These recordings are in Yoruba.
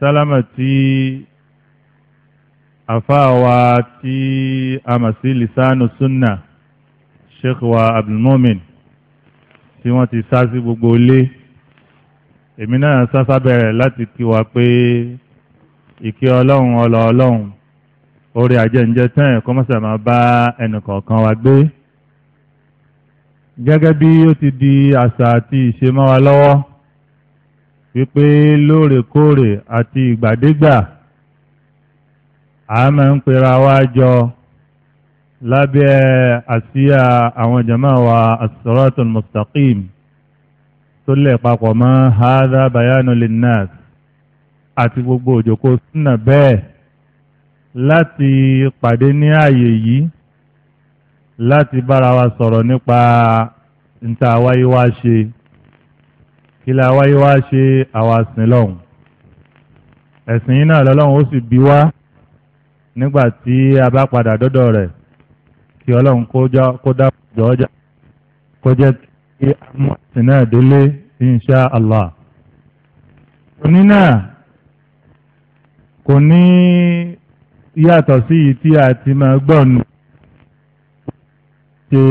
sálámà tí àfáàwá tí a mà sí lisanu sunna sheikh wa abdulmumin tí wọ́n ti sá sí gbogbo ilé èmi náà sásá bẹ̀rẹ̀ láti kí wa pé ìkí ọlọ́run ọlọ ọlọ́run orí ajẹ́njẹ́ tán ẹ̀kọ́ mọ́sà máa bá ẹnìkọ̀ọ̀kan wa gbé gẹ́gẹ́ bí ó ti di àṣà àti ìṣe mọ́ wa lọ́wọ́ wípé lóòrèkóòrè àti ìgbàdégbà a máa ń pera wá jọ lábẹ́ àsíá àwọn jama wa as-siratul mustaqim tó lè papọ̀ mọ́ hadha bayanu linnas àti gbogbo òjòkó súnà bẹ́ẹ̀ láti pàdé ní ààyè yìí láti bára wa sọ̀rọ̀ nípa ntàwáyé wá ṣe. Kila la wáyé wá ṣe àwa sìn lọ́hùn ẹ̀sìn yìí náà lọ́lọ́hùn ó sì bí wá nígbà tí a bá padà dọ́dọ̀ rẹ̀ kí ọlọ́run kó dá jọ́ọ́jà kó jẹ́ kí amú ẹ̀sìn náà délé insha allah òní náà kò ní yàtọ̀ sí yìí tí a ti máa gbọ́ nù ṣe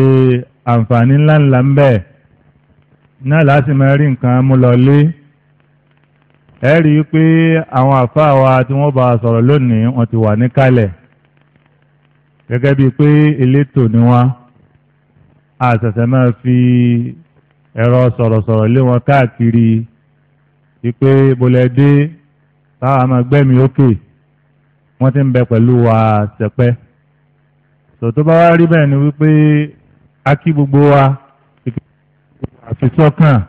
àǹfààní ńláńlá ń bẹ́ẹ̀ náà láti máa rí nǹkan mú lọ lé ẹ rí i pé àwọn àfáà wa tí wọ́n bá a sọ̀rọ̀ lónìí wọ́n ti wà níkàlẹ̀ gẹ́gẹ́ bíi pé elétò ni wọ́n a ṣẹ̀ṣẹ̀ máa fi ẹ̀rọ sọ̀rọ̀sọ̀rọ̀ lé wọn káàkiri ìpè bọ́lẹ́dé táwa máa gbẹ́mí ókè wọ́n ti ń bẹ pẹ̀lú wa sẹ̀pẹ́ sọ̀tọ́ bá wá rí bẹ́ẹ̀ ni wípé a kí gbogbo wa àfisọ́kàn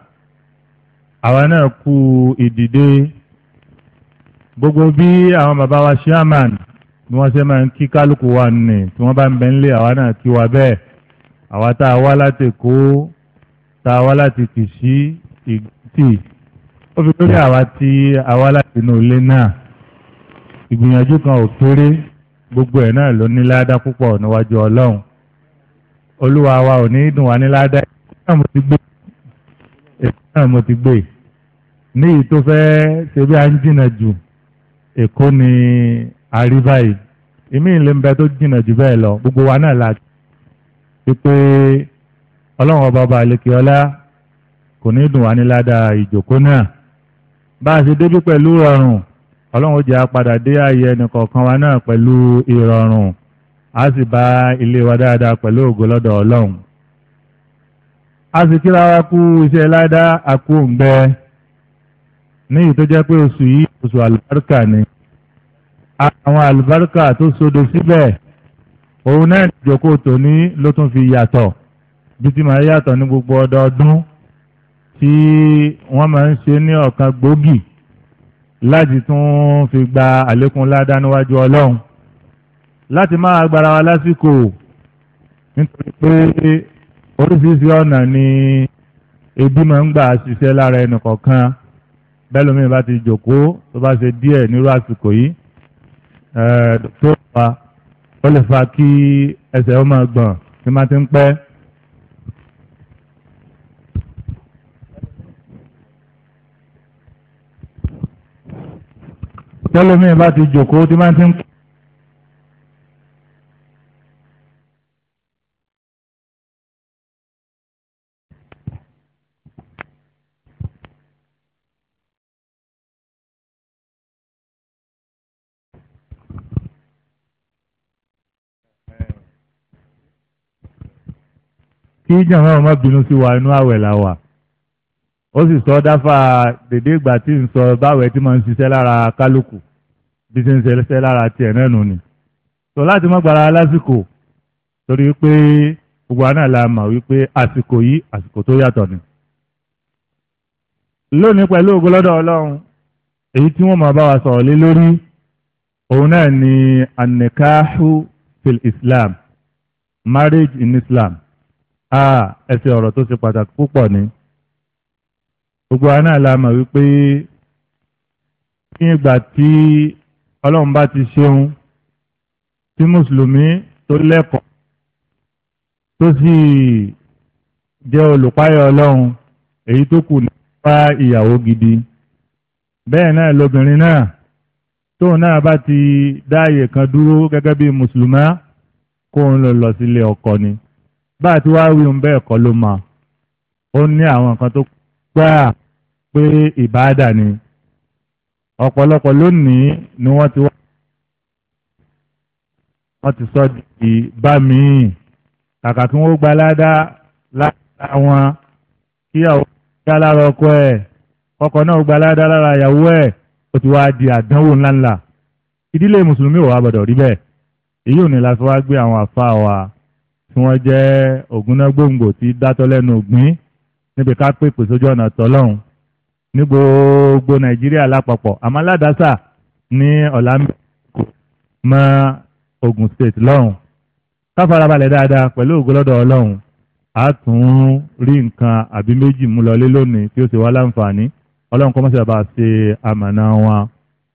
àwa náà kú ìdìde gbogbo bí àwọn bàbá wa chairman ni wọ́n ṣe máa ń kí kálukú wa nì tí wọ́n bá ń bẹ nílé àwa náà kí wa bẹ́ẹ̀ àwa tá a wá láti Èkó tá a wá láti Kìṣí Èkìtì ó fi lórí àwa tí a láti inú ilé náà ìgbìyànjú kan ò kéré gbogbo ẹ̀ náà ló ní ládá púpọ̀ níwájú Ọlọ́run olúwa wa ò ní dùn wá ní ládá ẹ̀ náà mo ti gbé náà mo ti gbé ní èyí tó fẹ́ ṣe bí a ń jìnnà jù èkó ni àríbá yìí èmi ìlẹ̀ ń bẹ tó jìnnà jù bẹ́ẹ̀ lọ gbogbo wa náà la pípé ọlọ́run ọba ọba àlekè ọlá kò ní dùn wá ní ládàá ìjòkó náà bá a ṣe débi pẹ̀lú ìrọ̀rùn ọlọ́run jẹ́ apadà dé ààyè ẹnìkọ̀ọ̀kan wa náà pẹ̀lú ìrọ̀rùn a sì bá ilé wa dáadáa pẹ̀lú ògo lọ́dọ̀ ọlọ́run a sì kíra wa kú iṣẹ́ ládá àkú òǹbẹ ní èyí tó jẹ́ pé oṣù yìí oṣù àlùbáríkà ni àwọn àlùbáríkà tó sodo síbẹ̀ òun náà ìjókòó tòní ló tún fi yàtọ̀ bí ti máa yàtọ̀ ní gbogbo ọdọọdún tí wọ́n máa ń ṣe ní ọ̀kan gbòógì láti tún fi gba àlékún ládá níwájú ọlọ́run láti máa gbára wa lásìkò nítorí pé oríṣiríṣi ọ̀nà ni ebi máa ń gbà ṣiṣẹ́ lára ẹnì kọ̀ọ̀kan bẹ́ẹ̀ lómi bá ti jòkóó tó bá ṣe díẹ̀ nírú àsìkò yìí eh, tó wà ó lè fa kí ẹsẹ̀ ó máa gbọ̀n tí máa ti ń pẹ́. bẹ́ẹ̀ lómi bá ti jòkóó tí máa ti ń pẹ́. kí jàmbá ọmọ bínú sí wa inú àwẹ̀ la wà ó sì sọ dáfà dédé ìgbà tí ń sọ báwẹ̀ tí máa ń ṣiṣẹ́ lára kálukú bí ṣe ń ṣiṣẹ́ lára tiẹ̀ náà ni sọ láti má gbára lásìkò torí pé gbogbo àná la mà wípé àsìkò yìí àsìkò tó yàtọ̀ ni lónìí pẹ̀lú ògo lọ́dọ̀ ọlọ́run èyí tí wọ́n máa bá wa sọ̀rọ̀ lé lórí òun náà ni anikahu fil islam marriage in islam a ẹsẹ̀ ọ̀rọ̀ tó ṣe pàtàkì púpọ̀ ni gbogbo wa náà la mọ̀ wípé kí ìgbà tí ọlọ́run bá ti ṣeun tí mùsùlùmí tó lẹ́kọ̀ọ́ tó sì jẹ́ olùpáyọ̀ ọlọ́run èyí tó kù nípa ìyàwó gidi bẹ́ẹ̀ náà lobìnrin náà tóun náà bá ti dáàyè kan dúró gẹ́gẹ́ bí mùsùlùmá kóun lọ lọ sílé ọkọ ni bá a ti wá wí ohun bẹ́ẹ̀ kọ́ ló mọ̀ ó ní àwọn nǹkan tó gbáà pé ìbáàdà ni ọ̀pọ̀lọpọ̀ lónìí ni wọ́n ti wá wọ́n ti sọ di bá míì kàkà kí wọ́n gba ládá lára wọn kíyàwó gbá lára ọkọ ẹ̀ ọkọ náà gba ládá lára ìyàwó ẹ̀ ó ti wá di àdánwò ńláńlá ìdílé mùsùlùmí ò wá gbọdọ̀ rí bẹ́ẹ̀ èyí ò ní la fi wá gbé àwọn àfa wa tí wọ́n jẹ́ ògúnná gbòǹgbò tí dátọ́ lẹ́nu ògbín níbi ká pèpè sójú ọ̀nà tọ́lọ́hún ní gbogbo nàìjíríà lápapọ̀ àmọ́ aládàásà ní ọ̀làmẹ́kọ̀ mọ́ Ogun State lọ́hùn ká farabalẹ̀ dáadáa pẹ̀lú ògbólọ́dọ̀ ọlọ́hun a tún rí nǹkan àbí méjì mú lọlé lónìí tí ó sì wá láǹfààní ọlọ́run kọ́ mọ́sàbà ṣe àmàna wọn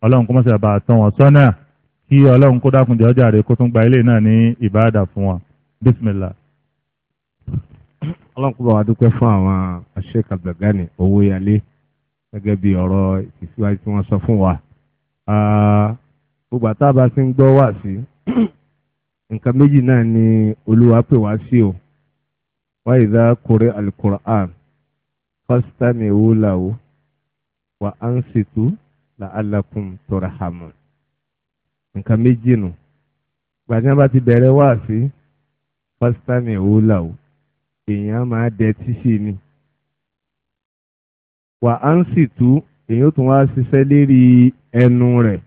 ọlọ́run kọ́ mọ́sàbà tán wọn sọ́nà kí ọlọ́run kó dákunjẹ́ ọjà rẹ̀ kó tún gba ilé náà ní ìbáàdà fún wọn bísímìlá. ọlọ́run kúbọ̀ wá dúpẹ́ fún àwọn Sheikh Abdulgani Owóyalé gẹ́gẹ́ bí ọ̀rọ̀ ìfisíwájú tí wọ́n sọ fún wa. gbogbo àtàbà ti ń gbọ́ wá sí nǹkan méjì náà ni olúwa pè wá sí o wa idha kure al-Qur'an fastami'u lahu wa ansitu la'allakum turhamun nǹkan méjì nù gbàdúrà bá ti bẹ̀rẹ̀ wá sí pásítánì owó làwọ èèyàn máa dẹ tíṣe ni wà á ń sì tú èèyàn tún wá ṣiṣẹ́ lérí ẹnu rẹ̀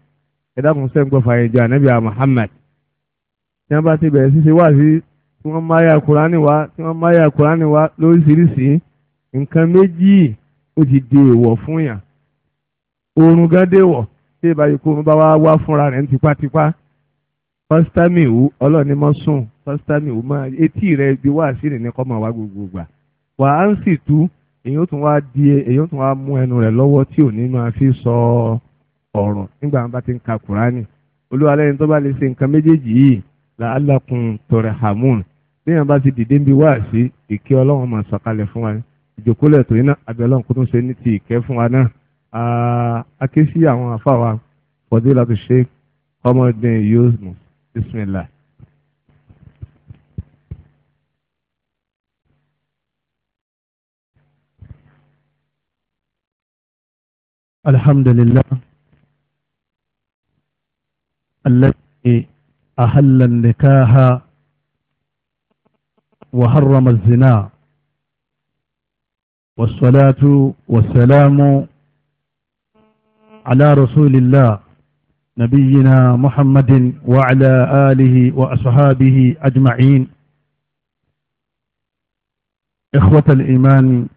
ẹ dákun sẹ́ńgbọ́n fàyẹ̀jọ ànábì Muhammad tí wọ́n bá ti bẹ̀rẹ̀ ṣiṣẹ́ wá sí tí wọ́n máa ya Kùránì wá tí wọ́n máa ya Kùránì wá lóríṣiríṣi nǹkan méjì ó ti di èèwọ̀ fún yàn oorun gan déwọ̀ tí ìbáyìí kó oorun bá wá wá fúnra rẹ̀ ní tipátipá pásítánì ìwú ọlọ́ọ̀ni mọ́ fásitami ò máa etí rẹ bí wá sí ní kọ́ máa wá gbogbo gbà wà á ń sì tú èyí ó tún wá di èyí ó tún wá mú ẹnu rẹ lọ́wọ́ tí ò ní máa fi sọ ọ̀rọ̀ nígbà bá ti ń ka kúránì olúwa tó bá lè ṣe nǹkan méjèèjì yìí là á lakùn tọrẹ hamun lẹ́yìn bá ti dìde ń bi wá sí ìkẹ́ ọlọ́run máa sọ̀kalẹ̀ fún wa ìjòkólẹ̀ tó iná abẹ́ ọlọ́run kó tún ṣe ní ti ìkẹ́ fún wa náà aké sí àwọn afáwa fọdúlà tó ṣe الحمد لله الذي أهل النكاح وحرم الزنا والصلاة والسلام على رسول الله نبينا محمد وعلى آله وأصحابه أجمعين إخوة الإيمان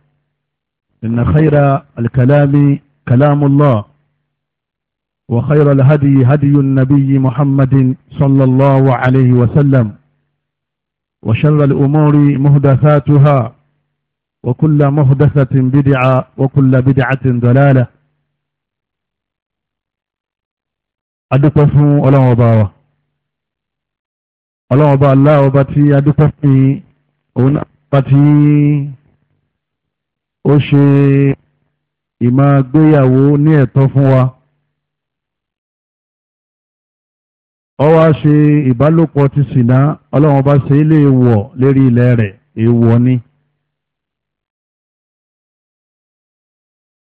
إن خير الكلام كلام الله وخير الهدي هدي النبي محمد صلى الله عليه وسلم وشر الأمور مهدثاتها وكل مهدثة بدعة وكل بدعة ضلالة adúpẹ́ fún ọlọ́run ọba wa ọlọ́run ọba aláwọ̀ ọba tí ìmá gbéyàwó ní ẹ̀tọ́ fún wa ó wá ṣe ìbálòpọ̀ ti sìná ọlọ́run bá ṣe ilé èèwọ̀ lérí ilẹ̀ rẹ̀ èèwọ̀ ni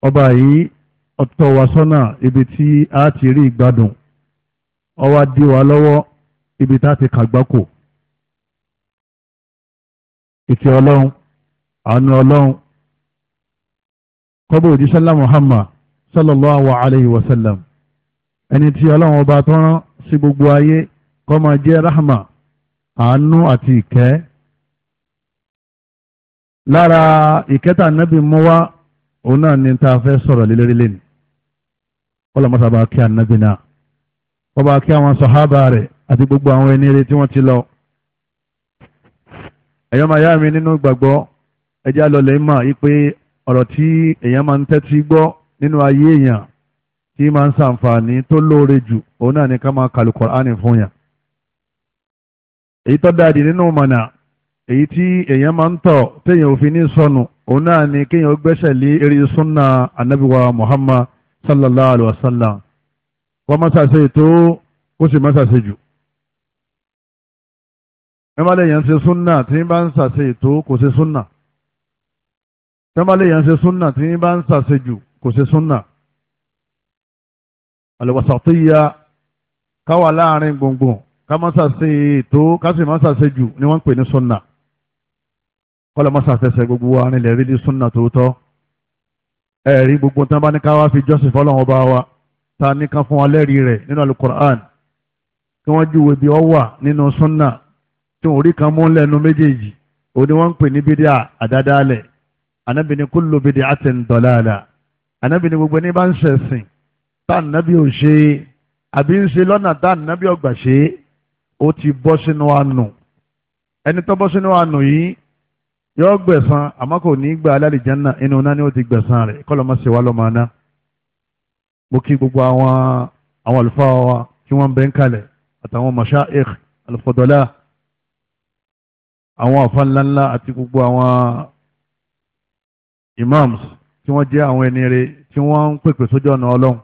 ọba yìí ọ̀tọ̀ wa sọ́nà ibi tí a ti rí ìgbádùn ó wá dí wa lọ́wọ́ ibi tá ti kàgbákò ìfẹ́ ọlọ́run àánú ọlọ́run kọ́bọ̀ òjíṣẹ́ ńlá Muhammad sallallahu alayhi wa sallam ẹni tí ọlọ́run ọba tó rán sí gbogbo ayé kó máa jẹ́ rahma àánú àti ìkẹ́ lára ìkẹ́ta nábì mú wá òun náà ni tá a fẹ́ sọ̀rọ̀ lélẹ́rìlẹ́ ni ọlọ́mọta bá kí ànábì náà wọ́n bá kí àwọn sọ̀hábà rẹ̀ àti gbogbo àwọn ẹni tí wọ́n ti lọ ẹ̀yọ́ màyá mi nínú ìgbàgbọ́ ẹjẹ́ àlọ́lẹ̀ mà yí pé ọ̀rọ̀ tí èèyàn máa ń tẹ́tí gbọ́ nínú ayé èèyàn tí máa ń ṣàǹfààní tó lóore jù òun náà ni ká máa kàlù kọ̀ránì fún yàn èyí tó dáadì nínú mọ̀nà èyí tí èèyàn máa ń tọ̀ téèyàn ò ní sọnù òun náà ni kéèyàn gbẹ́sẹ̀ lé eré súnà anábìwá Muhammad sallallahu alayhi wa sallam wọ́n má ṣàṣe tó ó sì má ṣàṣe jù mẹ́màlẹ́yìn ṣe súnà tí bá ń ṣàṣe tó kò ṣe súnà tẹ́ńbàlẹ̀ yẹn ń ṣe súnà tí yín bá ń ṣàṣejù kò ṣe súnà àlùwàsàtìyà káwà láàrin gbùngbùn ká má ṣàṣe ètò ká sì má ṣàṣejù ni wọ́n ń pè ní súnà kọ́lọ̀ má ṣàṣẹṣẹ gbogbo wa nílẹ̀ rí ní súnà tòótọ́ ẹ̀rí gbogbo tán bá ní ká wá fi jọ́sìn fọ́lọ́wọ́n bá wa ta ní kan fún wa lẹ́rìí rẹ̀ nínú alukur'an kí wọ́n júwe bí ọ wà nínú súnà tí wọ́n rí kan mú lẹ́nu méjèèjì òní wọ́n ń pè ní bídíà àdádálẹ̀ anabi ni kullu bid'atin dalala anabi ni gbogbo ní bá ń ṣẹ̀sìn tá ànábì ò ṣe àbí ń ṣe lọ́nà tá ànábì ọgbà ṣe ó ti bọ́ sínú àánú ẹni tó bọ́ sínú àánú yìí yọ gbẹ̀san àmọ́ kò ní gba alálìjánná inú náà ni ó ti gbẹ̀san rẹ̀ kọ́ ló má ṣe wá lọ́mọ aná mo kí gbogbo àwọn àwọn àlùfáà wa tí wọ́n bẹ́ ń kalẹ̀ àtàwọn mashayikh alfadala àwọn àfa ńláńlá àti gbogbo àwọn imams tí wọ́n jẹ́ àwọn ẹni rere tí wọ́n ń pèpè sójú ọ̀nà ọlọ́run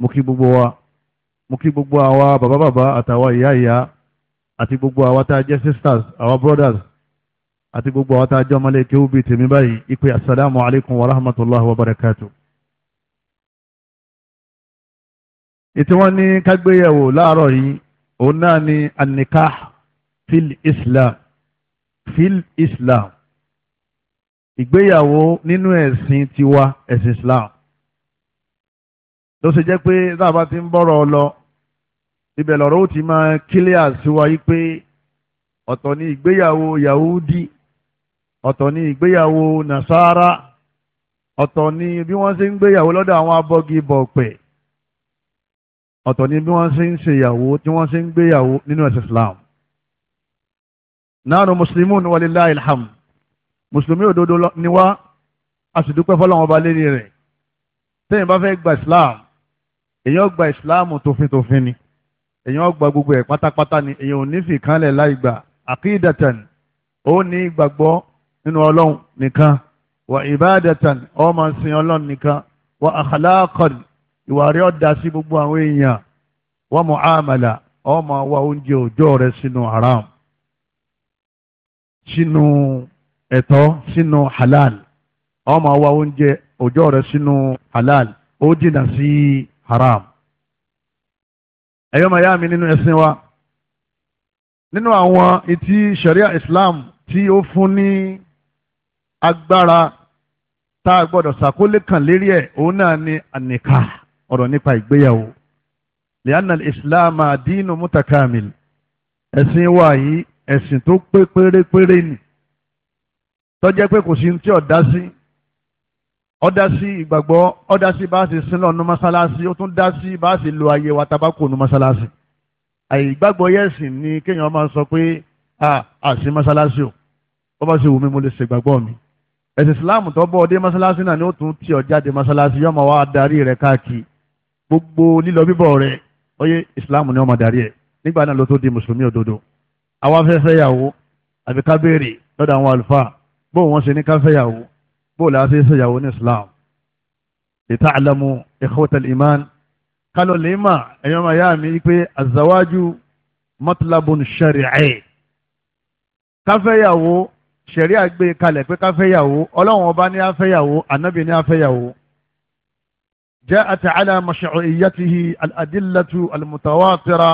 mo kí gbogbo wa mo kí gbogbo àwa bàbá bàbá àtàwa ìyá ìyá àti gbogbo àwa tá a jẹ́ sisters àwa brothers àti gbogbo àwa tá a jẹ́ ọmọlẹ́ kí ó bí tèmi báyìí ìpè asalaamu alaykum wa rahmatulahi wa barakatu. ètò wọn ní kágbéyẹ̀wò láàárọ̀ yìí òun náà ní an fil islam fil islam ìgbéyàwó nínú ẹ̀sìn tiwa ẹ̀sìn Islam ló ṣe jẹ́ pé dábàá ti ń bọ̀rọ̀ lọ ibẹ̀ lọ̀rọ̀ ó ti máa kílíà sí wa yìí pé ọ̀tọ̀ ni ìgbéyàwó Yahudi ọ̀tọ̀ ni ìgbéyàwó Nasara ọ̀tọ̀ ni bí wọ́n ṣe ń gbéyàwó lọ́dọ̀ àwọn abọ́gi bọ̀pẹ̀ ọ̀tọ̀ ni bí wọ́n ṣe ń ṣèyàwó tí wọ́n ṣe ń gbéyàwó nínú ẹ̀sìn Islam nánú mùsùlùmí wàlíláì mùsùlùmí òdodo ni wá a sì dúpẹ́ fọlọ́wọn ọba lérí rẹ̀ tẹ́yìn bá fẹ́ gba islam èyàn gba islam tófintòfin ni èyàn gba gbogbo ẹ̀ pátápátá ni èyàn ò ní fi kanlẹ̀ láì gbà àkídàtàn ó ní ìgbàgbọ́ nínú ọlọ́run nìkan wà ìbádàtàn ó máa sìn ọlọ́run nìkan wà àkàlákàn ìwà rẹ̀ ó sí gbogbo àwọn èèyàn wà muamala ó máa wá oúnjẹ òòjọ́ rẹ̀ sínú haram sínú ẹ̀tọ́ sínú halal ó máa wá oúnjẹ òjọ́ rẹ̀ sínú halal ó jìnnà sí haram. ẹ̀yọ́ màyá mi nínú ẹ̀sìn wa nínú àwọn etí sharia islam tí ó fún ní agbára tá a gbọ́dọ̀ ṣàkólé kan lérí ẹ̀ òun náà ni àníkà ọ̀rọ̀ nípa ìgbéyàwó lianna islam adínú mutakamil ẹ̀sìn wa yìí ẹ̀sìn tó pé pérépéré ni tọ́jẹ́ pé kò sí tí ọ̀dá sí ọ̀dá sí ìgbàgbọ́ ọ̀dá sí bá a ṣe sin lọ́nu mọ́sálásí ó tún dá sí bá a ṣe lo ayé wa tabako nu mọ́sálásí àìgbàgbọ́ yẹ̀sìn ni kéèyàn máa sọ pé àṣì mọ́sálásí o ó bá ṣe wù mí mo lè ṣègbàgbọ́ mi ẹ̀sìn ìsìláàmù tó bọ́ ọdẹ mọ́sálásí náà ni ó tún tí ọ jáde mọ́sálásí yọ́mọ wa darí rẹ̀ káàkiri gbogbo lílọ bíbọ̀ rẹ̀ oyè ìsìláàmù ni ó darí ẹ̀ nígbà náà ló tó di mùsùlùmí òdodo àwa fẹ́ yàwó àbíkábèrè lọ́dọ̀ àwọn àlùfáà bó wọn ṣe ní ká fẹ́yàwó bó la ṣe ṣèyàwó ní islam ìtàlámù ikhwatal iman kálọ̀ lèémà ẹ̀yọ́ máa yá mi pé azawájú matlabun shari'i káfẹ́yàwó ṣẹ̀ríà gbé e kalẹ̀ pé káfẹ́yàwó ọlọ́run ọba ní afẹ́yàwó ànábì ní afẹ́yàwó جاءت على مشروعيته الأدلة المتواترة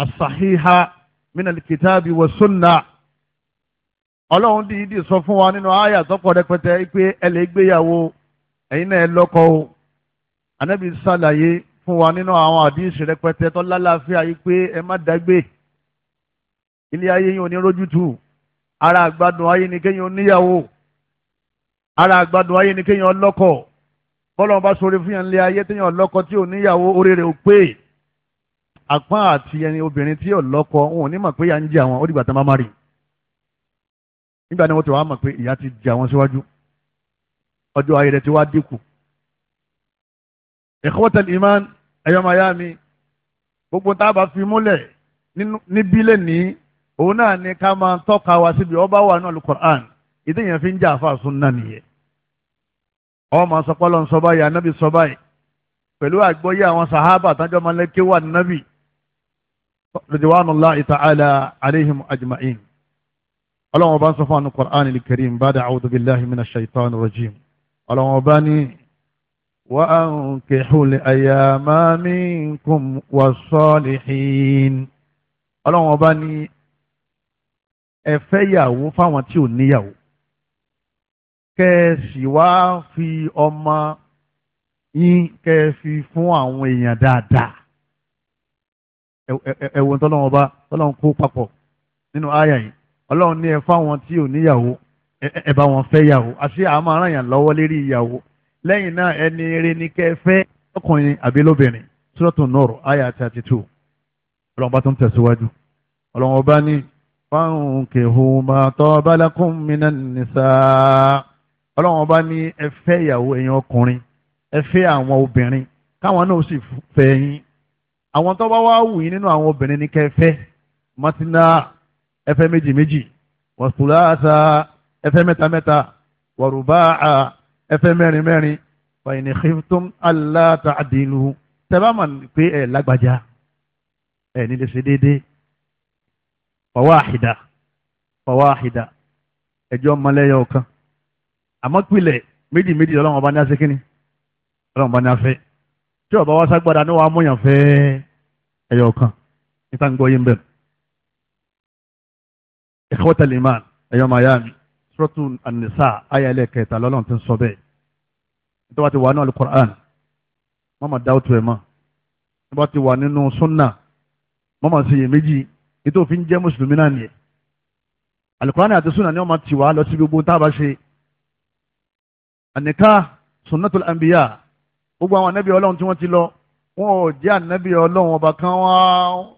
الصحيحة من الكتاب والسنة ọlọ́run dídì sọ fún wa nínú àyà tọ́pọ̀ rẹpẹtẹ pé ẹ lè gbéyàwó ẹ̀yin náà ẹ lọ́kọ o anábì ṣàlàyé fún wa nínú àwọn àdìsí rẹpẹtẹ tó lálàáfíà yìí pé ẹ má dágbé ilé ayé yín ò ní rójútù ara àgbàdùn ayé ni kéèyàn oníyàwó ara àgbàdùn ayé ni kéèyàn ọlọ́kọ bọ́lọ́run bá sọ̀rọ̀ fún yàn lé ayé téèyàn ọlọ́kọ tí ò níyàwó orí rẹ̀ ò pé àpá àti ẹni obìnrin tí ò lọ́kọ wọn ò ní mọ̀ pé yà ń jẹ àwọn ó dìgbà tán bá má rí nígbà ni wọ́n ti wá mọ̀ pé ìyá ti jẹ àwọn síwájú ọjọ́ ayé rẹ̀ ti wá dínkù. ikhwatal iman ẹ̀yọ́ máa yá mi gbogbo tá a bá fi múlẹ̀ níbí lẹ́nìí òun náà ni ká máa tọ́ka wa síbi ọba wà náà al-Qur'an ìdí yẹn fi ń jẹ́ àfa sunna nìyẹn. ọmọ sọpọ́lọ́ ń sọ báyìí anábì sọ báyìí pẹ̀lú àgbọ́yé àwọn sàhábà tánjọ́ máa wà nábì radiyallahu ta'ala alaihim ajma'in ọlọ́run ọba sọ fún àwọn Qur'an al-Karim ba'da a'udhu billahi minash shaitani rajim ọlọ́run ọba ní wa ankihu al-ayama minkum was-salihin ọlọ́run ọba ní ẹ fẹ́ yàwó fáwọn tí ò níyàwó kẹ́ ẹ sì wá fi ọmọ yín kẹ́ ẹ fi fún àwọn èèyàn dáadáa ẹ̀wọ̀n tọ́lọ́run ọba tọ́lọ́run kó papọ̀ nínú àyà yìí ọlọ́run ní ẹ fáwọn tí ò níyàwó ẹ bá wọn fẹ́ yàwó àti àmọ́ aráyàn lọ́wọ́ lérí ìyàwó lẹ́yìn náà ẹni eré ní kẹ́ ẹ fẹ́ ọkùnrin àbí lóbìnrin sọ́tò nọ́ọ̀rọ̀ àyà thirty two ọlọ́run bá tún tẹ̀síwájú ọlọ́run ọba ní fáwọn kẹhù máa tọ́ bálákùn mìíràn nìṣá ọlọ́run ọba ní ẹ fẹ́ ìyàwó ẹ̀yin ọkùnrin ẹ fẹ́ àwọn obìnrin káwọn náà sì fẹ́ yín àwọn tó bá wá wù yín nínú àwọn obìnrin ní kẹ́ ẹ fẹ́ mọ́tínà ẹfẹ́ méjì méjì wàsùláàtà ẹfẹ́ mẹ́ta mẹ́ta wàrúbáà ẹfẹ́ mẹ́rin mẹ́rin fàyìnì khiftum aláta àdìlú tẹ́lá mà pé ẹ̀ lágbájá ẹ̀ nílé ṣe déédéé fawáhìdá fawáhìdá ẹjọ́ mọ́lẹ́yọ̀ kan àmọ́ pilẹ̀ méjì méjì ọlọ́run ọba ní asekínì ọlọ́run ọba ní afẹ́ tí ọba wa ságbádá ni wàá múyàn fẹ́ ẹyọ kan nípa ń gbọ́ yín bẹ́ẹ̀ ikhwata al-iman ẹ̀yọ́ mayami suratu an-nisa ayẹlẹ kẹta lọ́lọ́run ti ń sọ bẹ́ẹ̀ nítorí wàá ti wà nínú alukur'an mọ́mọ́ dáwọ́tò ẹ̀ mọ́ nítorí wàá ti wà nínú sunna mọ́mọ́ sèyí méjì nítorí òfin jẹ́ mùsùlùmí náà nìyẹn alukur'an àti sunna ni wọ́n máa ti wà lọ sí gbogbo tá a bá ṣe àníká sunnatul anbiya gbogbo àwọn anabi ọlọ́run tí wọ́n ti lọ wọn ò jẹ́ anabi ọlọ́run ọba kan wọ́n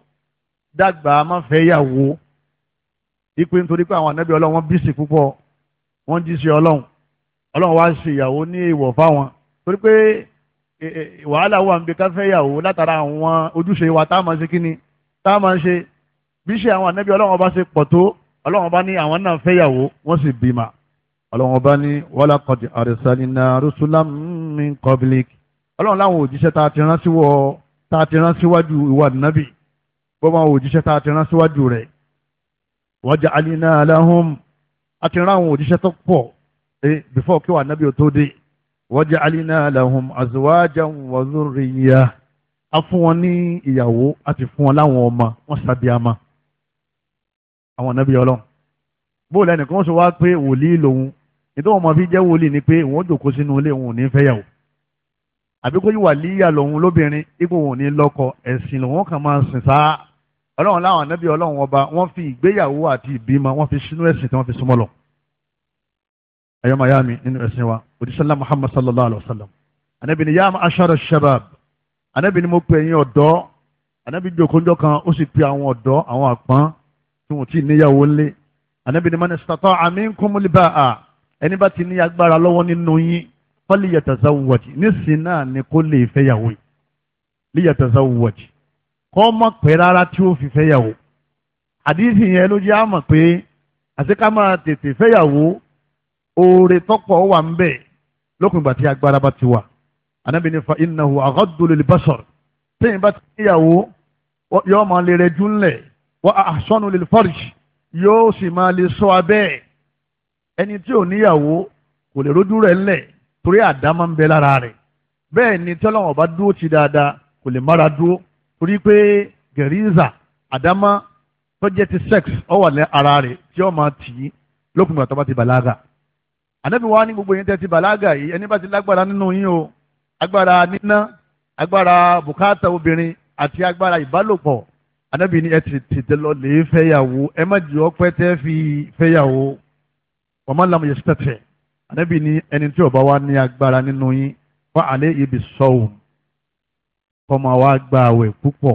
dàgbà máa fẹ́ yàwó ipe nítorí pé àwọn ànábì ọlọ́run wọn bísí púpọ̀ wọ́n jíṣẹ́ ọlọ́run ọlọ́run wá ṣe ìyàwó ní ìwọ̀ fáwọn torí pé e, e, wàhálà wà ń bẹ káfẹ́ ìyàwó látara àwọn ojúṣe wa tá a máa ṣe kí ni tá a máa ṣe bí ṣe àwọn ànábì ọlọ́run ọba ṣe pọ̀ tó ọlọ́run ọba ní àwọn náà fẹ́ ìyàwó wọ́n sì bímọ ọlọ́run ọba ní wàhálà kọ̀dì àrẹ̀sálínà rúṣúlám min qablik ọlọ́run láwọn òjíṣẹ́ tá a ti rán síwájú ìwà nábì gbọ́n àwọn òjíṣẹ́ tá waj'alna lahum àti rán àwọn òjíṣẹ́ tó pọ̀ ẹ eh, bífọ̀ kí wà nábì ó tó dé waj'alna lahum azwajan wa dhurriyyah a fún wọn ní ìyàwó àti fún wọn láwọn ọmọ wọn sàbíàmà àwọn nábì ọlọ́run bóòlù ẹnìkan ó sọ wá pé wòlíì lòun nítorí wọn mọ fi jẹ́ wòlíì ni pé òun ó sínú ilé òun ò ní fẹ́yàwó àbí kó yíwà líyà lòun lóbìnrin ipò òun ò ní lọ́kọ ẹ̀sìn lòun kàn máa sìn sáà ọlọ́run láwọn anábì ọlọ́run ọba wọ́n fi ìgbéyàwó àti ìbímọ wọ́n fi sínú ẹ̀sìn tí wọ́n fi súnmọ́ lọ. ẹ̀yọ́ màá yá mi nínú ẹ̀sìn wa òdìsálà muhammad sallallahu alayhi wa sallam anábì ni yáàmù ashara shabab anábì ni mo pe ẹ̀yin ọ̀dọ́ anábì jòkóńjọ́ kan ó sì pe àwọn ọ̀dọ́ àwọn àpọ́n tí wọ́n ti níyàwó ńlé anábì ni man istata'a minkumul ba'a ẹni bá kọ́ mọ̀ pé rárá tí ó fi fẹ́yàwó àdìsí yẹn ló jẹ́ àmọ̀ pé àti ká máa tètè fẹ́yàwó oore tọ́pọ̀ wà ń bẹ̀ lókun ìgbà tí agbára bá ti wà ànábì ní fa innahu aghaddu lil basar tẹ́yìn bá ti fẹ́yàwó yóò máa lè rẹjú ńlẹ̀ wa ahsanu lil farj yóò sì máa lè sọ abẹ́ ẹni tí ò níyàwó kò lè rójú rẹ̀ ńlẹ̀ torí àdá máa ń bẹ lára rẹ̀ bẹ́ẹ̀ ni tọ́lọ́wọ̀n bá dúró ti dáadáa kò lè mára dúró torí pé gẹ̀ríza àdámá tó jẹ́ ti sex ọ wà ní ara rẹ̀ tí ó máa tì í lópin ìgbà tó bá ti bàlágà ànábì wa ní gbogbo yẹn tẹ́ ti bàlágà yìí ẹni bá ti lágbára nínú yín o agbára níná agbára bùkátà obìnrin àti agbára ìbálòpọ̀ ànábì ni ẹ ti tètè lọ lè fẹ́yàwó ẹ má jù ọpẹ́ tẹ́ fi fẹ́yàwó wọ́n má lamu yẹsí tẹ̀tẹ̀ ànábì ni ẹni tí ó bá wà ní agbára nínú yín wọ́n àlẹ́ ibi sọ́ọ̀hún kọ́mọ wa gba àwẹ̀ púpọ̀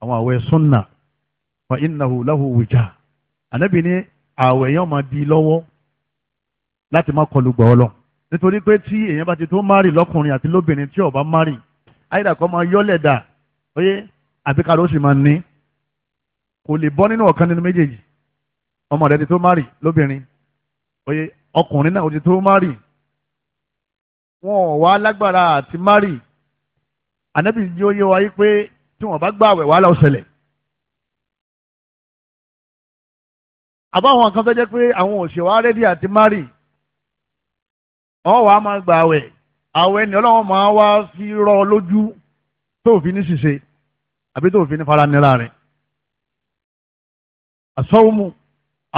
àwọn àwẹ̀ sunna fa innahu lahu wìjà ànábì ní àwẹ̀ yẹn máa di lọ́wọ́ láti má kọlu gbọ́ ọlọ nítorí pé tí èèyàn bá ti tó márì lọ́kùnrin àti lóbìnrin tí ó bá márì àyídà kọ́ máa yọ́lẹ̀ dà oyé àbí kára ó sì máa ní kò lè bọ́ nínú ọ̀kan nínú méjèèjì ọmọ rẹ ti tó márì lóbìnrin oyé ọkùnrin náà ti tó márì wọn ò wá lágbára àti márì ànábì ní ó yé wa yìí pé tí wọ́n bá gbà àwẹ̀ wàhálà ó ṣẹlẹ̀ àbáwọn kan tó jẹ́ pé àwọn òṣèwà rẹ́dí àti mari ọ̀wà máa gbà àwẹ̀ àwẹ̀ ni ọlọ́wọ́n máa wá fi rọ lójú tó fi ní ṣiṣe àbí tó fi ní fara nira rẹ̀ àsọ́wọ́mù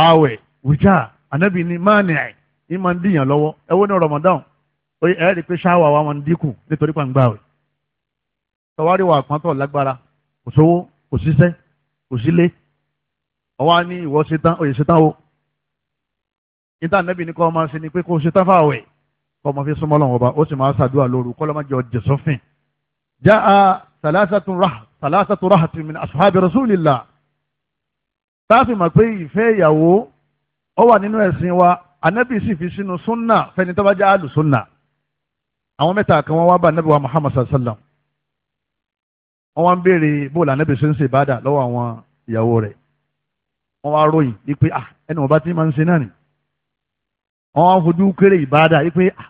àwẹ̀ wìjà ànábì ní mánìí ní máa ń dìyàn lọ́wọ́ ẹ wo ní Ramadan ẹ rí i pé ṣáwà wa máa ń dínkù nítorí pàǹgbà àwẹ̀ tọwárí wà pọ́ntọ̀ lágbára kò sówó kò síṣẹ́ kò sílé ọwọ́ á ní ìwọ ṣetán òye ṣetán o níta nẹ́bí ni kọ́ máa ṣe ni pé kó ṣetán fáwẹ̀ kọ́ máa fi súnmọ́ lọ́wọ́ ọba ó sì máa ṣàdúrà lóru kọ́ lọ́ jẹ ọjẹ sọ́fìn. já a sàlásàtú rahati min asuhabi rasulillah táàfin mọ̀ pé ìfẹ́ ìyàwó ó wà nínú ẹ̀sìn wa anabi sì fi sínú sunna fẹni tó bá àwọn mẹ́ta kan wọ́n wá bá anabi wa muhammad sallallahu alayhi wa sallam wọ́n wá ń béèrè bóòlù ànábì ṣe ń ṣe ìbáàdà lọ́wọ́ àwọn ìyàwó rẹ̀ wọ́n wá ròyìn wípé ah ẹni wọ́n bá ti máa ń ṣe náà ni wọ́n wá fojú kéré ìbáàdà wípé ah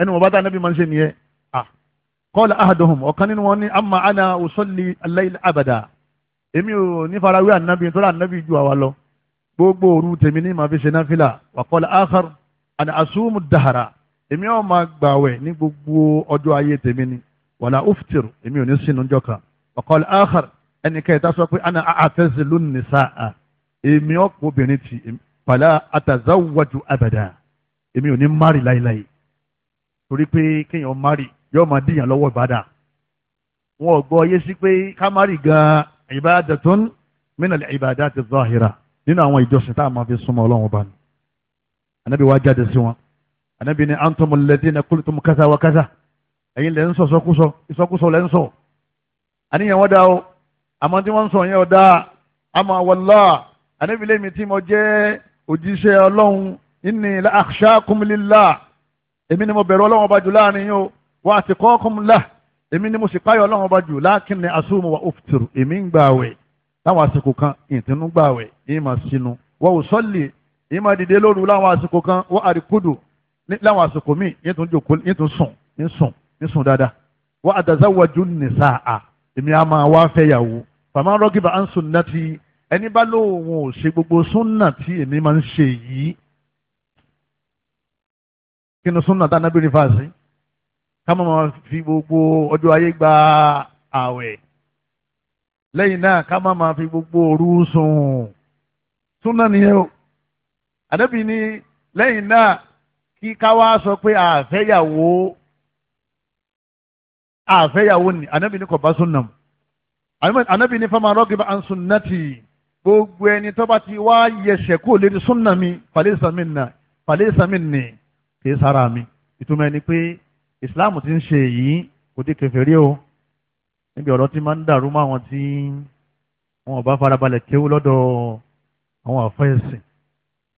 ẹni wọ́n bá ti ànábì máa ń ṣe nìyẹn ah kọ́ọ̀lù ahaduhum ọ̀kan nínú wọn ní ama ana usolli alayla abada èmi ò ní farawé ànábì tó rà ànábì ju àwa lọ gbogbo òru tèmi ní màá fi ṣe náfìlà wà kọ́ọ̀lù akhar ana asumu dahara èmi ò máa gbàwẹ̀ ní gbogbo ọjọ́ ayé tèmi ni wàlà uftir èmi ò ní sínú ọjọ́ kan ọ̀kọ́lẹ̀ áhàr ẹnì kẹta sọ pé ana àtẹ́sílù nìsáà èmi ọ̀pọ̀ obìnrin ti pàlà àtàzáwájú àbàdà èmi ò ní mari láéláé torí pé kéèyàn mari yóò máa dìyàn lọ́wọ́ ìbàdà wọn ò gbọ́ yé sí pé ká mari gan ibadatun minal ibadati zahira nínú àwọn ìjọsìn tá a máa fi súnmọ́ ọlọ́run ọba ni anabi wa jáde sí wọn anabi ni antumul ladina kultum kaza wa kaza ẹ̀yin lẹ́ ń sọ sọkúsọ ìsọkúsọ lẹ́ ń sọ àníyàn wọn dá o àmọ́ tí wọ́n ń sọ yẹn ọ̀dá àmọ́ wàllá ànábìlẹ̀ mi tí mo jẹ́ òjíṣẹ́ ọlọ́run inni la akhshakum lillah èmi ni mo bẹ̀rù ọlọ́run ọba jù láàrin yín o wa atqakum lah èmi ni mo sì páyọ̀ ọlọ́run ọba jù lakinni asumu wa uftiru èmi ń gbààwẹ̀ láwọn àsìkò kan ìtìnú gbààwẹ̀ yìí máa sínú wa usalli yìí máa dìde lóru láwọn àsìkò kan wa arikudu láwọn àsìkò míì yìí tún sùn yìí tún sùn dáadáa wa atazawwaju nisaa èmi á máa wá fẹ́ yàwó fàmà rọ́gìbà à ń sunna ti ẹni bá lóun ò ṣe gbogbo sunna tí èmi máa ń ṣe yìí kí ni sunna tá anábìrin fàásì ká má máa fi gbogbo ọjọ́ ayé gba ààwẹ̀ lẹ́yìn náà ká má máa fi gbogbo òru sùn sunna nìyẹn o àdébìí ni lẹ́yìn náà kí ká wá sọ pé àfẹ́yàwó àfẹ́yàwó ah, ni anabi ní kò bá sunna mu anabi ní fama rọ́gìbá an sunnati gbogbo ẹni tó bá ti wá yẹsẹ̀ kó lè di sunna mi falisa minna falisa minni kì í sára mi ìtumọ̀ ẹni pé ìsìláàmù ti ń ṣe èyí kò di kèfèrí o níbi ọ̀rọ̀ tí máa ń dàrú mọ́ àwọn tí wọn bá farabalẹ̀ kéwú lọ́dọ̀ àwọn àfẹ́sìn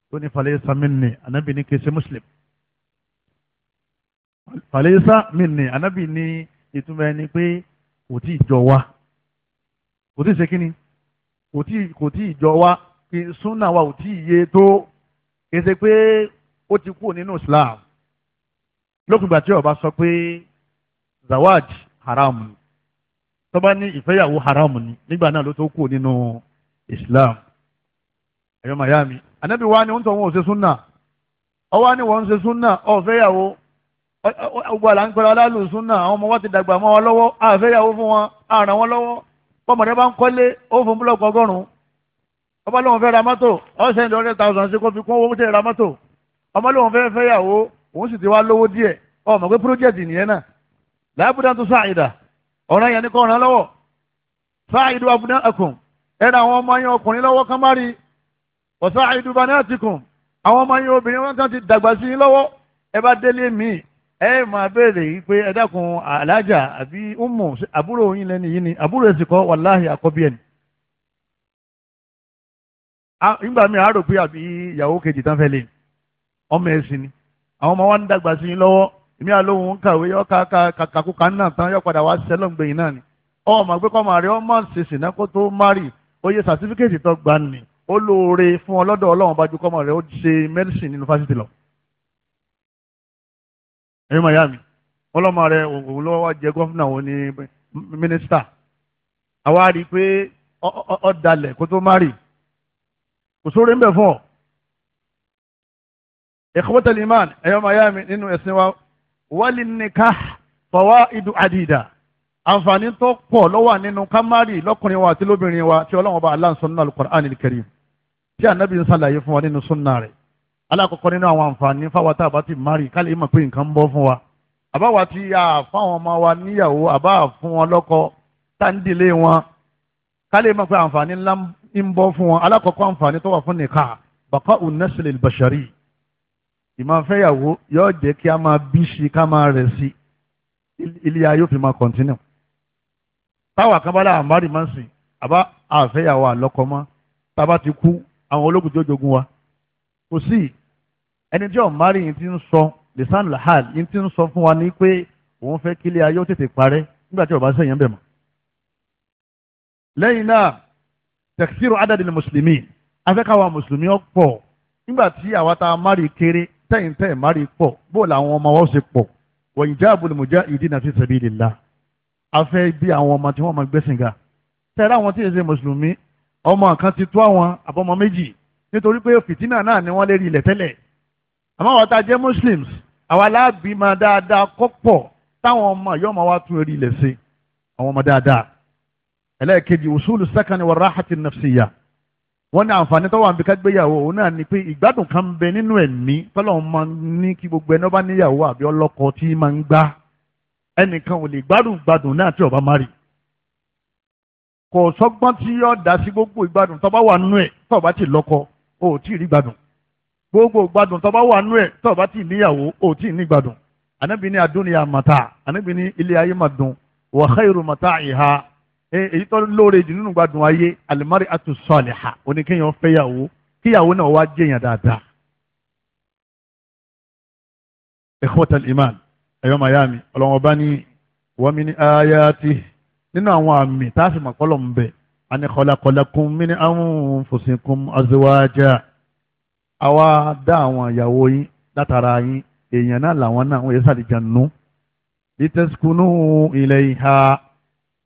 tó ní falisa minni anabi ní kì í ṣe muslim falisa minni anabi ní ìtumọ̀ ẹni pé kò tí ì jọ wá kò tí ì ṣe kíni kò tí kò tí ì jọ wá kí súnà wa ò tí ì yé tó kì í ṣe pé ó ti kúrò nínú Islam lókun ìgbà tí ọba sọ pé zawaj haram ni tó bá ní ìfẹ́yàwó haram ni nígbà náà ló tó kúrò nínú Islam ẹ̀yọ́ mayami anabi wa ni wọ́n tọ́ wọn ò ṣe súnà ọwọ́ ni wọ́n ń ṣe súnà ọ̀fẹ́yàwó ọgbà là ń pẹ́ra alálùsùn náà àwọn ọmọ wa ti dàgbà mọ́ wọn lọ́wọ́ àfẹ́yàwó fún wọn àràn wọn lọ́wọ́ bọ́mọdé bá ń kọ́lé ó fún búlọ̀kù ọgọ́rùn-ún ọba lóun fẹ́ ra mọ́tò ọ̀sẹ̀ ní ọ̀rẹ́ tàùsàn sí kó fi kún owó tẹ̀ ra mọ́tò ọmọ lóun fẹ́ fẹ́yàwó òun sì ti wá lówó díẹ̀ ọmọ pé pírójẹ́tì nìyẹn náà làbúdá tó sáàyìdà ọ̀ràn yẹn ni kò ràn lọ́wọ́ sáàyìdù abúdá ẹkùn ẹ̀rọ àwọn ọmọ yẹn ọkùnrin lọ́wọ́ kan má rí ọ̀sáàyìdù bá náà ti kùn àwọn ọmọ yẹn obìnrin wọn kan ti dàgbà sí i lọ́wọ́ ẹ bá délé míì ẹ máa béèrè yi pé ẹ dákun alájà àbí umu àbúrò yín lẹ́nu yìí ni àbúrò èsì kọ́ wàláhì àkọ́bí ẹ̀ ni. nígbà míì àárò pé àbí ìyàwó kejì tán fẹ́ lè ọmọ ẹ̀sìn ni àwọn ọmọ wa ń dàgbà sí yín lọ́wọ́ èmi àlóhùn ń kàwé yọ ká kàkàkùkà náà tán yọ padà wá náà ni ọmọ àgbẹ̀ kọ́ màrí ọmọ ṣèṣì náà kó tó márì oyè tó lọ. ẹ̀yin miami ọlọ́mọ rẹ òun ló wá jẹ gọ́fúnà òun ní mínísítà àwa rí i pé ọ dalẹ̀ kó tó má rì kò sóore ń bẹ̀ fún ọ. ikhwatal iman ẹ̀yọ́ miami nínú ẹ̀sìn wa wali nikah fawaidu adida àǹfààní tó pọ̀ ló wà nínú kámárì lọ́kùnrin wa àti lóbìnrin wa tí ọlọ́run bá aláǹsọ nínú al-Qur'an tí ànábì ń ṣàlàyé fún wa nínú súnà rẹ̀ alákọ̀ọ́kọ́ nínú àwọn àǹfààní fáwa tá a bá ti mari ká lè mọ̀ pé nǹkan ń bọ́ fún wa àbáwa ti yà fáwọn ọmọ wa níyàwó àbá fún wọn lọ́kọ tá ń dìlé wọn ká lè mọ̀ pé àǹfààní ńlá ń bọ́ fún wọn alákọ̀ọ́kọ́ àǹfààní tó wà fún nìka bàkà unasile bashari ìmọ̀fẹ́yàwó yóò jẹ́ kí a máa bí sí ká máa rẹ̀ sí ilé ayé yóò máa kọ̀ntínú táwa kábàlà àmárì máa ń àbá àfẹ́yàwó àlọ́kọ mọ́ tá a bá ti kú àwọn ológun tó jogun wa kò sí ẹni tí ọ̀mari yìí ti ń sọ lisan lahal yìí ti ń sọ fún wa ní pé òun fẹ́ kílé ayé ó tètè parẹ́ nígbà tí ọba sẹ́yìn bẹ̀ mọ́. lẹ́yìn náà tẹ̀síìrù adadil mùsùlùmí afẹ́káwa mùsùlùmí ọ̀pọ̀ nígbà tí àwa tá a mari kéré tẹ̀yìn tẹ̀ mari pọ̀ bó làwọn ọmọ wa ó ṣe pọ̀ wọ̀nyí jáàbù mujahidina fi sabilillah afẹ́ bí àwọn ọmọ tí wọ́n máa gbẹ́sìn ga tẹ̀lé àwọn tí yẹn ṣe mùsùlùmí ọmọ kan ti tó àwọn àbọ̀mọ méjì nítorí pé fìtínà náà ni wọ́n lè rí ilẹ̀ tẹ́lẹ̀ àmọ́ àwọn tá a jẹ́ muslims àwa láàbí máa dáadáa kọ́pọ̀ táwọn ọmọ yóò máa wá tún rí ilẹ̀ sí àwọn ọmọ dáadáa ẹlẹ́ẹ̀kejì usulu sakani wa rahati nafsiya wọ́n ní àǹfààní tó wà níbi kágbéyàwó òun náà ni pé ìgbádùn kan bẹ nínú ẹ̀mí tọ́lọ́run máa ní kí gbogbo ẹni ọba níyàwó àbí ọlọ́kọ tí máa ń gbá ẹnìkan ò lè gbádùn gbádùn náà tí ọba má rí kò sọ́gbọ́n tí yọ dá sí gbogbo ìgbádùn tọ́ba wà nínú ẹ̀ tọ́ba ti lọ́kọ o ò tí ì rí gbádùn gbogbo gbádùn tó bá wà nú ẹ̀ tó bá tí ì níyàwó o ò tí ì ní gbádùn ànábì ní adúniya mata ànábì ní ilé ayé mà dùn wa khairu mata'iha èyí tó lóore jù nínú gbádùn ayé alimari atu saliha oníkéèyàn fẹ́yàwó kíyàwó náà wá jẹ́yàn dáadáa. ikhwatal iman ẹ̀yọ́ mayami ọlọ́wọ́n bá ní wa ayati nínú àwọn àmì tá a fi mọ̀ kọ́lọ̀ ń ani khalaqalakum min anfusikum azwaja àwa dá àwọn ìyàwó yín látara yín èèyàn náà làwọn náà wọ́n yẹ sàlìjànú litaskunu ilayha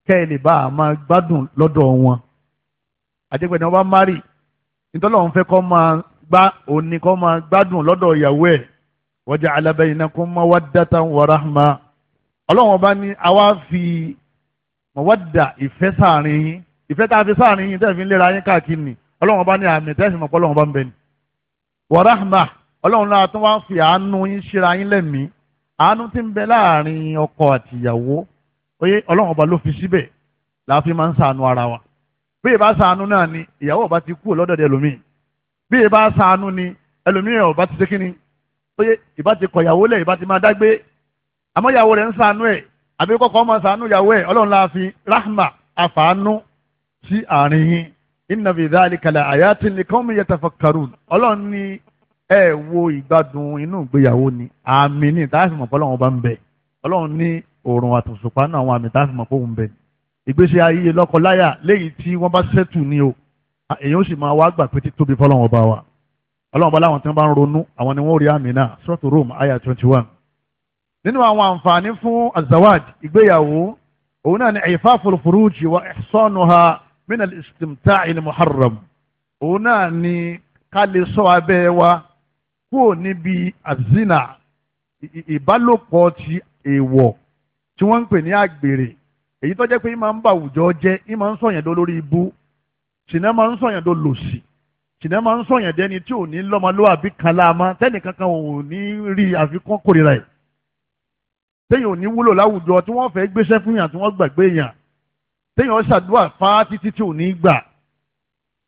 kẹ́ẹ̀lì bá a máa gbádùn lọ́dọ̀ wọn àjẹgbẹ̀ni ọba mari nítorí òun fẹ́ kọ́ máa gbá òní kọ́ máa gbádùn lọ́dọ̀ ìyàwó ẹ̀ waja'ala bainakum mawaddatan wa rahma ọlọ́run ọba ní àwa fi mawadda ìfẹ́ sáàrin yín ìfẹ́ tá a fi sáàrin yín tẹ́ẹ̀fín léra yín káàkiri ni ọlọ́run bá ní àmì tẹ́sán ọ̀pọ̀ ọlọ́run bá ń bẹ ni. wa rahma ọlọ́run náà tún wá ń fi àánú yín ṣíra yín lẹ́mìí àánú tí ń bẹ láàrin ọkọ àtìyàwó oyè ọlọ́run ọba ló fi síbẹ̀ la fi máa ń ṣàánú ara wa bí ìbá ṣàánú náà ni ìyàwó ọba ti kú lọ́dọ̀ ẹlòmíì bí ìbá ṣàánú ni ẹlòmíì ọba ti ṣe kínní oyè ìbá ti kọ̀ ìyàwó lẹ̀ ìbá ti máa dágbé àmọ́ la fi rahma àfàánú sí àárín yín inna fi dhalika la ayatin li qawmin yatafakkarun ọlọ́run ní ẹ wo ìgbádùn inú ìgbéyàwó ni àmì ní ìtàfimọ̀ fọlọ́run ọba ń bẹ ọlọ́run ní òòrùn àtòṣùpá náà àwọn àmì ìtàfimọ̀ fóun bẹ ìgbésí ayé lọ́kọláyà léyìí tí wọ́n bá ṣẹ́tù ni o èyàn ó sì máa wá gbà pé títóbi fọlọ́run ọba wa ọlọ́run ọba láwọn tí wọ́n bá ń ronú àwọn ni wọ́n rí àmì náà sọ́ọ̀tù Rome aya twenty one nínú àwọn àǹfààní fún azawaj ìgbéyàwó òun náà ni ìfáfòrò fúrúùjì wa ihsanuha من الاستمتاع المحرم هنا muharram òun náà ni ká lè sọ abẹ́ wa kúrò níbi azina ìbálòpọ̀ ti èèwọ̀ tí wọ́n ń pè ní àgbèrè èyí tó jẹ́ pé ìmọ̀ ń bà àwùjọ jẹ́ ìmọ̀ ń sọ̀yàn dó lórí ibú ṣìnà máa ń sọ̀yàn dó lòsì ṣìnà máa ń sọ̀yàn dẹ́ni tí ò ní lọ́mọlúwàbí kan láàmọ́ tẹ́nìkan kan ò ní rí àfikún kórìíra ẹ̀ tẹ́yìn ò ní wúlò láwùjọ tí wọ́n fẹ́ gbéṣẹ́ fún yàn tí wọ́n gbàgbé yàn téèyàn ṣàdúrà fá títí tí ò ní gbà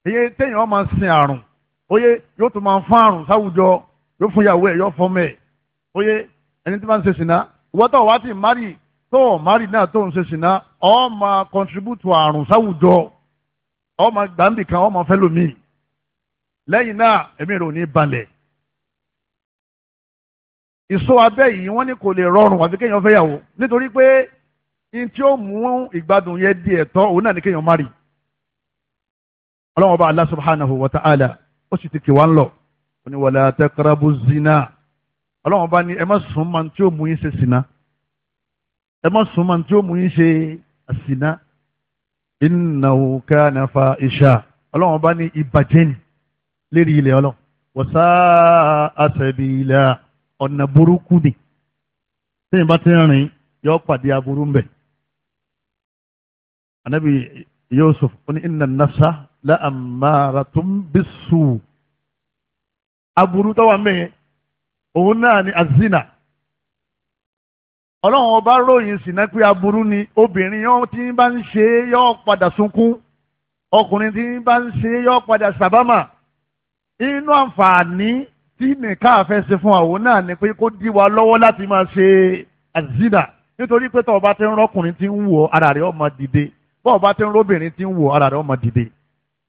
iye téèyàn máa sin àrùn oyè yóò tún máa fún àrùn sáwùjọ yóò fún ìyàwó ẹ̀ yóò oyè ẹni tí wọn ń ṣe sìnà ìwọ tó wá ti mari tó mari náà tó ń ṣe sìnà ọ máa contribute àrùn sáwùjọ ọ máa gbàǹdì kan máa fẹ́ lómi lẹ́yìn náà ní balẹ̀ abẹ́ yìí wọ́n ní kò lè rọrùn àfi kéèyàn fẹ́ yàwó nítorí pé n tí ó mú ìgbádùn yẹn di ẹ̀tọ́ òun náà ní kéèyàn má rí ọlọ́wọ́n bá Allah subhanahu wa ta'ala ó sì ti kì wá ń lọ ó ní zina ọlọ́wọ́n bá ní ẹ má sún máa tí ó mú yín ṣe sìnà ẹ má sún máa tí ó mú yín ṣe sìnà innahu kana fa'isha ọlọ́wọ́n bá ní ìbàjẹ́ ni lérí ilẹ̀ ọlọ́ wọ́sá àṣẹ̀bìlà ọ̀nà burúkú ni tẹ́yìn bá ti rìn pàdé aburú mbẹ́ anabi yusuf ó ní inna nafsa la amaratum bisu aburú tó wà mẹ́yẹn òun náà ni azina ọlọ́run ọba ròyìn sìnà pé aburú ni obìnrin yóò tí ń bá ń ṣe yóò padà sunkún ọkùnrin tí ń bá ń ṣe yóò padà sábàmà inú àǹfààní tí nìkan àfẹsẹ̀ fún àwọn náà ni pé kó dí wa lọ́wọ́ láti máa ṣe azina nítorí pé tọ́ọ̀ bá ti ń rọ́kùnrin tí ń wọ̀ ara rẹ̀ ó dìde bọ́ọ̀ bá ti ń róbìnrin ti ń wò ara rẹ̀ ọmọ dìde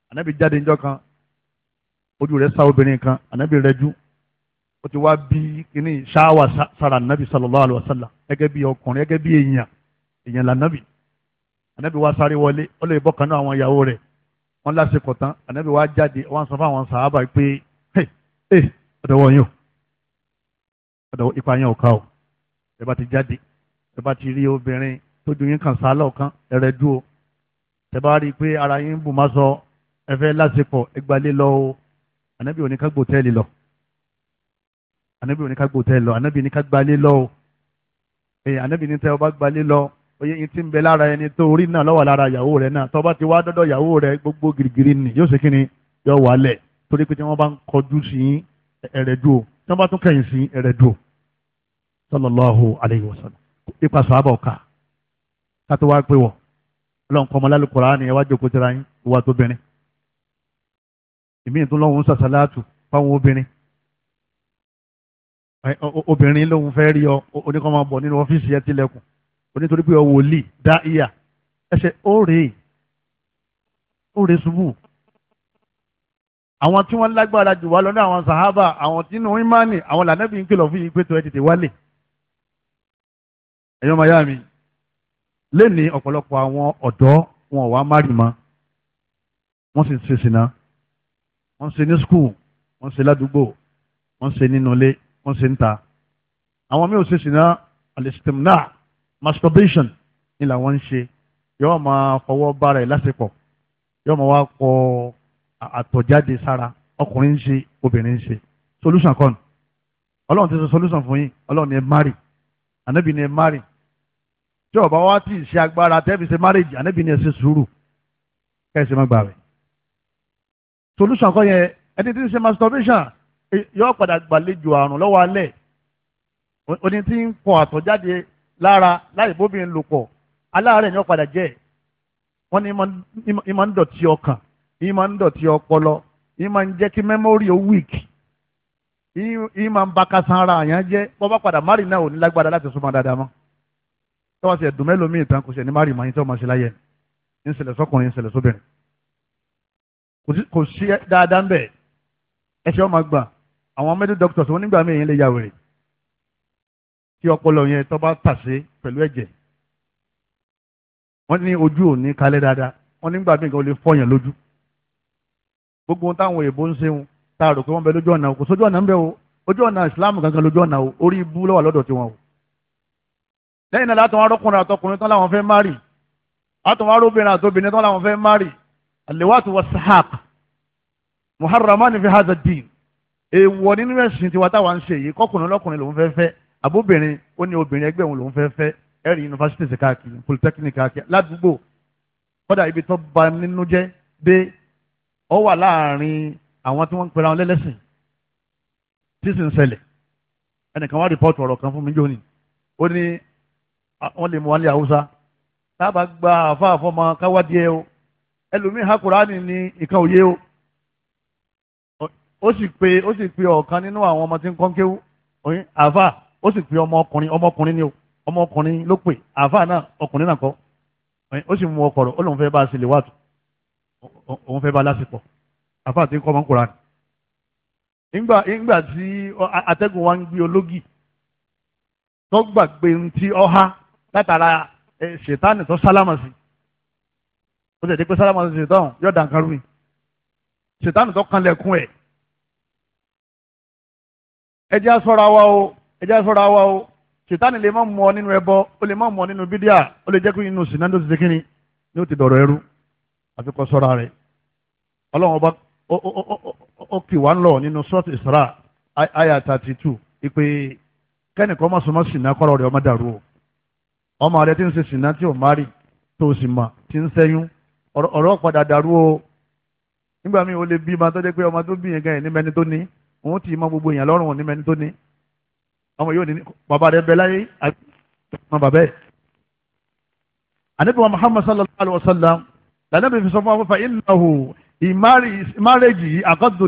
ànábì jáde ńjọ́ kan ojú rẹ̀ sá obìnrin kan ànábì rẹjú ó ti wá bí kíní ṣáwà sára ànábì sallallahu alaihi wasallam gẹ́gẹ́ bí ọkùnrin gẹ́gẹ́ bí èèyàn èèyàn lànàbì ànábì wá sáré wọlé ó lè bọ́ kan náà àwọn ìyàwó rẹ̀ wọ́n lásìkò tán ànábì wá jáde wọ́n sọ fáwọn sàhábà pé ẹ ọ̀dọ̀wọ̀ yín o ọ̀dọ̀wọ̀ ipa yín ò ká o ẹ bá ti jáde ẹ bá ti rí obìnrin tó yín kan sálọ̀ kan ẹ̀rẹ́dú o tẹ́bá rí i pé ara yín bù má sọ ẹ fẹ́ lásìkò ẹgbàlẹ́ lọ o ànábì òní ká gbòtẹ́ẹ̀lì lọ ànábì òní lọ ànábì ní lọ o èyí ànábì ní tẹ́ ọ bá gbalẹ́ lọ oye yín ti ń bẹ lára ẹni tó orí náà lọ́wọ́ lára ìyàwó rẹ̀ náà tọ́ba ti wá dọ́dọ̀ ìyàwó rẹ̀ gbogbo girigiri ni yóò ṣe kí yọ wà lẹ̀ torí pé tí wọ́n bá ń kọjú sí yín ẹ̀rẹ̀dù o tí wọ́n bá tún kẹ̀yìn sí ẹ̀rẹ̀dù o sallallahu alayhi wa sallam ipa sọ àbọ̀ ká ká tó wá pé wọ̀ ọlọ́run kọ́ ọmọlá lukura ni ẹ wá jókòó tira yín ìwà tó bìnrin ìmíì tó lọ́wọ́ ń sàṣàláàtù fáwọn obìnrin obìnrin lòun fẹ́ rí ọ oníkan máa bọ̀ nínú ọ́fíìsì ẹ tilẹ̀kùn onítorí pé ọ wòlíì dá ìyà ẹsẹ̀ ó rèé ó rèé ṣubú àwọn tí wọ́n lágbára jù wá lọ́dọ̀ àwọn sàhábà àwọn tí inú ìmánì àwọn lànàbí ń kìlọ̀ fún yìí pé tó ẹ tètè wálé ẹ̀yọ́ mayami lẹ́ni ọ̀pọ̀lọpọ̀ àwọn ọ̀dọ́ wọn ò wá márì mọ́ wọ́n sì ṣe sìnà wọ́n ṣe ní skul wọ́n ṣe ládùúgbò wọ́n ṣe nínú ilé wọ́n ṣe ń ta àwọn mi ò ṣe sìnà alistimna masturbation ni làwọn ń ṣe yóò máa fọwọ́ bára ẹ̀ lásìkò yóò máa wá kọ àtọ̀jáde sára ọkùnrin ń ṣe obìnrin ń ṣe solution kan ọlọ́run ti sọ solution fún yín ọlọ́run ni ẹ márì ànábì ni tí ọba wa ti ṣe agbára tẹ́bi ṣe márèjì ànábì ni ẹ ṣe sùúrù ẹ ṣe má gbà rẹ̀. solution kan yẹn ẹni tí ń ṣe masturbation yóò padà gbàlejò àrùn lọ́wọ́ alẹ́ oní tí ń kọ àtọ̀jáde lára láì bóbìnrin lò pọ̀ aláàárẹ̀ ni wọ́n padà jẹ́ wọ́n ní ìmọ̀ ń dọ̀tí ọkàn ìmọ̀ ń dọ̀tí ọpọlọ ìmọ̀ ń jẹ́ kí mẹ́mórì ó wíìkì ìmọ̀ ń bá kásán ara àyàn jẹ́ bọ́ bá padà márì náà ò ní lágbára láti súnmọ́ dáadáa mọ́ tọ́wọ́ sí ẹ̀dùn mẹ́lòmí ìtàn kò sí ẹni má rí màá yín tọ́wọ́ máa ṣe láyé ní ìṣẹ̀lẹ̀ sọ́kùnrin ìṣẹ̀lẹ̀ sóbìnrin kò sí dáadáa ń bẹ̀ ẹ̀ṣẹ̀ ọmọ gbà àwọn medical doctors wọn nígbà míì yẹn lè ya wèrè tí ọpọlọ yẹn tó bá tàṣe pẹ̀lú ẹ̀jẹ̀ wọ́n ní ojú ò ní kalẹ̀ dáadáa wọ́n nígbà míì kan ò lè fọyàn lójú gbogbo ohun táwọn lẹ́yìn náà látọ̀ wọn arọ́kùnrin àtọkùnrin tán làwọn fẹ́ márì látọ̀ wọn arọ́bìnrin àtọbìnrin tán làwọn fẹ́ márì àlewàtú wa sahaq muharramani fi haza din èèwọ̀ nínú ẹ̀sìn tiwa táwa ń ṣe yìí kọkùnrin lọkùnrin lòún fẹ́ fẹ́ àbóbìnrin ó ní obìnrin ẹgbẹ́ òun lòún fẹ́ fẹ́ ẹ̀rí yunifásitì ṣe káàkiri polytechnic káàkiri ládùúgbò kọ́dà ibi tó ba nínú jẹ́ dé ọ wà láàrin àwọn tí wọ́n ń pera wọn lẹ́lẹ́sìn tí sì ń ṣẹlẹ̀ ẹnìkan wá rìpọ́ọ̀tù ọ̀rọ̀ kan fún mi jóni ó ní Ah, wọ́n lè mú wọn lé haúsá tábà gba àfáàfọ́ ma káwádìí ẹ o ẹlòmíín ha kùránì ní ìkan òye o ó sì pe ó sì pe ọ̀kan nínú àwọn ọmọ tí ń kọ́ńkéwú oyin àfáà ó sì pe ọmọkùnrin ọmọkùnrin ni o ọmọkùnrin ló pè àfáà náà ọkùnrin náà kọ́ oyin ó sì mú ọkọ̀ rọ̀ ó lóun fẹ́ bá a ṣe lè wàtò òun fẹ́ bá a lásìkò àfáà tí kọ́ ọmọ kùránì ìgbà ìgbà tí atẹ́gùn wa ń gbé ológì tó gbàgbé ntí ọha látara eh, ṣètánì tó sálámà sí ó sì ti pé sálámà sí ṣètánì yóò dàn kan rúmi ṣètánì tó kanlẹ̀kùn ẹ̀ ẹ jẹ́ aṣọ́ra wa o ẹ jẹ́ aṣọ́ra wa o ṣètánì lè má mú nínú ẹbọ ó lè má mú nínú bídíà ó lè jẹ́ kó inú sìnà ló ti ṣe kínni ni ó ti dọ̀rọ̀ ẹrú àfi kọ́ sọ́ra rẹ̀ ọlọ́run ọba ó kì wá ń lọ nínú sọ́ọ̀tì Isra àyà thirty two ìpè kẹ́nìkan má sọ má sìnà kọ́rọ̀ rẹ̀ ọmọ dàrú o ọmọ rẹ ti ń ṣe sìnà tí ò márì tó sì mà ti ń ṣẹ́yún ọ̀rọ̀ padà dàrú o nígbà míì o lè bí ma tó dé pé ọmọ tó bí yẹn gan yẹn ní mẹni tó ní òun ti mọ gbogbo èèyàn lọ́rùn ní mẹni tó ní ọmọ yóò ní bàbá rẹ bẹ láyé àbí bàbá ẹ. àníbàbà Muhammad sallallahu alayhi wa sallam lànàbì fi sọ fún wa fa ìmárèjì yìí àkọ́dù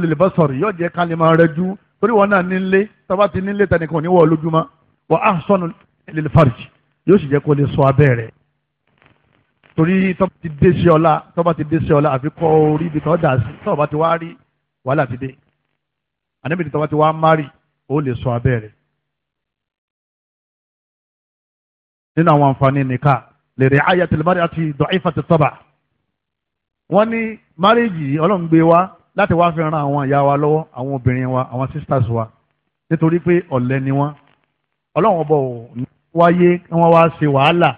yóò jẹ́ kálí máa rẹjú torí wọn náà nílé tọ́ba ti nílé tẹnìkan ní yóò sì jẹ́ kó lè sọ abẹ́ rẹ̀ torí tọ́ba ti dé sí ọlá tọ́ba ti dé sí ọlá àfi kọ́ orí ibi tọ́ da sí tọ́ba ti wá rí wàhálà ti dé àníbi tí tọ́ba ti wá márì ó lè sọ abẹ́ rẹ̀ nínú àwọn àǹfààní nìka lè rí ayé tẹlifárí àti dọ̀ífà ti tọ́ba wọ́n ní márìjì ọlọ́run wa láti wá fi ran àwọn ìyá wa lọ́wọ́ àwọn obìnrin wa àwọn sisters wa nítorí pé ọ̀lẹ ni wọ́n ọlọ́run ọbọ̀ ò wáyé kí wọ́n wá ṣe wàhálà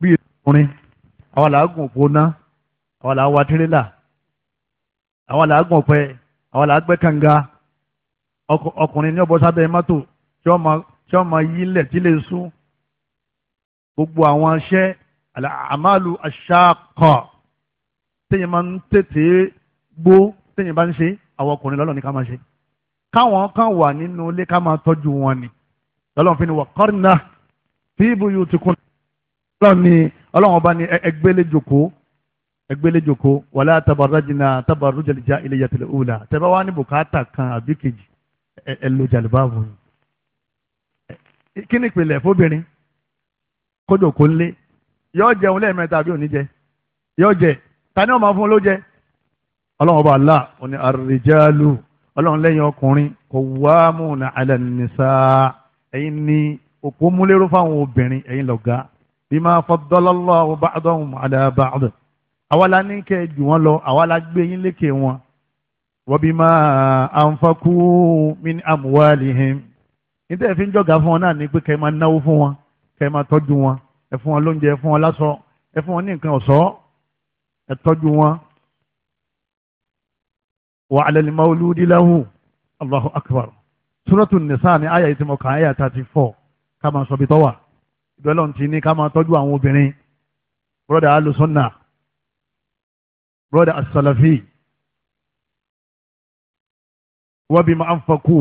bí ìrìn àwọn làágùn òpóná àwọn làá wa tírélà àwọn làágùn ọ̀pẹ àwọn làá gbẹ́ kànga ọkùnrin ní ọbọ sábẹ́ mọ́tò tí ọmọ yìí lẹ̀ tí lè sún gbogbo àwọn aṣẹ́ àmàlù aṣáàkọ̀ téèyàn máa ń tètè gbó téèyàn bá ń ṣe àwọn ọkùnrin lọ́lọ́ ní ká máa ṣe káwọn kan wà nínú ilé ká máa tọ́jú wọn ni lọ́lọ́run fi ni wọ́n kọ́rìnà tí ibu yóò ti kún lọ́lọ́run ni ọlọ́run ọba ni ẹgbẹ́lẹ́ jòkó ẹgbẹ́lẹ́ jòkó wàlá tabarajina tabarujalijà ilé yàtìlẹ̀ òwúlà tẹ́bá wá ní bùkátà kan àbí kejì ẹ lo jàlùbáàbù yìí kí ni ìpìlẹ̀ fóbìnrin kódò kó lé yọ jẹun lẹ́ẹ̀mẹ́ta àbí òní jẹ yọ jẹ ta ọmọ fún ló jẹ ọlọ́run ọba àlá òní àrìjálù ọlọ́run lẹ́yìn ọkùnrin kò wá mú un àlẹ́ nìsáà ẹ̀yin ni òpó múlẹ́rú fáwọn obìnrin ẹ̀yin lọ̀gá bima faddalallahu ba'dahum ala ba'd àwa la ní kẹ́ jù wọ́n lọ àwa la gbé yín lékè wọn wa bima anfaqu min amwalihim níta ẹ̀fín jọ̀gá fún wọn náà ní pé kẹ́ ẹ máa náwó fún wọn kẹ́ ẹ máa tọ́jú wọn ẹ fún wọn lóúnjẹ ẹ fún wọn láṣọ ẹ fún wọn ní nǹkan ọ̀ṣọ́ ẹ tọ́jú wọn. wa ala al-mawludi lahu Allahu akbar Suratu Nisa ni àyà yìí tí mo kàn àyà thirty four ká máa sọ bí tọ́wà ìbẹ́lọ̀ ti ní ká máa tọ́jú àwọn obìnrin broda alusunna broda asalafi wọ́n bí máa ń fọkù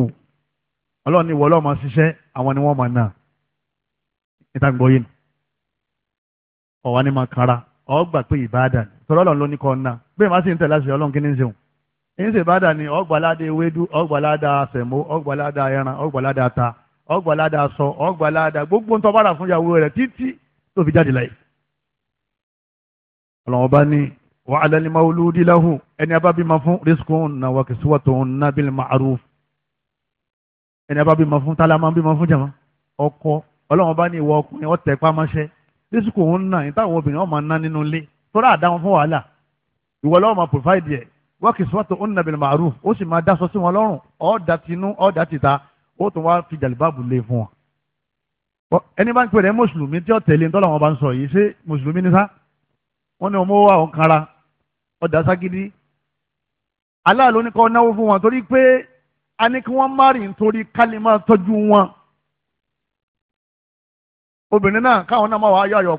ọlọ́run ni wọ́lọ́ máa ṣiṣẹ́ àwọn ni wọ́n máa nà níta gbọ́yé ni ọ̀wá ni máa kára ọ̀gbà pé ìbáàdà tọ́lọ́lọ́run ló ní kọ́ ọ̀nà bẹ́ẹ̀ máa sì ń tẹ̀lé àṣẹ ọlọ́run kí ní ń ṣeun ẹ̀yìn da ni ọgbàládà ewedu ọgbàládà sẹ̀mó ọgbàládà ẹran ọgbàládà ta ọgbàládà sọ ọgbàládà gbogbo ntọ́ bára fún ìyàwó rẹ̀ títí tó fi jáde láyé. ọlọ́wọ́n bá ní wa 'ala al-mawludi lahu ẹni abábímọ fún rizquhunna wa kiswatuhunna bil ma'ruf ẹni abábímọ fún tálámà bímọ fún jàmá ọkọ ìwọ ọkùnrin ìtàwọn obìnrin wọ́n kì í sọ́tò ó nàbẹ̀lẹ̀ màrú ó sì máa dáṣọ sí wọn lọ́rùn ọ̀ọ́dà tinú ọ̀ọ́dà tìta ó tún wá fi jàlíbáàbù lé fún wọn. ẹni bá ń pè rẹ̀ mùsùlùmí tí ó tẹ̀lé ńtọ́lá wọn bá ń sọ yìí ṣé mùsùlùmí ni sá wọn ni ọmọ wa ọ̀nkara ọ̀dà ságídí. aláàlú ní kọ́ náwó fún wọn torí pé a ní kí wọ́n má rìn torí kálí máa tọ́jú wọn. obìnrin náà káwọn náà máa wá ayọ̀ àyọ̀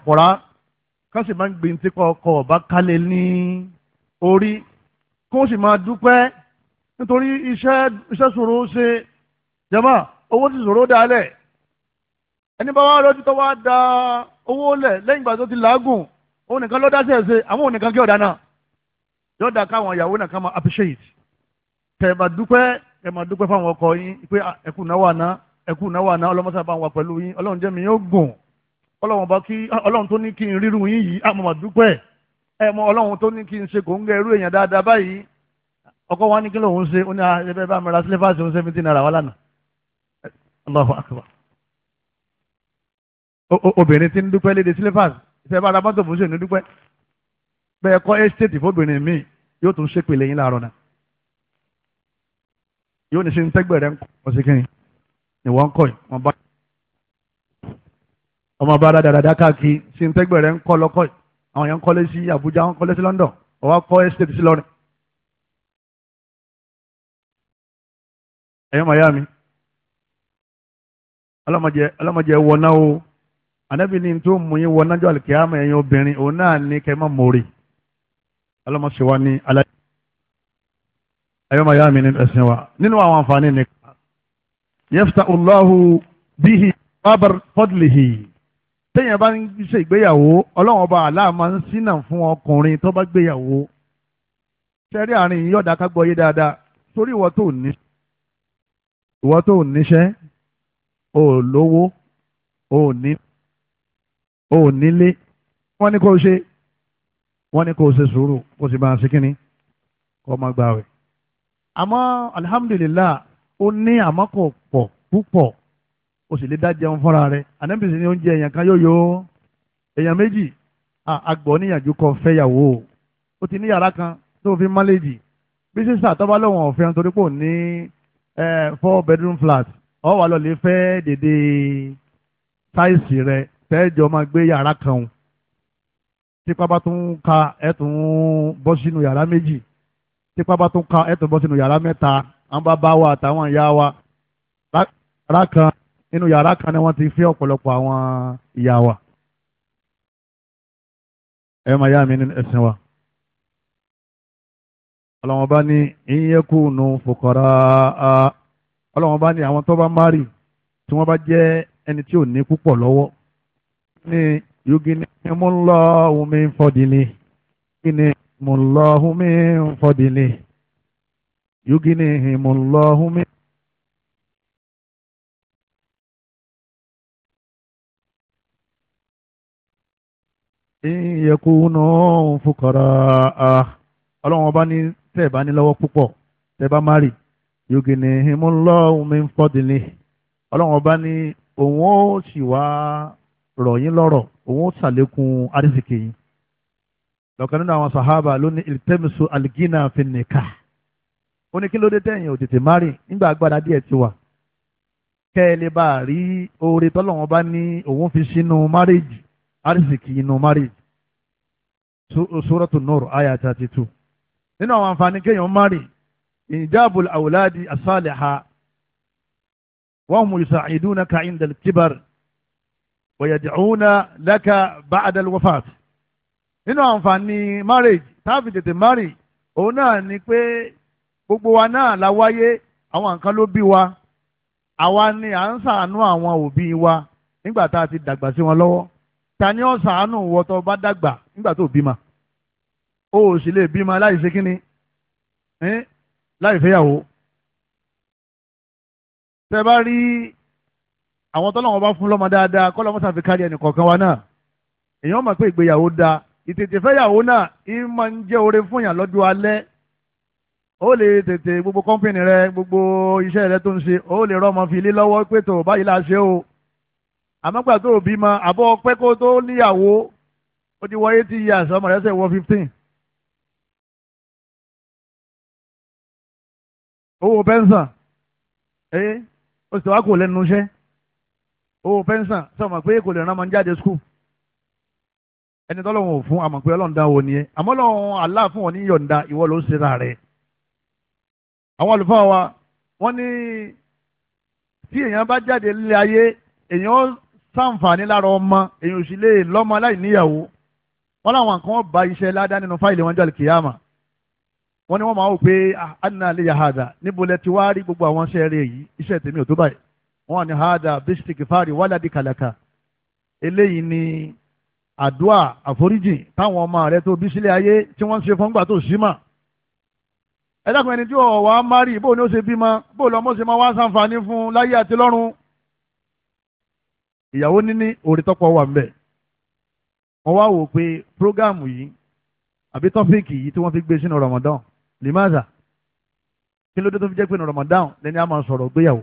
kó sì máa dúpẹ́ nítorí iṣẹ́ iṣẹ́ ṣòro ṣe jama owó ti ṣòro dálẹ̀ ẹni bá wá lọ́jọ́ wá da owó lẹ̀ lẹ́yìn ìgbà tó ti làágùn òun nìkan lọ́dá sí ẹ̀sẹ̀ àwọn òun nìkan kí ọ̀dà náà yóò da káwọn ìyàwó nìkan máa appreciate tẹ̀ ẹ̀ máa dúpẹ́ ẹ̀ máa dúpẹ́ fáwọn ọkọ yín pé ẹ̀kú náwó àná ẹ̀kú náwó àná ọlọ́mọṣẹ́ bá wà pẹ̀lú yín ọlọ́run jẹ́ mi yóò gùn ọlọ́run bá kí ọlọ́run tó ní kí n rírun yín yìí àmọ́ máa dúpẹ́ ẹ mọ ọlọ́run tó ní kí n ṣe kò ń gẹ irú èèyàn dáadáa báyìí ọkọ wa ní kí lòun ṣe ó ní ẹbẹ bá mi ra sílẹ́fàṣì òun seventy naira wà lánàá Allahu akbar obìnrin ti ń dúpẹ́ léde sílẹ́fàṣì ìfẹ́ bá ara mọ́tò fún ṣe ní dúpẹ́ bẹ́ẹ̀ kọ́ ẹ́stéètì fóbìnrin míì yóò tún ṣépele yín láàárọ̀ náà yóò ní ṣe ń tẹ́gbẹ̀rẹ́ ń kọ́ sí kínní ìwọ ń kọ́ ọmọ bá dáadáa káàkiri ṣe ń tẹ́gbẹ̀rẹ́ ń kọ́ lọ́kọ́ àwọn èèyàn kọ́lé sí Abuja wọ́n kọ́lé sí London wọ́n wá kọ́ estate sí lọ́rin. ẹ̀yin Miami ọlọ́mọdé ọlọ́mọdé wọná o anabi ni tó mú yín wọná jọ àlùkìyàmọ̀ ẹ̀yin obìnrin òun náà ní kẹ́ mọ́ mórí ọlọ́mọṣẹ́wá ní alẹ́ ẹ̀yin Miami ni ẹ̀sìn wa nínú àwọn àǹfààní ni. yẹ́fta Allahu bíhi bábà fọ́dùlìhì téèyàn bá ń ṣe ìgbéyàwó ọlọ́run ọba àlá máa ń ṣínà fún ọkùnrin tó bá gbéyàwó sẹ́rí àárín yìí yọ̀dá ká gbọ́yé dáadáa sórí ìwọ tó ní ìwọ tó níṣẹ́ ò lówó ò ní ò nílé wọ́n ní kó ṣe wọ́n ní kó ṣe sùúrù kó sì máa ṣe kínní kó máa gbà wẹ̀. àmọ́ alihamudulilayi ó ní àmọ́kọ̀ pọ̀ púpọ̀ o sì lè dá jẹun fúnra rẹ ànábì sì ni oúnjẹ èèyàn kan yóò yó èèyàn méjì àgbọ̀ níyànjú kọ fẹ́yàwó o ti ní yàrá kan tó fi málèjì bí sísà tọ́ba lọ́wọ́n ọ̀fẹ́ nítorí pò ní four bedroom flat ọ wà lọ lè fẹ́ dèdè sáìsì rẹ tẹ́jọ́ máa gbé yàrá kan o tipa bá tún ka ẹ tún bọ́ sínú yàrá méjì tipa bá tún ka ẹ tún bọ́ sínú yàrá mẹ́ta àwọn bàbá wa àtàwọn ìyá wa rákan inú yàrá kan ni wọ́n ti fẹ́ ọ̀pọ̀lọpọ̀ àwọn ìyá wa ẹ máa yá mi nínú ẹ̀sìn wa ọlọ́wọ́n bá ní ìyẹ́kùnù fòkọ́rá ọlọ́wọ́n bá ní àwọn tó bá márì tí wọ́n bá jẹ́ ẹni tí ò ní púpọ̀ lọ́wọ́ ní yugini múlọ́ọ̀hún mi fọ́dìlì yugini múlọ́ọ̀hún mi fọ́dìlì yugini múlọ́ọ̀hún mi yakunu fuqaraa ọlọ́run ọba ní tẹ́ ẹ̀ bá ní lọ́wọ́ púpọ̀ tẹ́ ẹ bá má rì yughnihimullahu min fadlihi ọlọ́run ọba ní òun ó sì wá rọ̀ yín lọ́rọ̀ òun ó ṣàlékún àrísìkì yín lọ́kàn nínú àwọn sàhábà ló ní iltemisu algina fi nikah ó ní kí ló dé tẹ̀yìn ò má rì nígbà agbára díẹ̀ ti wà kẹ́ ẹ lè bá rí oore tọ́lọ́run ọba ní òun fi sínú márèèjì arísìkì inú marriage sóràtù nọ́ọ̀rù àyà thirty two nínú àwọn àǹfààní kéèyàn mari ìjábùl àwòláàdì àsálẹ̀ha wọ́n mú yusa'idunaka inda al-kibar wa yad'una laka ba'da al-wafat nínú àǹfààní marriage táàfin tètè marry òun náà ni pé gbogbo wa náà la wáyé àwọn nǹkan ló bí wa àwa ni à ń ṣàánú àwọn òbí wa nígbà tá a ti dàgbà sí wọn lọ́wọ́ ta ni ó ṣàánú wọ tó bá dàgbà nígbà tó bímọ o ò sì lè bímọ láì ṣe kínni láì fẹ́yàwó tẹ bá rí àwọn tọ́lọ́wọ́n bá fún lọ́mọ dáadáa kọ́ lọ́mọ sàfi kárí ẹnì kọ̀ọ̀kan wa náà èèyàn mọ̀ pé ìgbéyàwó da ìtètè fẹ́yàwó náà ń máa ń jẹ́ oore fún yàn lọ́jọ́ alẹ́ ó lè tètè gbogbo kọ́ńpìnì rẹ gbogbo iṣẹ́ rẹ tó ń ṣe ó lè rọ́mọ fi ilé lọ́wọ́ pé tó báyìí la ṣe o àmọ́gbà tó bí ma àbọ̀ pẹ́ kó tó níyàwó ó ti wọ eighty years ọmọ rẹ̀ ṣẹ̀ wọ fifteen. owó pẹ́ńsàn ẹ ó sì wá kò lẹ́nu iṣẹ́ owó pẹ́ńsàn sọ̀mọ̀ pé kò lè ràn máa ń jáde skul ẹni tọ́lọ́hún ò fún àmọ̀ pé ọlọ́run dáwọ́ ni ẹ àmọ́ lọ́hún Allah fún ọ ní yọ̀ǹda ìwọ ló ṣe rárẹ̀ àwọn àlùfáà wa wọ́n ní tí èèyàn bá jáde nílé ayé èèyàn sáǹfààní lára ọmọ èyàn òsì lè lọ́mọ láì níyàwó wọn làwọn kan bá iṣẹ́ ládá nínú fáìlì wọn jọ kìyàmà wọn ni wọn máa wò pé ah, anna lè yà hàdà níbo lẹ ti wá rí gbogbo àwọn iṣẹ́ rẹ yìí iṣẹ́ tèmi ò tó báyìí wọn ni hàdà bísítìkì fáàrí wáládì kàlàkà eléyìí ni àdúà àforíjì táwọn ọmọ rẹ tó bí sílé ayé tí wọ́n ń ṣe fún gbà tó sí mà ẹ dákun ẹni tí ọ̀wá mari bó ni ó ṣe bímọ bó lọ́mọ́ ṣe ìyàwó níní òrítọ́pọ̀ wà ńbẹ̀ wọ́n wá wò pé prógáàmù yìí àbí tọ́fíìkì yìí tí wọ́n fi gbé sínú Ramadan limaza kí ló dé tó fi jẹ́ pé ní Ramadan lẹ́ni a máa sọ̀rọ̀ gbéyàwó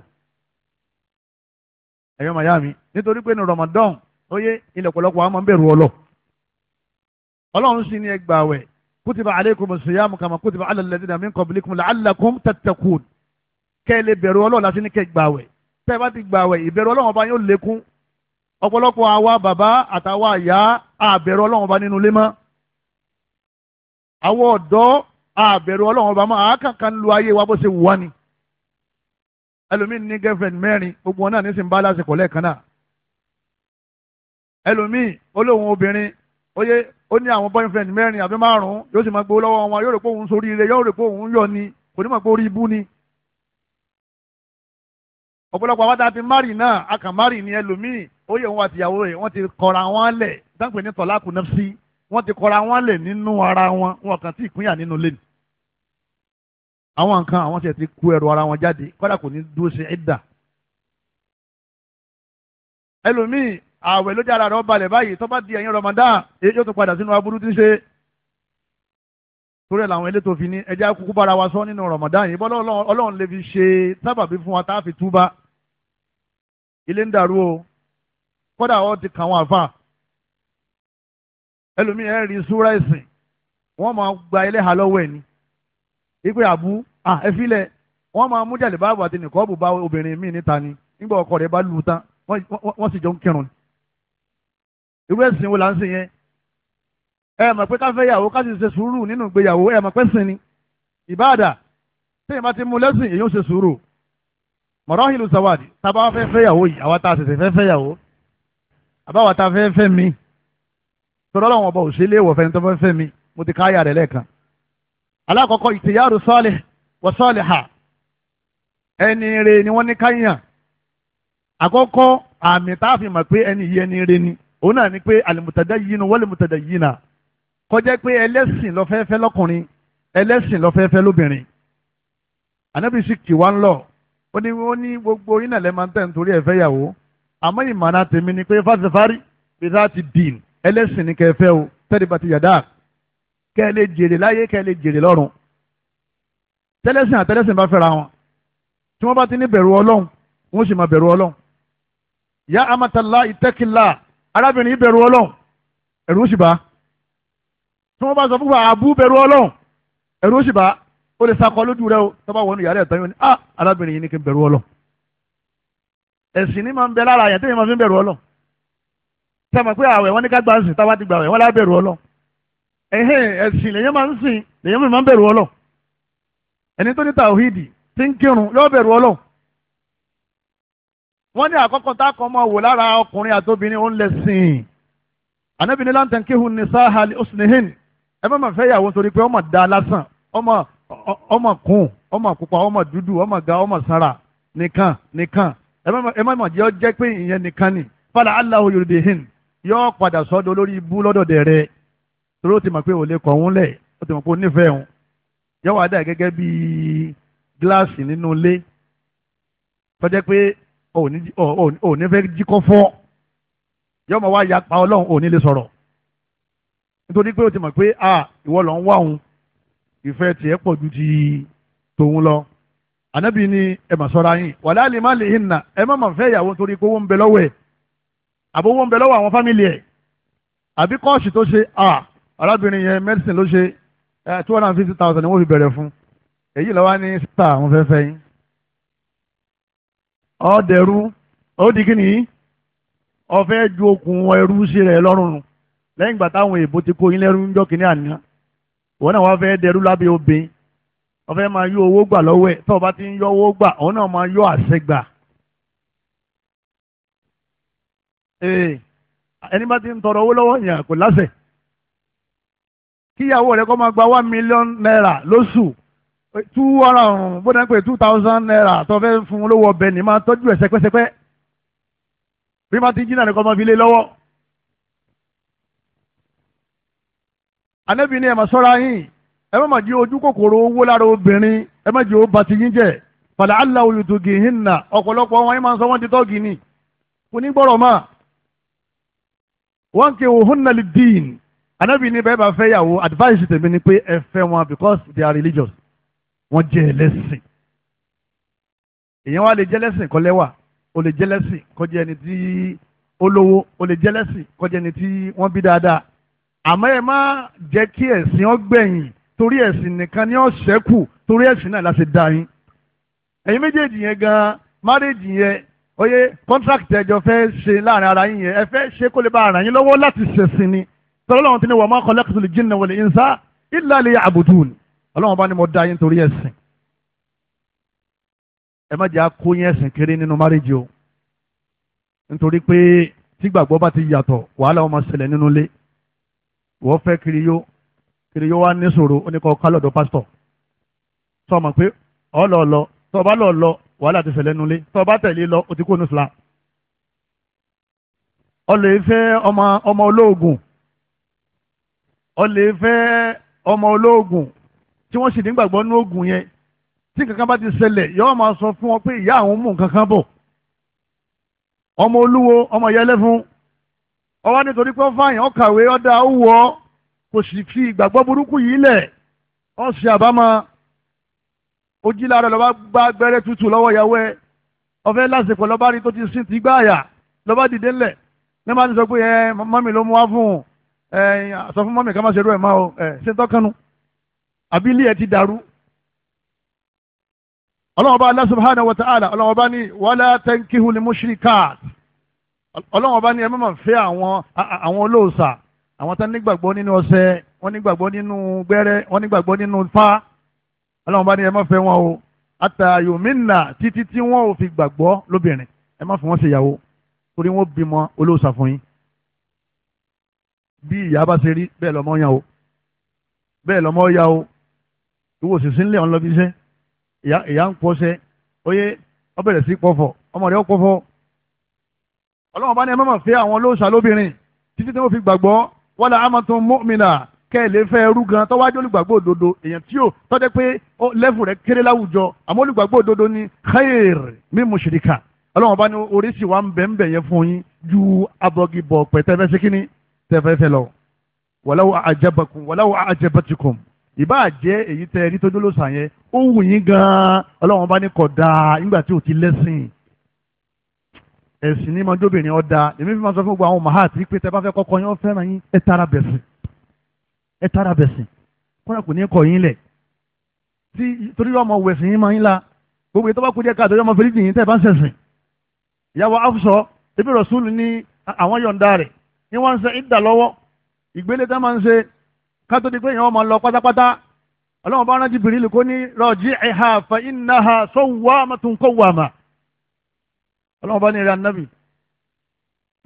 ẹ̀yọ́ màyá mi nítorí pé ní Ramadan ó yé ilẹ̀ pọ̀lọpọ̀ àwọn máa ń bẹ̀rù ọlọ ọlọ́run sì ní ẹgbà wẹ̀ kútìbà alaykum as-siyam kútìbà ala alladhina min qablikum la'allakum tattaqun bẹ̀rù ọlọ́run láti ní kẹ́ wẹ̀ tẹ́ bá ti gbà wẹ̀ ìbẹ̀rù ọlọ́run ọba yóò lékún ọ̀pọ̀lọpọ̀ àwa bàbá àtàwa àyà àbẹ̀rù ọlọ́run ọba nínú ilé mọ́ àwọn ọ̀dọ́ àbẹ̀rù ọlọ́run ọba mọ́ àákàkàn lu ayé wa bó ṣe wù wá ni ẹlòmíín ní girlfriend mẹ́rin gbogbo wọn náà ní sì ń bá lásìkò lẹ́ẹ̀kan náà ẹlòmíín olóhùn obìnrin oyè ó ní àwọn boyfriend mẹ́rin àbí márùn-ún yóò sì máa gbowó lọ́wọ́ wọn yóò rò pé òun sórí ire yóò rò pé òun yọ ni kò ní mọ̀ pé orí ibú ni ọ̀pọ̀lọpọ̀ àwọn tá a ti márì náà a kàn márì ni ẹlòmíín ó yẹ wọn àtìyàwó rẹ̀ wọ́n ti kọra wọn lẹ̀ dáńpẹ ní tọlákù náà sí wọ́n ti kọra wọn lẹ̀ nínú ara wọn wọn kàn tí ìpínyà nínú lẹni àwọn nǹkan àwọn tiẹ̀ ti kú ẹrù ara wọn jáde kódà kò ní dúró ṣe ẹ̀dà ẹlòmíì ààwẹ̀ ló jára rẹ̀ ọ balẹ̀ báyìí tó di ẹ̀yìn Ramadan èyí yóò tún padà sínú aburú tí ń ṣe torí ẹ̀ làwọn elétò fi ní ẹjẹ́ akúkú bára wa sọ nínú Ramadan yìí bọ́lá ọlọ́run lè fi ṣe sábàbí fún wa tá a fi túbà ilé ń dàrú o kódà ó ti kàn wọ́n àfa ẹlòmíì ẹ̀ rí súra ẹ̀sìn wọ́n máa gba ilé ha lọ́wọ́ ẹ̀ ni ipe àbú à ẹ filẹ̀ wọ́n máa mú jàlè báàbò àti nìkọ́ọ̀bù bá obìnrin míì níta ni nígbà ọkọ rẹ̀ bá lù ú tán wọ́n sì jọ ń kírun irú ẹ̀sìn wo là ń sìn yẹn ẹ mọ̀ pé ká fẹ́ yàwó ká sì ṣe sùúrù nínú ìgbéyàwó ẹ mọ̀ pé sìn ni ìbáàdà téèyàn bá ti mú lẹ́sìn èyí ó ṣe sùúrù mọ̀rọ́ ìlú sawadi tábà fẹ́ fẹ́ yàwó yìí àwa tá a ṣẹ̀ṣẹ̀ fẹ́ fẹ́ yàwó àbáwá ta fẹ́ fẹ́ mi tọ́lá làwọn ọba òṣèlè wọ̀ fẹ́ni tó fẹ́ fẹ́ mi mo ti káyà rẹ̀ lẹ́ẹ̀kan. alákọ̀ọ́kọ́ ìtìyàrú sọ́ọ̀lì wọ sọ́ọ̀lì hà ẹni rẹ̀ ni wọ́n ní káyà àkọ́kọ́ àmì tá a fi mọ̀ pé ẹni yìí ẹni rẹ̀ ni òun náà ni pé àlùmùtàdá yìí nu wọ́lẹ̀ mùtàdá yìí nà kọjá pé ẹlẹ́sìn lọ́fẹ́fẹ́ lọ́kùnrin ẹlẹ́sìn lọ́fẹ́fẹ́ lóbìnrin ànábìsí kì wá ó ní gbogbo iná lẹ́ẹ̀ nítorí ẹ̀fẹ́ yàwó àmọ́ ìmọ̀ràn tèmi ni pé fásitìfárí bíra ti dìn ẹlẹ́sìn ni kẹfẹ́ o tẹ́lẹ̀ bá ti yàdá kẹ́ ẹ lè jèrè láyé kẹ́ ẹ lè jèrè lọ́run tẹ́lẹ̀sìn àtẹ́lẹ̀sìn bá fẹ́ra wọn tí wọ́n bá ti ní bẹ̀rù ọlọ́run wọ́n sì máa bẹ̀rù ọlọ́run ya amatala ìtẹ́kìlá arábìnrin bẹ̀rù ọlọ́run ẹ̀rù sì bá tí wọ́n bá sọ fúnfà àbú bẹ̀rù ọlọ́run ẹ̀rù sì bá ó lè sakọ lójú rẹ o tó wọnú yàrá ẹ̀ yóò ní ah arábìnrin yìí ní kí n bẹ̀rù ọlọ́run ẹ̀sìn ní máa ń bẹ lára àyàn téèyàn máa fi ń bẹ̀rù ọlọ sẹ́mi pé àwẹ̀ wọn ní ká gba ẹ̀sìn táwa ti gba àwẹ̀ wọn lá bẹ̀rù ọlọ ẹ̀hìn ẹ̀sìn lèyàn máa ń sìn lèyàn máa ń bẹ̀rù ọlọ ẹni tó ní tàwíìdì tí ń kírun yóò bẹ̀rù ọlọ wọ́n ní àkọ́kọ́ tá a kọ́ máa wò lára ọkùnrin àtobìnrin òun lè sìn ànábì ní láǹtẹ̀ kí hun ní sáhàlì ọ̀sìnìhìn ẹ má máa fẹ́ yàwó nítorí pé ọmọ da lásán ọmọ ọmọ kùn ọmọ pupa ọmọ dúdú ọmọ ga ọmọ sára nìkan nìkan ẹ má mọ̀ jẹ́ ọ jẹ́ pé ìyẹn nìkan ni fàlà aláwo yorùbá hin yóò padà sọ́dọ̀ lórí ibú lọ́dọ̀dẹ̀ rẹ torí ó ti mọ̀ pé ò lè kọ̀ ń lẹ̀ ó ti mọ̀ pé ó nífẹ̀ẹ́ òun yóò wá dà gẹ́gẹ́ bí gíláàsì nínú ilé tọ́jẹ́ pé ò ní fẹ́ jíkọ́ fọ́ yóò mọ̀ wá ya pa ọlọ́run ò ní lè sọ̀rọ̀ nítorí pé ó ti mọ̀ pé à ìwọ lọ ń wá òun ìfẹ́ tiẹ̀ pọ̀ ju ti tòun lọ anabi ni ẹ mà ṣọ́ra yín wàlá àlè má lè hin na ẹ má mà fẹ́ ìyàwó torí pé owó ń bẹ lọ́wọ́ ẹ̀ àbówó ń bẹ lọ́wọ́ àwọn fámìlì ẹ̀ àbí kọ́ọ̀sì tó ṣe à arábìnrin yẹn mẹ́dísìn ló ṣe two hundred and fifty thousand ni wọ́n fi bẹ̀rẹ̀ fún èyí lọ́wọ́ ní sísá àwọn fẹ́fẹ́ yín ọ dẹ̀rú ó di kí nìyí ọ fẹ́ ju okùn ẹrú sí rẹ̀ lọ́rùn lẹ́yìn ìgbà táwọn èèbó ti kó yín lẹ́rú ńjọ́ kìíní àná wọn náà wá fẹ́ dẹ̀rú lábẹ́ obìnrin ọfẹ máa yọ owó gbà lọ́wọ́ ẹ tọ́ ọ bá ti ń yọ owó gbà òun náà máa yọ àṣẹ gbà. ẹni bá ti ń tọrọ owó lọ́wọ́ yẹn kò láṣẹ. kíyàwó rẹ kó máa gba one million naira lóṣù two hundred bó dáa pé two thousand naira tó fẹ́ fún olówó ọbẹ̀ ni máa tọ́jú ẹ̀ sẹ́pẹ́sẹ́pẹ́ bí máa ti jìnnà nìkan máa fi lé lọ́wọ́. anábì ni ẹ̀ máa sọ́ra yín ẹ má máa jẹ ojú kòkòrò owó lára obìnrin ẹ má jẹ ó ba ti yín jẹ fàlà àlà olùdókè hinna ọ̀pọ̀lọpọ̀ wọn yín máa ń sọ wọ́n ti tọ́ọ̀gì ni kò ní gbọ́rọ̀ mọ́ wọ́n ké òhun nàlí dín anábì ní bẹ́ẹ̀ bá fẹ́ yàwó advice tèmi ni pé ẹ fẹ́ wọn because they are religious wọ́n jẹ́ ẹlẹ́sìn èèyàn wa lè jẹ́ ẹlẹ́sìn kọ́ lẹ́wà o lè jẹ́ ẹlẹ́sìn kọ́ jẹ́ ẹni tí ó lówó o lè jẹ́ ẹlẹ́sìn kọ́ jẹ́ ẹni tí wọ́n bí dáadáa àmọ́ ẹ má jẹ́ kí ẹ̀sìn ọgbẹ̀yìn torí ẹ̀sìn nìkan ni ó ṣẹ́kù torí ẹ̀sìn náà la ṣe dá yín ẹ̀yin méjèèjì yẹn gan márèèjì yẹn oyè kọ́ńtrákìtì ẹ̀jọ̀ fẹ́ ṣe láàrin ara yín yẹn ẹ fẹ́ ṣe kó lè bá ara yín lọ́wọ́ láti ṣẹ̀sìn ni tọ́lọ́ lọ́wọ́ tí ni wà má khalaqtul jinna wal insa illa liya'budun ọlọ́wọ́n bá ní mo dá yín torí ẹ̀sìn ẹ má jẹ́ àkó yín ẹ̀sìn kéré nínú márèèjì o nítorí pé tígbàgbọ́ bá ti yàtọ̀ wàhálà wọn máa ṣẹlẹ̀ nínú ilé wọ́n fẹ́ kiri yó kiri yóò wá ní sòro ó ní kọ́ kálọ̀dọ̀ pásítọ̀ sọ ma pé ọlọ́ọ̀lọ́ tó o bá lọ lọ wàhálà ti ṣẹlẹ̀ nulẹ̀ tó o bá tẹ̀lé lọ o ti kó nùsùlá. ó lè fẹ́ ọmọ ọmọ olóògùn ó lè fẹ́ ọmọ olóògùn tí wọ́n sì nígbàgbọ́ ní oògùn yẹn tí kankan bá ti ṣẹlẹ̀ yóò máa sọ fún wọn pé ìyá àwọn mú kankan bọ̀ ọmọ olúwo ọmọ ìyá ẹlẹ́fun ọwọ́ nítorí pé ó fààyàn ó kàwé ó dáa ó wù ọ́ kò sì fi ìgbàgbọ́ burúkú yìí lẹ̀ ọ́n sì àbámọ́ ojú lára lọ́ba gba gbẹ́rẹ́ tútù lọ́wọ́ ìyàwó ẹ ọ̀fẹ́ lásìkò lọ́ba rí tó ti sìn tí gbá àyà lọ́ba dìde ńlẹ̀ ní máa ti sọ pé ẹ mọ́mì ló mú wá fún un ẹ sọ fún mọ́mì ká má ṣe rú ẹ̀ má o ẹ ṣe tọ́kanu àbí ilé ẹ ti dàrú. ọlọ́run ọba Allah subhanahu wa ta'ala ọlọ́run ọba ní wala tankihu lil mushrikat ọlọ́run ọba ní ẹ má máa fẹ́ àwọn olóòṣà àwọn tán nígbàgbọ́ nínú ọṣẹ wọ́n nígbàgbọ́ nínú gbẹ́rẹ́ wọ́n nígbàgbọ́ nínú fá ọlọ́run bá ní ẹ má fẹ́ wọn o àtàyò mínà títí tí wọ́n ò fi gbàgbọ́ lóbìnrin ẹ má fi wọ́n ṣèyàwó torí wọ́n bímọ olóòṣà fún yín bí ìyá bá ṣe rí bẹ́ẹ̀ lọ́mọ yàn o bẹ́ẹ̀ lọ́mọ yà o ìwọ òṣìṣẹ́ ńlẹ̀ ọ̀nlọ́bí iṣẹ́ ìyá ń pọ́ṣẹ́ oyé ó bẹ̀rẹ̀ sí pọ́fọ̀ ọmọ rẹ̀ ó ọlọ́run bá ní ẹ má fẹ́ àwọn olóòṣà lóbìnrin títí tí wọ́n fi gbàgbọ́ wala amatun mu'mina kẹ́lẹ́ fẹ́ ẹrú gan tọ́wájú olùgbàgbọ́ òdodo èèyàn tí yóò tọ́jẹ́ pé lẹ́fù rẹ̀ kéré láwùjọ àmọ́ olùgbàgbọ́ òdodo ni khair mi mushrika ọlọ́run bá ní oríṣi wa ń bẹ̀ ń bẹ̀ yẹn fún yín ju abọ́gibọ̀ pẹ̀tẹ́fẹ́ sí kínní tẹ́fẹ́fẹ́ lọ. walaw a'jabakum walaw a'jabatikum ìbá jẹ́ èyí tẹ́ ẹni tó dúró sàn yẹn ó wù yín gan-an bá ní kọ̀ dáa nígbà tí ò ti lẹ́sìn ẹ̀sìn ní mọ́jọ́bìnrin ọ̀dà èmi fi máa sọ fún gbogbo àwọn mahat pé tẹ bá fẹ́ kọ́kọ́ yín ó fẹ́ràn yín ẹ tara bẹ̀sìn ẹ tara bẹ̀sìn kọ́ra kò ní kọ̀ yín lẹ̀ tí torí ọmọ wẹ̀sìn yín máa ń la gbogbo ètò bá kú díẹ̀ káàtó ọmọ fẹ́lẹ́ yìí tẹ́ ẹ bá ń sẹ̀sìn ìyàwó afṣọ ebi rọ̀ṣúlù ní àwọn yọ̀ǹda rẹ̀ ní wọ́n ń ṣe ìdà lọ́wọ́ ìgbélé tá máa ń ṣe kátó di pé èèyàn máa lọ pátápátá ọlọ́run bá rántí bìrìlì kó ní rọ̀jí ẹ̀ha fa innaha sawwamatun qawwama ọlọ́run bá ní eré anábì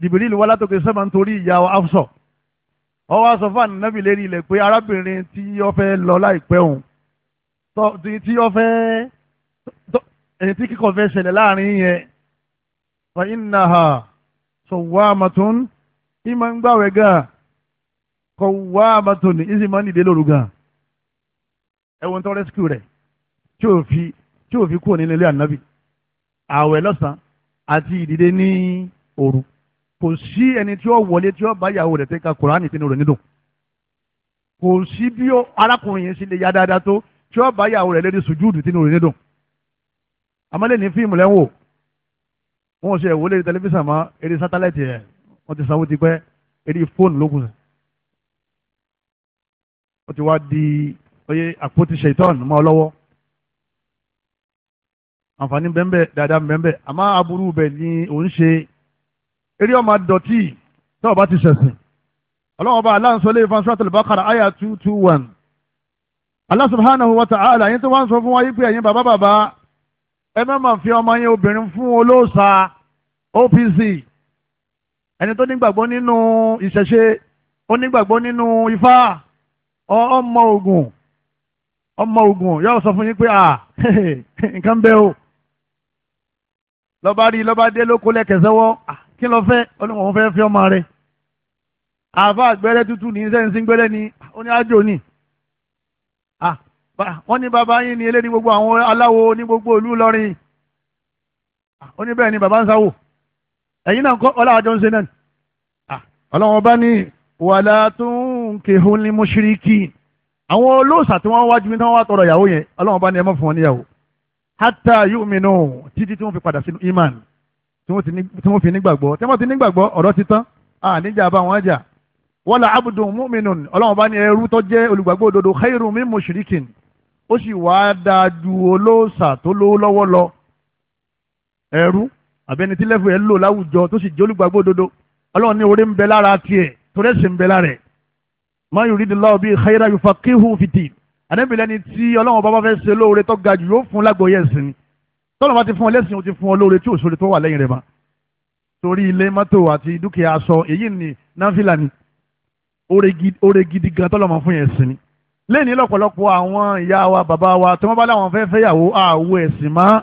jìbìrì ìlú wa látòkè sẹ́mà ń torí ìyá afsọ ọ wá sọ fún anábì lérí ilẹ̀ pé arábìnrin tí ó fẹ́ lọ láìpẹ́ òun tí ó fẹ́ èyí tí kíkọ fẹ́ ṣẹlẹ̀ láàrin yẹn fa innaha sawwamatun ìmọ̀ ń gbàwẹ̀ gan qawwamatun ìsì máa ń dìde lóru gan ẹ̀wọ̀n tó rẹ́síkìú rẹ̀ tí ò fi kúrò nínú ilé ànábì ààwẹ̀ lọ́sàn-án àti ìdìde ní òru kò sí ẹni tí ó wọlé tí ó bá ìyàwó rẹ̀ tẹ́ ka kùránì tẹ́nu rẹ̀ nídùn kò sí bí arákùnrin yẹn sì lè ya dáadáa tó tí ó bá ìyàwó rẹ̀ lérí sùjúùdù tẹ́nu rẹ̀ nídùn amálẹ̀ ní fíìmù lẹ́wọ̀ wọn ṣe ẹ̀wọ́ lérí tẹlifíṣàn mọ́ eré sátáláìtì ẹ̀ wọ́n ti sanwó ti pẹ́ eré fóònù lókun sẹ̀ wọ́n ti wá di oye àpótí ṣèitán mọ́ ọ àǹfààní bẹ́ẹ̀ dáadáa bẹ́ẹ̀ àmọ́ aburú bẹ̀ ni òun ṣe eré ọmọ dọ̀tí tó o bá ti ṣẹ̀sìn ọlọ́wọ́n bá aláǹsọ lè fa àyà two two one Allah subhanahu wa ta'ala yín tó wá ń sọ fún wa yí pé ẹ̀yin bàbá bàbá ẹ má máa fi ọmọ yín obìnrin fún olóòṣà OPC ẹni tó nígbàgbọ́ nínú ìṣẹ̀ṣe ó nígbàgbọ́ nínú ifá ọmọ ogun ọmọ ogun yóò sọ fún yín pé à nǹkan bẹ́ẹ̀ o lọ́ba rí lọ́ba dé ló kó lẹ́kẹ̀ sẹ́wọ́ kí lọ fẹ́ olóhùn fẹ́ fi ọmọ rẹ̀ àáfàá gbẹ́rẹ́ tútù ní sẹ́yìnsì gbẹ́rẹ́ ni ó ní ájò ni wọ́n ní bàbá yín ni eléyìí gbogbo àwọn aláwo ní gbogbo ìlú lọ́rin ó ní bẹ́ẹ̀ ni bàbá ń sáwò ẹ̀yin náà kọ́ ọlá àjọ ń ṣe náà ọlọ́wọ́n bá ní wàlá tó ń kehun ní mọ́ṣíríkì àwọn olóòṣà tí wọ́n wájú mi tí wọ́n wá tọrọ ìyàwó yẹn ọlọ́wọ́n bá ní ẹ mọ́ fún wọn níyàwó hatta yu'minu títí tí wọ́n fi padà sínú iman tí wọ́n fi nígbàgbọ́ tí wọ́n ti nígbàgbọ́ ọ̀rọ̀ ti tán à níjà bá wọn jà wala abdun mu'minun ọlọ́run bá ní ẹrú tó jẹ́ olùgbàgbọ́ òdodo khairu min mushrikin ó sì wá dáa ju olóòṣà tó lówó lọ́wọ́ lọ ẹrú àbẹni tí lẹ́fù ẹ̀ lò láwùjọ tó sì jẹ́ olùgbàgbọ́ òdodo ọlọ́run ní orí ń bẹ lára tiẹ̀ torí ẹ̀sìn ń bẹ lára ẹ̀ ma yuridillahu bihi khairan yufaqihu fid din ànábì lẹni tí ọlọ́run bá bá fẹ́ ṣe lóore tó ga jù yóò fún lágbóyè ẹ̀sìn tọ́lọ́run bá ti fún ọ lẹ́sìn o ti fún ọ lóore tí òṣèré tó wà lẹ́yìn rẹ̀ mọ́ torí ilé mọ́tò àti dúkìá aṣọ èyí ni náfìlà ni oore gidi gan tọ́lọ́run fún yẹn ẹ̀sìn ni lẹ́yìn lọ́pọ̀lọpọ̀ àwọn ìyá wa bàbá wa tí wọ́n bá láwọn fẹ́ fẹ́yàwó àwo ẹ̀sìn mọ́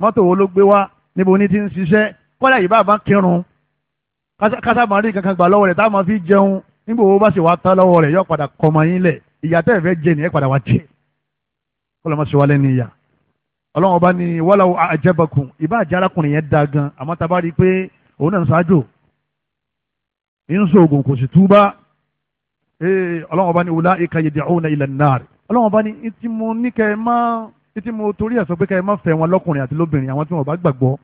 mọ́tò wo ló gbé wá níbo ní ti ń ṣiṣẹ́ kọ́lá yìí bá bá kírun kásábàárì kankan gbà lọ́wọ́ rẹ̀ táwọn fi jẹun nígbà wo bá sì wá tán lọ́wọ́ rẹ̀ yóò padà kọ́mọ yín lẹ̀ ìyá tẹ́ ẹ fẹ́ jẹ nìyẹn padà wá jẹ ọlọ́mọ sọ wálé ní ìyá ọlọ́run ọba ní wàláwù àjẹbọkùn ìbá àjárakùnrin yẹn da gan àmọ́ tá a bá rí i pé òun náà ń ṣáájò ń sọ oògùn kò sì túbá ọlọ́run ọba ní wùlá ìka yèdè ọ̀hún náà ilẹ̀ náà rẹ̀ ọlọ́run ọba ní ìtì mo ní kẹ́ ẹ má ìtì mo torí ẹ̀ sọ pé kẹ́ ẹ má fẹ́ wọn lọ́kùnrin àti lóbìnrin àwọn tí wọn bá gbàgbọ́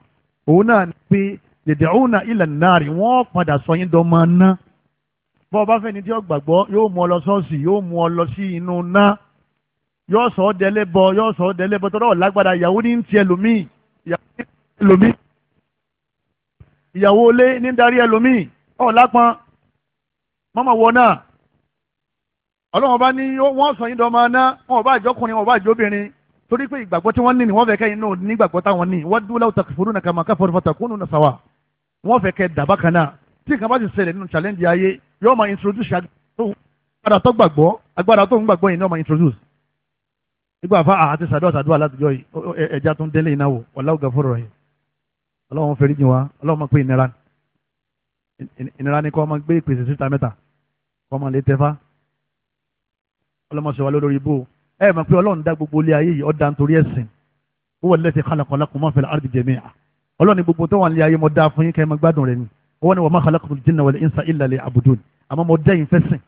òun náà ní pé yèdè ọ̀hún ilẹ̀ náà wọ́n padà sọ yín dọ́ máa ná bọ́ ọ bá fẹ́ ni tí ó gbàgbọ́ yóò mú ọ lọ sọ́ọ̀sì yóò mú ọ lọ sí inú ná yóò sọ ọ́ délé bọ yóò sọ ọ́ délé bọ tọ́lọ́ lágbára ìyàwó ní ti ẹlòmíì ìyàwó ní ẹlòmíì ìyàwó ilé ní darí ẹlòmíì ọ̀ lápọn mọ́mọ́ wọ náà ọlọ́run bá ní wọ́n sọ yín dọ́mọ ná wọn ò bá àjọkùnrin wọn ò bá àjọbìnrin torí pé ìgbàgbọ́ tí wọ́n ní ni wọ́n fẹ́ kẹ́yìn náà nígbàgbọ́ táwọn ní wọ́n dúró láwùjọ kìfòrò náà kàmá káfọ́rọ́ fọ́tàkùnú wọ́n fẹ́ kẹ́ dàbákan náà tí nǹkan bá ti ṣẹlẹ̀ nínú challenge ayé yóò máa introduce agbára tó gbàgbọ́ agbára tó ń gbàgbọ́ yìí ni wọ́n máa introduce nígbà fa àti sàdúrà sàdúrà látijọ́ yìí ẹja tó ń délé iná wò wallahu gafurur rahim ọlọ́run fẹ́rí jìn wá ọlọ́run máa pé ìnira ìnira ni kó máa gbé ìpèsè síta mẹ́ta kó máa lè tẹ́fá ọlọ́run sọ wá lórí ibú ẹ mọ̀ pé ọlọ́run dá gbogbo ilé ayé yìí ọ̀dà nítorí ẹ̀sìn huwa allathi khalaqa lakum ma fil ardi jami'a ọlọ́run ni gbogbo tó wà ní ayé mọ́ dáa fún yín kẹ́ ẹ máa gbádùn rẹ̀ ni wọ́n ní wa ma khalaqtul jinna wal insa illa liya'budun àmọ́ mo dẹ́yìn fẹ́ sìn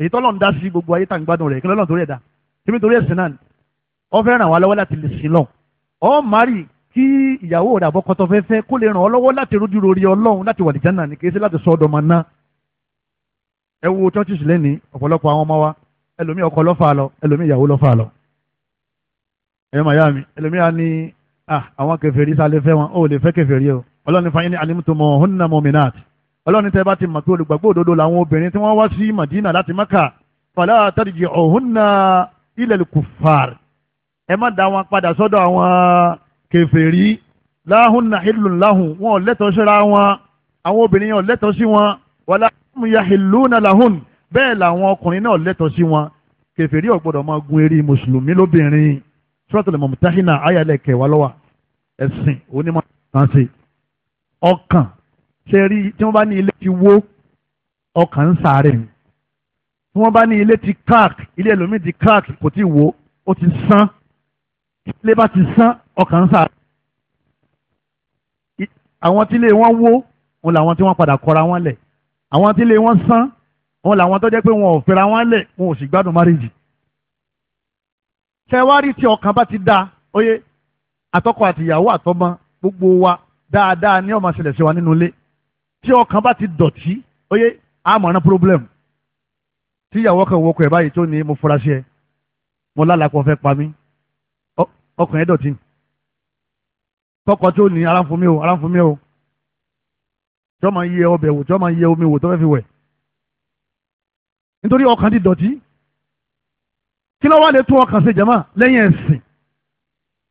èyí tọ́lọ̀ ń dá sí gbogbo ayé tá à ń gbádùn rẹ̀ kí lọ́lọ́ torí ẹ̀ dá tèmi torí ẹ̀sìn náà ni ọ fẹ́ ràn wá lọ́wọ́ láti lè sìn lọ ọ mari kí ìyàwó rẹ̀ àbọ̀kọ́tọ̀ fẹ́ fẹ́ kó lè ràn ọ lọ́wọ́ láti rójú rori ọlọ́run láti wà lìjánà ní kí ẹ ṣe láti sọ ọdọ̀ máa ẹ wo churches lẹ́ni ọ̀pọ̀lọpọ̀ àwọn ọmọ wa ẹlòmí ọkọ lọ́fà lọ ẹlòmí ìyàwó lọ́fà lọ ẹ màá yá mi ẹlòmí à ní ah, àwọn kèfèrí sálẹ̀ fẹ́ wọn ó lè fẹ́ kèfèrí o ọlọ́run ní fàyín ní alimutomọ̀ hunna mu'minat ọlọ́run tẹ́ bá ti mọ̀ pé olùgbàgbọ́ òdodo làwọn obìnrin tí wọ́n wá sí Madina láti Maka fàlà àtàdìjì ọ̀hún náà ilẹ̀ kùfàr ẹ má dá wọn padà sọ́dọ̀ àwọn kèfèrí láhùn náà hìlùn láhùn wọn ò lẹ́tọ̀ọ́ síra wọn àwọn obìnrin yẹn ò lẹ́tọ̀ọ́ sí wọn wàlá ya hìlùn náà láhùn bẹ́ẹ̀ làwọn ọkùnrin náà ò lẹ́tọ̀ọ́ sí wọn kèfèrí ò gbọ́dọ̀ máa gun eré mùsùlùmí lóbìnrin suratul mumtahina ayalẹ̀ kẹwàá lọ́wọ́ ẹ̀sìn ṣe rí tí wọ́n bá ní ilé ti wó ọkàn ń sáré ni tí wọ́n bá ní ilé ti crack ilé ẹlòmíì ti crack kò tí wó ó ti sán ilé bá ti sán ọkàn ń sáré àwọn tí ilé wọn wó wọn làwọn tí wọ́n padà kọra wọn lẹ̀ àwọn tí ilé wọn sán wọn làwọn tó jẹ́ pé wọn ò fẹ́ra wọn lẹ̀ wọn ò sì gbádùn márìjì tẹwárí tí ọkàn bá ti dáa oyè àtọkọ àtìyàwó àtọmọ gbogbo wa dáadáa ní ó máa ṣẹlẹ̀ sí wa nínú ilé tí ọkàn bá ti dọ̀tí oyè àmọ̀ràn problem tí ìyàwó kan wọkọ̀ ẹ̀ báyìí tó ní mo fura sí ẹ mo lálàpọ̀ fẹ́ pa mí ọkàn ẹ̀ dọ̀tí tọkọ tó ní ara o ara o tí wọ́n máa yẹ ọbẹ̀ wò tí wọ́n máa yẹ omi wò tó fẹ́ fi wẹ̀ nítorí ọkàn ti dọ̀tí kí ló wá lè tún ọkàn ṣe jama lẹ́yìn ẹ̀sìn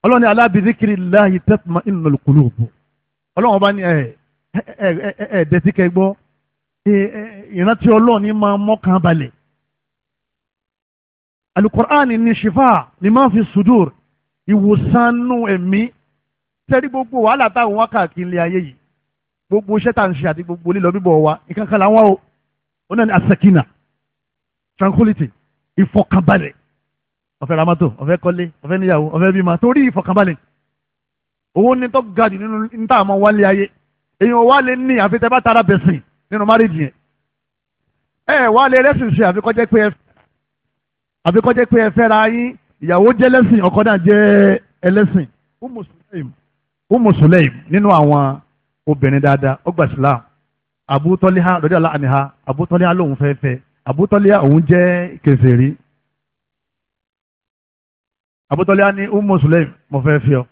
ọlọ́ni alábìrìkiri láàyè tẹ́tùmá ìnùnà lùkùlù òbò ọlọ́run ọba ní ẹ̀ ẹ̀ẹ́dẹ́tí kẹgbọ́ ìrántí ọlọ́run ní máa mọ́kàn balẹ̀ alukur'an ni shifa ni máa fi sudur ìwòsànnú ẹ̀mí tẹ́rí gbogbo wàhálà táwọn wákàtí ilé ayé yìí gbogbo iṣẹ́ tá à ń ṣe àti gbogbo lílọ bíbọ̀ wa nǹkan kan làwọn o ó náà ní asakina tranquility ìfọkànbalẹ̀ ọ̀fẹ́ ramato ọ̀fẹ́ kọ́lé ọ̀fẹ́ níyàwó ọ̀fẹ́ bímọ torí ìfọkànbalẹ̀ owó ní tó ga jù nínú níta àmọ́ wálé ayé èèyàn wá lè ní àfi tẹ́ bá tara bẹ̀sìn nínú márìjì yẹn ẹ wá lè rẹ́sìn ṣe àfi kó jẹ́ pé ẹ àfi kó jẹ́ pé ẹ fẹ́ra yín ìyàwó jẹ́ lẹ́sìn ọkọ náà jẹ́ ẹlẹ́sìn Umu Sulaim Umu Sulaim nínú àwọn obìnrin dáadáa ó Islam Abu Taliha lọ́jọ́ àlá àníha Abu Taliha lòun fẹ́ fẹ́ Abu Taliha òun jẹ́ kèfèrí Abu Taliha ní Umu Sulaim mo fẹ́ fi ọ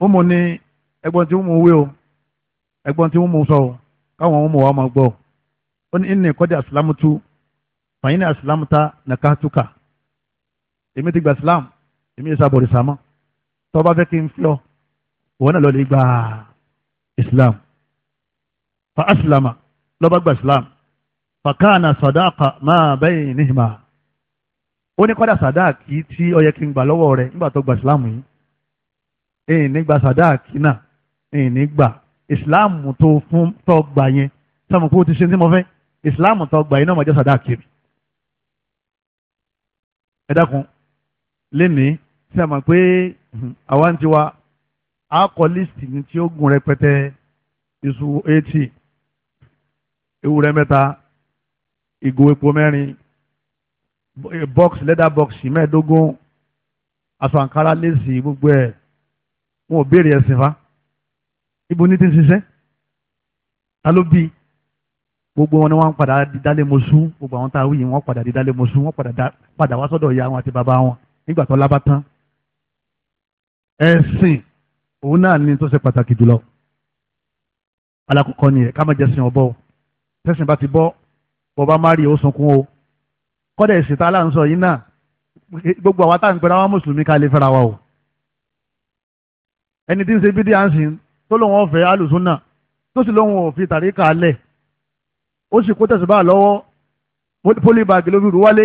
Umu ní. ẹgbọ́n tí wọ́n mú wí o ẹgbọ́n tí wọ́n sọ o káwọn ọmọ wa máa gbọ́ ó ní ní kọ́dí àsìlámù fàyín ní ti gba àsìlámù èmi yẹn sábọ̀ ìsàmọ́ tó fẹ́ kí n fi ọ òun náà lọ lè gba fa àsìlámù lọ́ba gba ìsìlámù fàkànà sàdáàkà máa bẹ́yìn níhìmá ó ní kọ́dà sàdáàkì tí ó yẹ kí n gbà lọ́wọ́ rẹ nígbà tó gba ìsìlámù yìí nígbà náà ìní gbà ìsìláàmù tó fún tó gbà yẹn sọmọ pé o ti ṣe ní mo fẹ́ ìsìláàmù tó gbà yẹn náà mo jẹ́ sàdá kiri ẹ dákun lénìí sọmọ pé mhm, àwa ń tiwa a kọ lísìtì ní tí ó gùn rẹpẹtẹ iṣu eighty ewúrẹ́ mẹ́ta ìgò epo mẹ́rin box leather box mẹ́ẹ̀ẹ́dógún aṣọ àǹkárá lẹ́sìn gbogbo ẹ̀ wọn ò béèrè ẹ̀sìn fa ibo ní ti ń ṣiṣẹ́ ta ló bí gbogbo wọn ni wọ́n padà dídálé mọṣú gbogbo àwọn táwọn yìí wọ́n padà dídálé mọṣú wọ́n padà wá sọ́dọ̀ ìyá wọn àti bàbá wọn nígbà tó lábá tán ẹ̀sìn òun náà ní tó ṣe pàtàkì jùlọ alákọ̀ọ́kọ́ nìyẹn ká má jẹ́ sìn ọbọ̀ tẹ̀sìn bá ti bọ́ bọ́ba má rí òsùnkún o kọ́dà ẹ̀sìn tá a là ń sọ yìí náà gbogbo àwa táwọn ń pẹ́ra wa mùsùlùmí ká lè fẹ́ra wa o ẹni tí ń ṣe bídíà ń sìn tó lóun ọ̀fẹ́ alùsùnà tó sì lóun òfin tàríkà alẹ̀ ó sì kó tẹ̀síbà lọ́wọ́ pólíbàgì ló fi rú wálé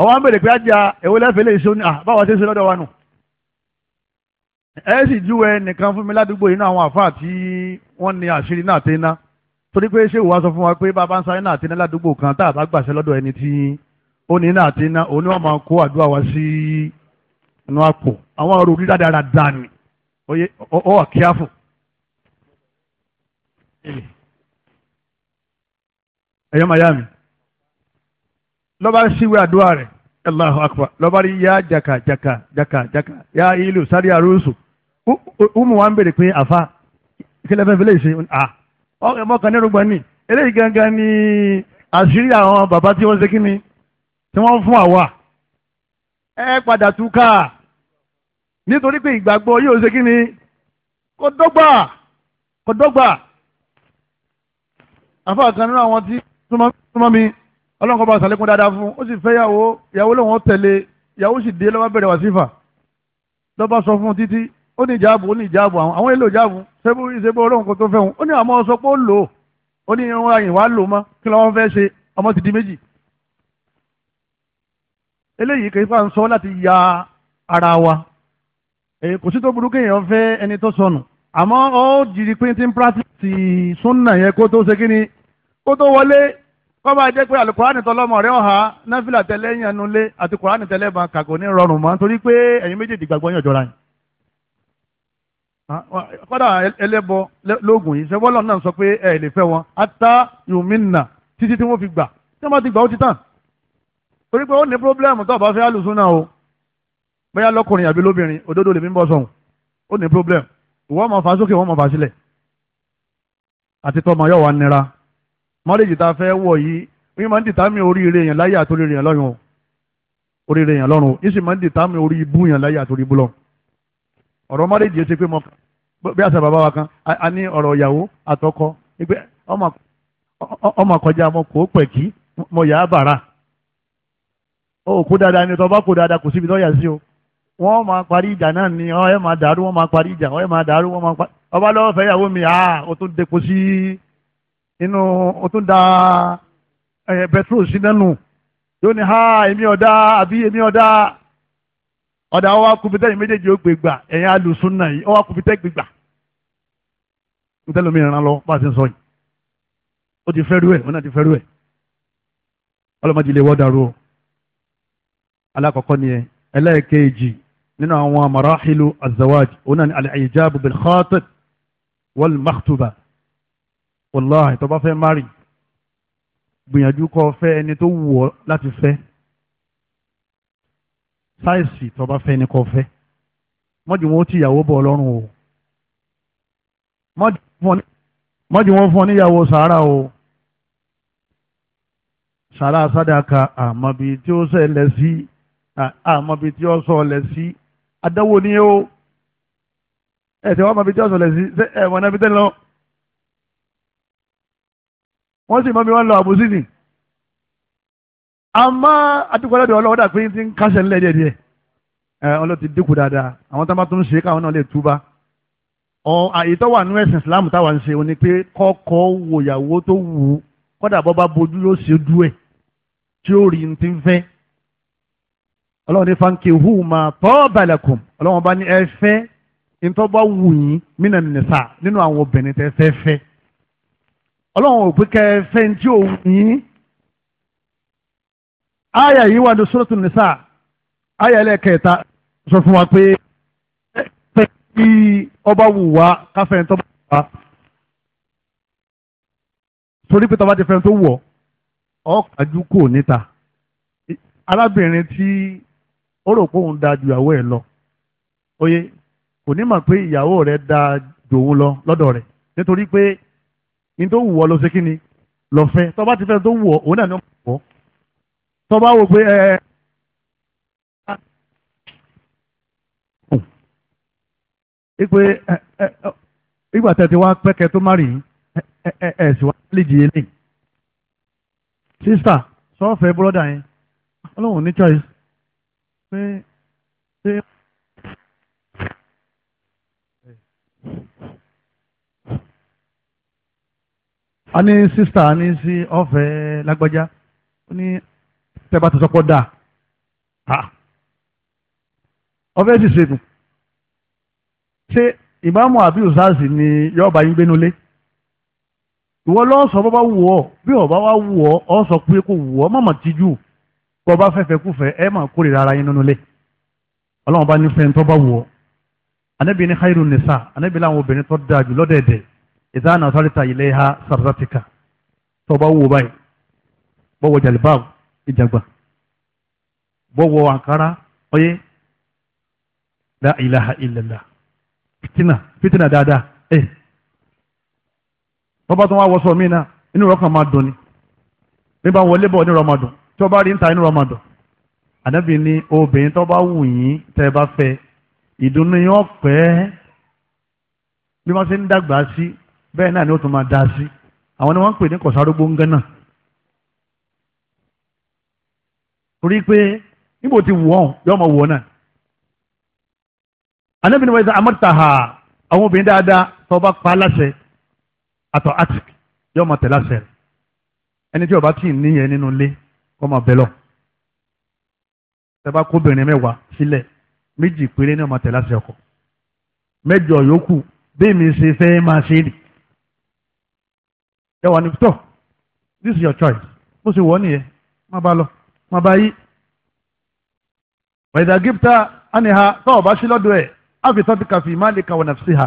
ọwọ́ ń bèrè pé ajá èwo lẹ́fẹ̀ẹ́ lè ṣe ó ní à báwa ṣe ń ṣe lọ́dọ̀ wa nù ẹ sì júwe nìkan fún mi ládùúgbò yìí náà àwọn àfáà tí wọ́n ní àṣírí náà tẹ́ ná torí pé ṣé ìwà sọ fún wa pé bàbá ń sáré náà tẹ́ ná ládùúgbò kan tá a bá gbàṣẹ lọ́dọ̀ ẹni tí ó ní náà tẹ́ ná òun ni wọ́n máa kó àdúrà wa sí inú àpò àwọn ọ̀rọ̀ orí dáadáa oye ọ wà kíáfù ẹ̀yọ́ mayami lọ́ba ń síwé àdúrà allahu akbar lọ́ba ya jaka jaka jaka jaka yá ìlú sáré àrùsù umu wa ń bèrè pé àfa ìkẹlẹ fẹ́ fẹ́lẹ́ ìṣe à ọkàn ní rúgbọ́n ní eléyìí gangan ni asiri àwọn bàbá tí wọn ṣe ni tí fún padà nítorí pé ìgbàgbọ́ yóò ṣe kí ni kò dọ́gba kò dọ́gba àfáà kan nínú àwọn tí súnmọ́ mi ọlọ́run kọ́ bá ṣàlékún dáadáa fún ó sì fẹ́ yàwó yàwó lòun ó tẹ̀lé yàwó sì dé lọ́wọ́ bẹ̀rẹ̀ wàsífà lọ́ba sọ fún un títí ó ní ìjáàbù ó ní ìjáàbù àwọn àwọn èlò ìjáàbù ṣébú ìṣebú ọlọ́run kò tó fẹ́ wọn ó ní àmọ́ sọ pé ó lò ó ní irun ayìn wàá lò mọ́ kí lọ́wọ́ fẹ́ ṣe ọmọ ti di méjì eléyìí kì í fà ń sọ láti ya ara wa Eh, kò sí tó burú kéèyàn fẹ́ ẹni tó sọnù àmọ́ ó jìrì pé ti ń pírátìsì súnà yẹn kó tó ṣe kí ni kó tó wọlé kó bá jẹ́ pé alukurani tọlọ́mọ rẹ ọ̀hà náfìlà tẹ́lẹ̀ ń yanu lé àti kurani tẹ́lẹ̀ bá kàkó ní rọrùn mọ́ torí pé ẹ̀yin méjèèjì gbàgbọ́ yàn jọra yìí. Ah, kódà ẹlẹ́bọ lóògùn yìí sẹ́wọ́lọ́ náà sọ pé ẹ lè fẹ́ wọn ata yomina títí tí wọ́n fi gbà tí wọ́n bá ti gbà ó ti tàn torí pé ó ní pírọ́blẹ́mù bóyá lọ́kùnrin àbí lóbìnrin òdodo lèmi ń bọ́ sọ̀hún ó ní problem ìwọ máa fà sókè wọ́n máa fà sílẹ̀ àti tọmọ yóò wá nira mọ́rẹ́jì tá a fẹ́ wọ̀ yìí wọ́n máa ń dìtà mí oríire yẹn láyé àti oríire yẹn lọ́rùn oríire yẹn lọ́rùn yìí sì máa ń dìtà mí orí ibú yẹn láyé àti orí ibú lọ́rùn ọ̀rọ̀ mọ́rẹ́jì ti pé mọ́ bí àṣà bàbá wa kan a ní ọ̀rọ̀ ìyàwó àtọkọ pé ọmọ kọjá mọ kò pẹ̀ kí mọ yà á bàrà ó kó dáadáa ni tọ́ bá kó dáadáa kò síbi tó yà sí o wọ́n ma parí ìjà náà ni ọ ẹ ma dàrú wọ́n máa parí ìjà ọ ẹ máa dàrú wọ́n máa parí ọba lọ́wọ́ fẹ́ yàwó mi ah o tún depo sí inú o tún ha ah, èmi ọ̀dà àbí èmi ọ̀dà ọ̀dà ọwọ́ yìí méjèèjì ó gbé gbà alùsùn náà yìí ọwọ́ gbé gbà tẹ́lẹ̀ mi ràn lọ bá a ti ń sọ yìí ó ti fẹ́rù ẹ̀ ó náà ti fẹ́rù ẹ̀ ọlọ́mọdé ilé wọ́n dàrú o alákọ̀ọ́kọ́ ni nínú àwọn marahilu azawaj òun náà ni al-ijabu bil khatib wal makhtuba wàláhì tó bá fẹ́ mari gbìyànjú kó fẹ́ ẹni tó wù ọ́ láti fẹ́ sáìsì tó bá fẹ́ ẹni kó fẹ́ mọ́jú wọn ó ti ìyàwó bọ̀ ọlọ́run o mọ́jú wọn fún ọ níyàwó sàárà o sàárà sádàkà àmọ́bi tí ó sẹ̀ lẹ̀ àmọ́bi tí ó sọ̀ lẹ̀ àdánwò ni o ẹ̀sẹ̀ wa máa fi jọ́sọ̀ lẹ̀ sí ẹ̀wọ̀n náà fi tẹ́lẹ̀ lọ. wọ́n sì mọ́ mi wá lọ àbòsí nì. àmọ́ adúgbòlọ́dọ̀ ọlọ́wọ́ dà pé ti ń kásẹ̀ ńlẹ̀ díẹ̀ díẹ̀ ẹ̀ ọlọ́ti dínkù dáadáa àwọn tá a bá tún ṣe káwọn náà lè túbá. ọ àyètọ́ wà nú ẹ̀sìn Islam táwa ń ṣe òní pé kọ́kọ́ wòyàwó tó wù ú kọ́dà bọ́ bá bojú yóò ṣe dú ẹ̀ tí ó rí ti ń fẹ́ ọlọ́run ní fanke hu ma tọ́ balẹ̀kùn ọlọ́run bá ní ẹ fẹ́ ntọ́ba wù yín mínà nìsa nínú àwọn obìnrin tẹ fẹ́ fẹ́ ọlọ́run ò pé kẹ ẹ fẹ́ ntí òwù yín àyà yìí wà ní sọ́ọ̀tù nìsa àyà ẹlẹ́kẹta sọ fún wa pé ẹ fẹ́ kí ọba wù wá káfẹ́ ntọ́ba wù wá torí pé tọ́ba ti fẹ́ tó wù ọ́ kájú kò níta arábìnrin tí ó rò pé òun da ju ìyàwó ẹ̀ lọ oye kò ní mọ̀ pé ìyàwó rẹ̀ da ju òun lọ lọ́dọ̀ rẹ̀ nítorí pé ní tó wù ọ́ lọ ṣe kí ni lọ fẹ́ tọ́ba ti fẹ́ tó wù ọ́ òun náà ni ó mọ̀ ọ́ tọ́ba wò pé ẹ. ipe ìgbà tẹ̀ tí wá pẹ́kẹ́ tó má rí ẹ ẹ ẹ sì wá lè jìyẹ lẹ́yìn sísà sọ́ọ̀fẹ́ bọ́lọ́dà yẹn ọlọ́run ní choice pé ṣé. a ní sísítà a ní sí ọ̀fẹ́ lágbájá ó ní tẹ́ bá ti sọ́pọ̀ dáa ọ̀fẹ́ sì ṣègùn ṣé ìmáàmù àbí òṣàṣì ni yọọba yín gbénu lé ìwọ lọ́ọ́ sọ bọ́ bá wù ọ́ bí ọba wa wù ọ́ ọ sọ pé kò wù ọ́ mọ̀mọ́ tijú bọ́ bá fẹ́ fẹ́ kúfẹ́ ẹ máa kórìíra ara yín nínú ilé ọlọ́run bá ní fẹ́ẹ́ tó bá wù ọ́ anabi ní khairu nisa anabi láwọn obìnrin tó dáa jù lọ́dẹ̀ẹ̀dẹ̀ ìdáná àtàríta ilé ha sàrátìkà tó bá wù báyìí bọ́wọ́ jalibab ìjàgbá bọ́wọ́ ankara ọyẹ la ilaha illallah fitina fitina dáadáa ẹ eh. bọ́bá tó wá wọ́sọ̀ mí náà inú rẹ̀ kan máa dùn ni bí bá wọlé bọ̀ ní rẹ̀ máa dùn tó bá rí ń ta inú rọmọdọ̀ ànábì ni obìnrin tó bá wù yín tẹ́ ẹ bá fẹ́ ìdùnnú yín ọ̀pẹ́ bí wọ́n ṣe ń dàgbà sí bẹ́ẹ̀ náà ni ó tún máa dá sí àwọn ni wọ́n ń pè ní kọ̀sárógbó ń gánà torí pé níbo ti wù ọ́n yọ ọmọ wù ọ́ náà ànábì ni wọ́n ṣe amọ́tàhà àwọn obìnrin dáadáa tó bá pa láṣẹ àtọ̀ àtìk yọ ọmọ tẹ̀ láṣẹ ẹni tí ó bá tì níyẹn nínú ilé kọ́ máa bẹ̀ lọ. tẹ́bá kóbìnrin mẹ́wàá sílẹ̀ méjì péré ní ọmọ tẹ̀lé àṣẹ ọkọ mẹ́jọ yòókù bẹ́ẹ̀ mi ṣe fẹ́ máa ṣe nì. ẹ wà ní tọ́ this is your choice bó ṣe wọ́ nìyẹn má bá lọ má bá yí. wàyídà gíptà àníhà tọ́ ọ̀bá sí lọ́dọ̀ ẹ̀ áfíìsọ́ ti kàfí má lè kàwọn nàfṣí ha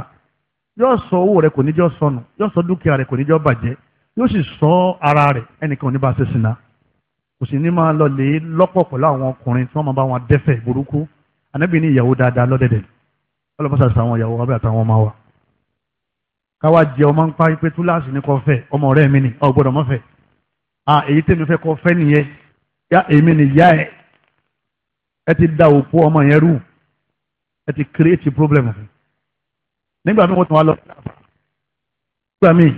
yóò sọ owó rẹ kò ní jọ sọnù yóò sọ dúkìá rẹ kò ní jọ bàjẹ́ yóò sì sọ ara rẹ ẹnìkan ò ní bá ṣe sìn náà kò sì ní máa lọ lè lọ́pọ̀ pẹ̀lú àwọn ọkùnrin tí wọ́n máa bá wọn dẹ́fẹ̀ burúkú ànábì ní ìyàwó dáadáa lọ́dẹ̀dẹ̀ ọlọ́mọṣà sàwọn ìyàwó wa bẹ́ẹ̀ àtàwọn ọmọ wa káwa jẹ ọmọ ń pa pé túláàsì ní kò fẹ́ ọmọ ọ̀rẹ́ mi ni ọ gbọ́dọ̀ mọ́fẹ́ à èyí tèmi fẹ́ kò fẹ́ nìyẹn yá èmi ni yá ẹ ẹ ti da òpó ọmọ yẹn rú ẹ ti create problem fún nígbà míì wọ́n tún wá lọ nígbà míì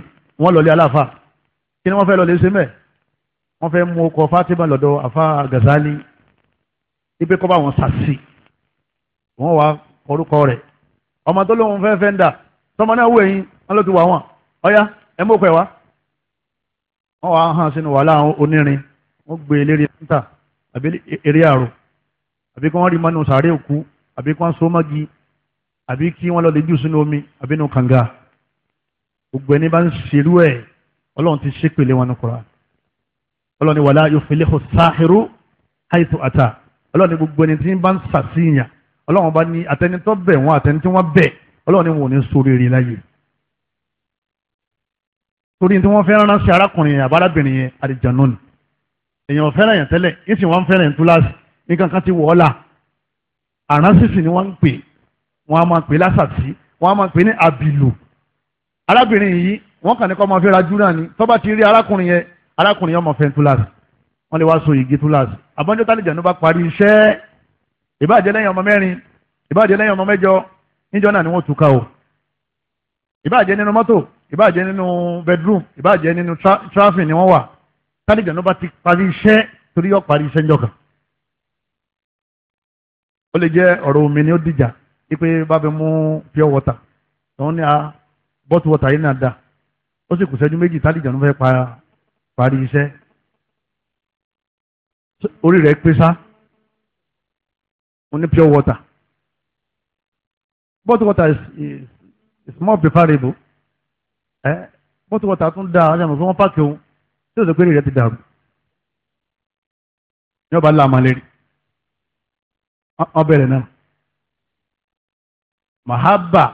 wọ́n lọ lé aláfa kí ni wọ́n fẹ́ lọ lé sẹ́mẹ́ẹ̀ wọ́n fẹ́ mú ọkọ̀ Fatima lọ́dọ̀ afa Gazali ibi kọ́ bá wọn sàṣì wọ́n wá orúkọ rẹ̀ ọmọ tó lóun fẹ́ fẹ́ ń dà tọmọ náà wù ẹ̀yìn wọn ló ti wà wọn ọ̀yá ẹ̀ mú ọkọ̀ ẹ̀ wá wọ́n wá hàn sínú wàhálà onírin wọ́n gbé eléré níta àbí eré àrò àbí kí wọ́n rí mọ́nú sàárè òkú àbí kí wọ́n so mọ́gi àbí kí wọ́n lọ lè jù sínú omi àbí nù kànga gbogbo ẹni bá ń ṣerú ẹ̀ ọlọ́run ti ṣépèlé wọn ní Kùránì ọlọ́ni wàlá yuflihu sáhìrú haythu ata ọlọ́ni gbogbo ẹni tí ń bá ń sàṣìyàn ọlọ́run bá ní àtẹnitọ́ bẹ̀ wọ́n àtẹnitọ́ wọ́n bẹ̀ ọlọ́run ní wọn ò ní sóríire láyé torí tí wọ́n fẹ́ rán sí arákùnrin yẹn àbárabìnrin yẹn àdìjànú ni èèyàn fẹ́ràn yẹn tẹ́lẹ̀ yín sì wọ́n fẹ́ràn túláàsì nǹkan kan ti wọ̀ ọ́ là àránsìsì ni wọ́n ń pè wọ́n á máa pè lásàtì wọ́n á máa pè ní àbìlù arábìnrin yìí wọ́n kàn ní kọ́ máa fẹ́ ra júlá ni tọ́ba ti rí arákùnrin yẹn arákùnrin ọmọ fẹ́ túláàsì wọ́n lè wá so igi túláàsì àbọ̀njọ́ tálẹ̀ jẹ̀nu bá parí iṣẹ́ ìbáàjẹ́ lẹ́yìn ọmọ mẹ́rin ìbáàjẹ́ lẹ́yìn ọmọ mẹ́jọ níjọ́ náà ni wọ́n túká o ìbáàjẹ́ nínú mọ́tò ìbáàjẹ́ nínú bedroom ìbáàjẹ́ nínú traffic ni wọ́n wà tálẹ̀ jẹ̀nu bá ti parí iṣẹ́ torí yọ parí iṣẹ́ ńjọ́ kan ó lè jẹ́ ọ̀rọ̀ omi ni ó dìjà pé bá fẹ́ mú pure water tòun ni a bottle water yìí náà da ó sì kù sẹ́jú méjì tálẹ̀ jẹ̀nu fẹ́ pa parí iṣẹ́ orí rẹ̀ pé sá mo ní pure water bottled water is, is, more preferable eh? water tún dáa ọjà mọ̀ fún wọn pààkì òun tí o sọ pé rẹ̀ ti dàrú ní ọba láàmà lérí wọn bẹ̀rẹ̀ náà mahaba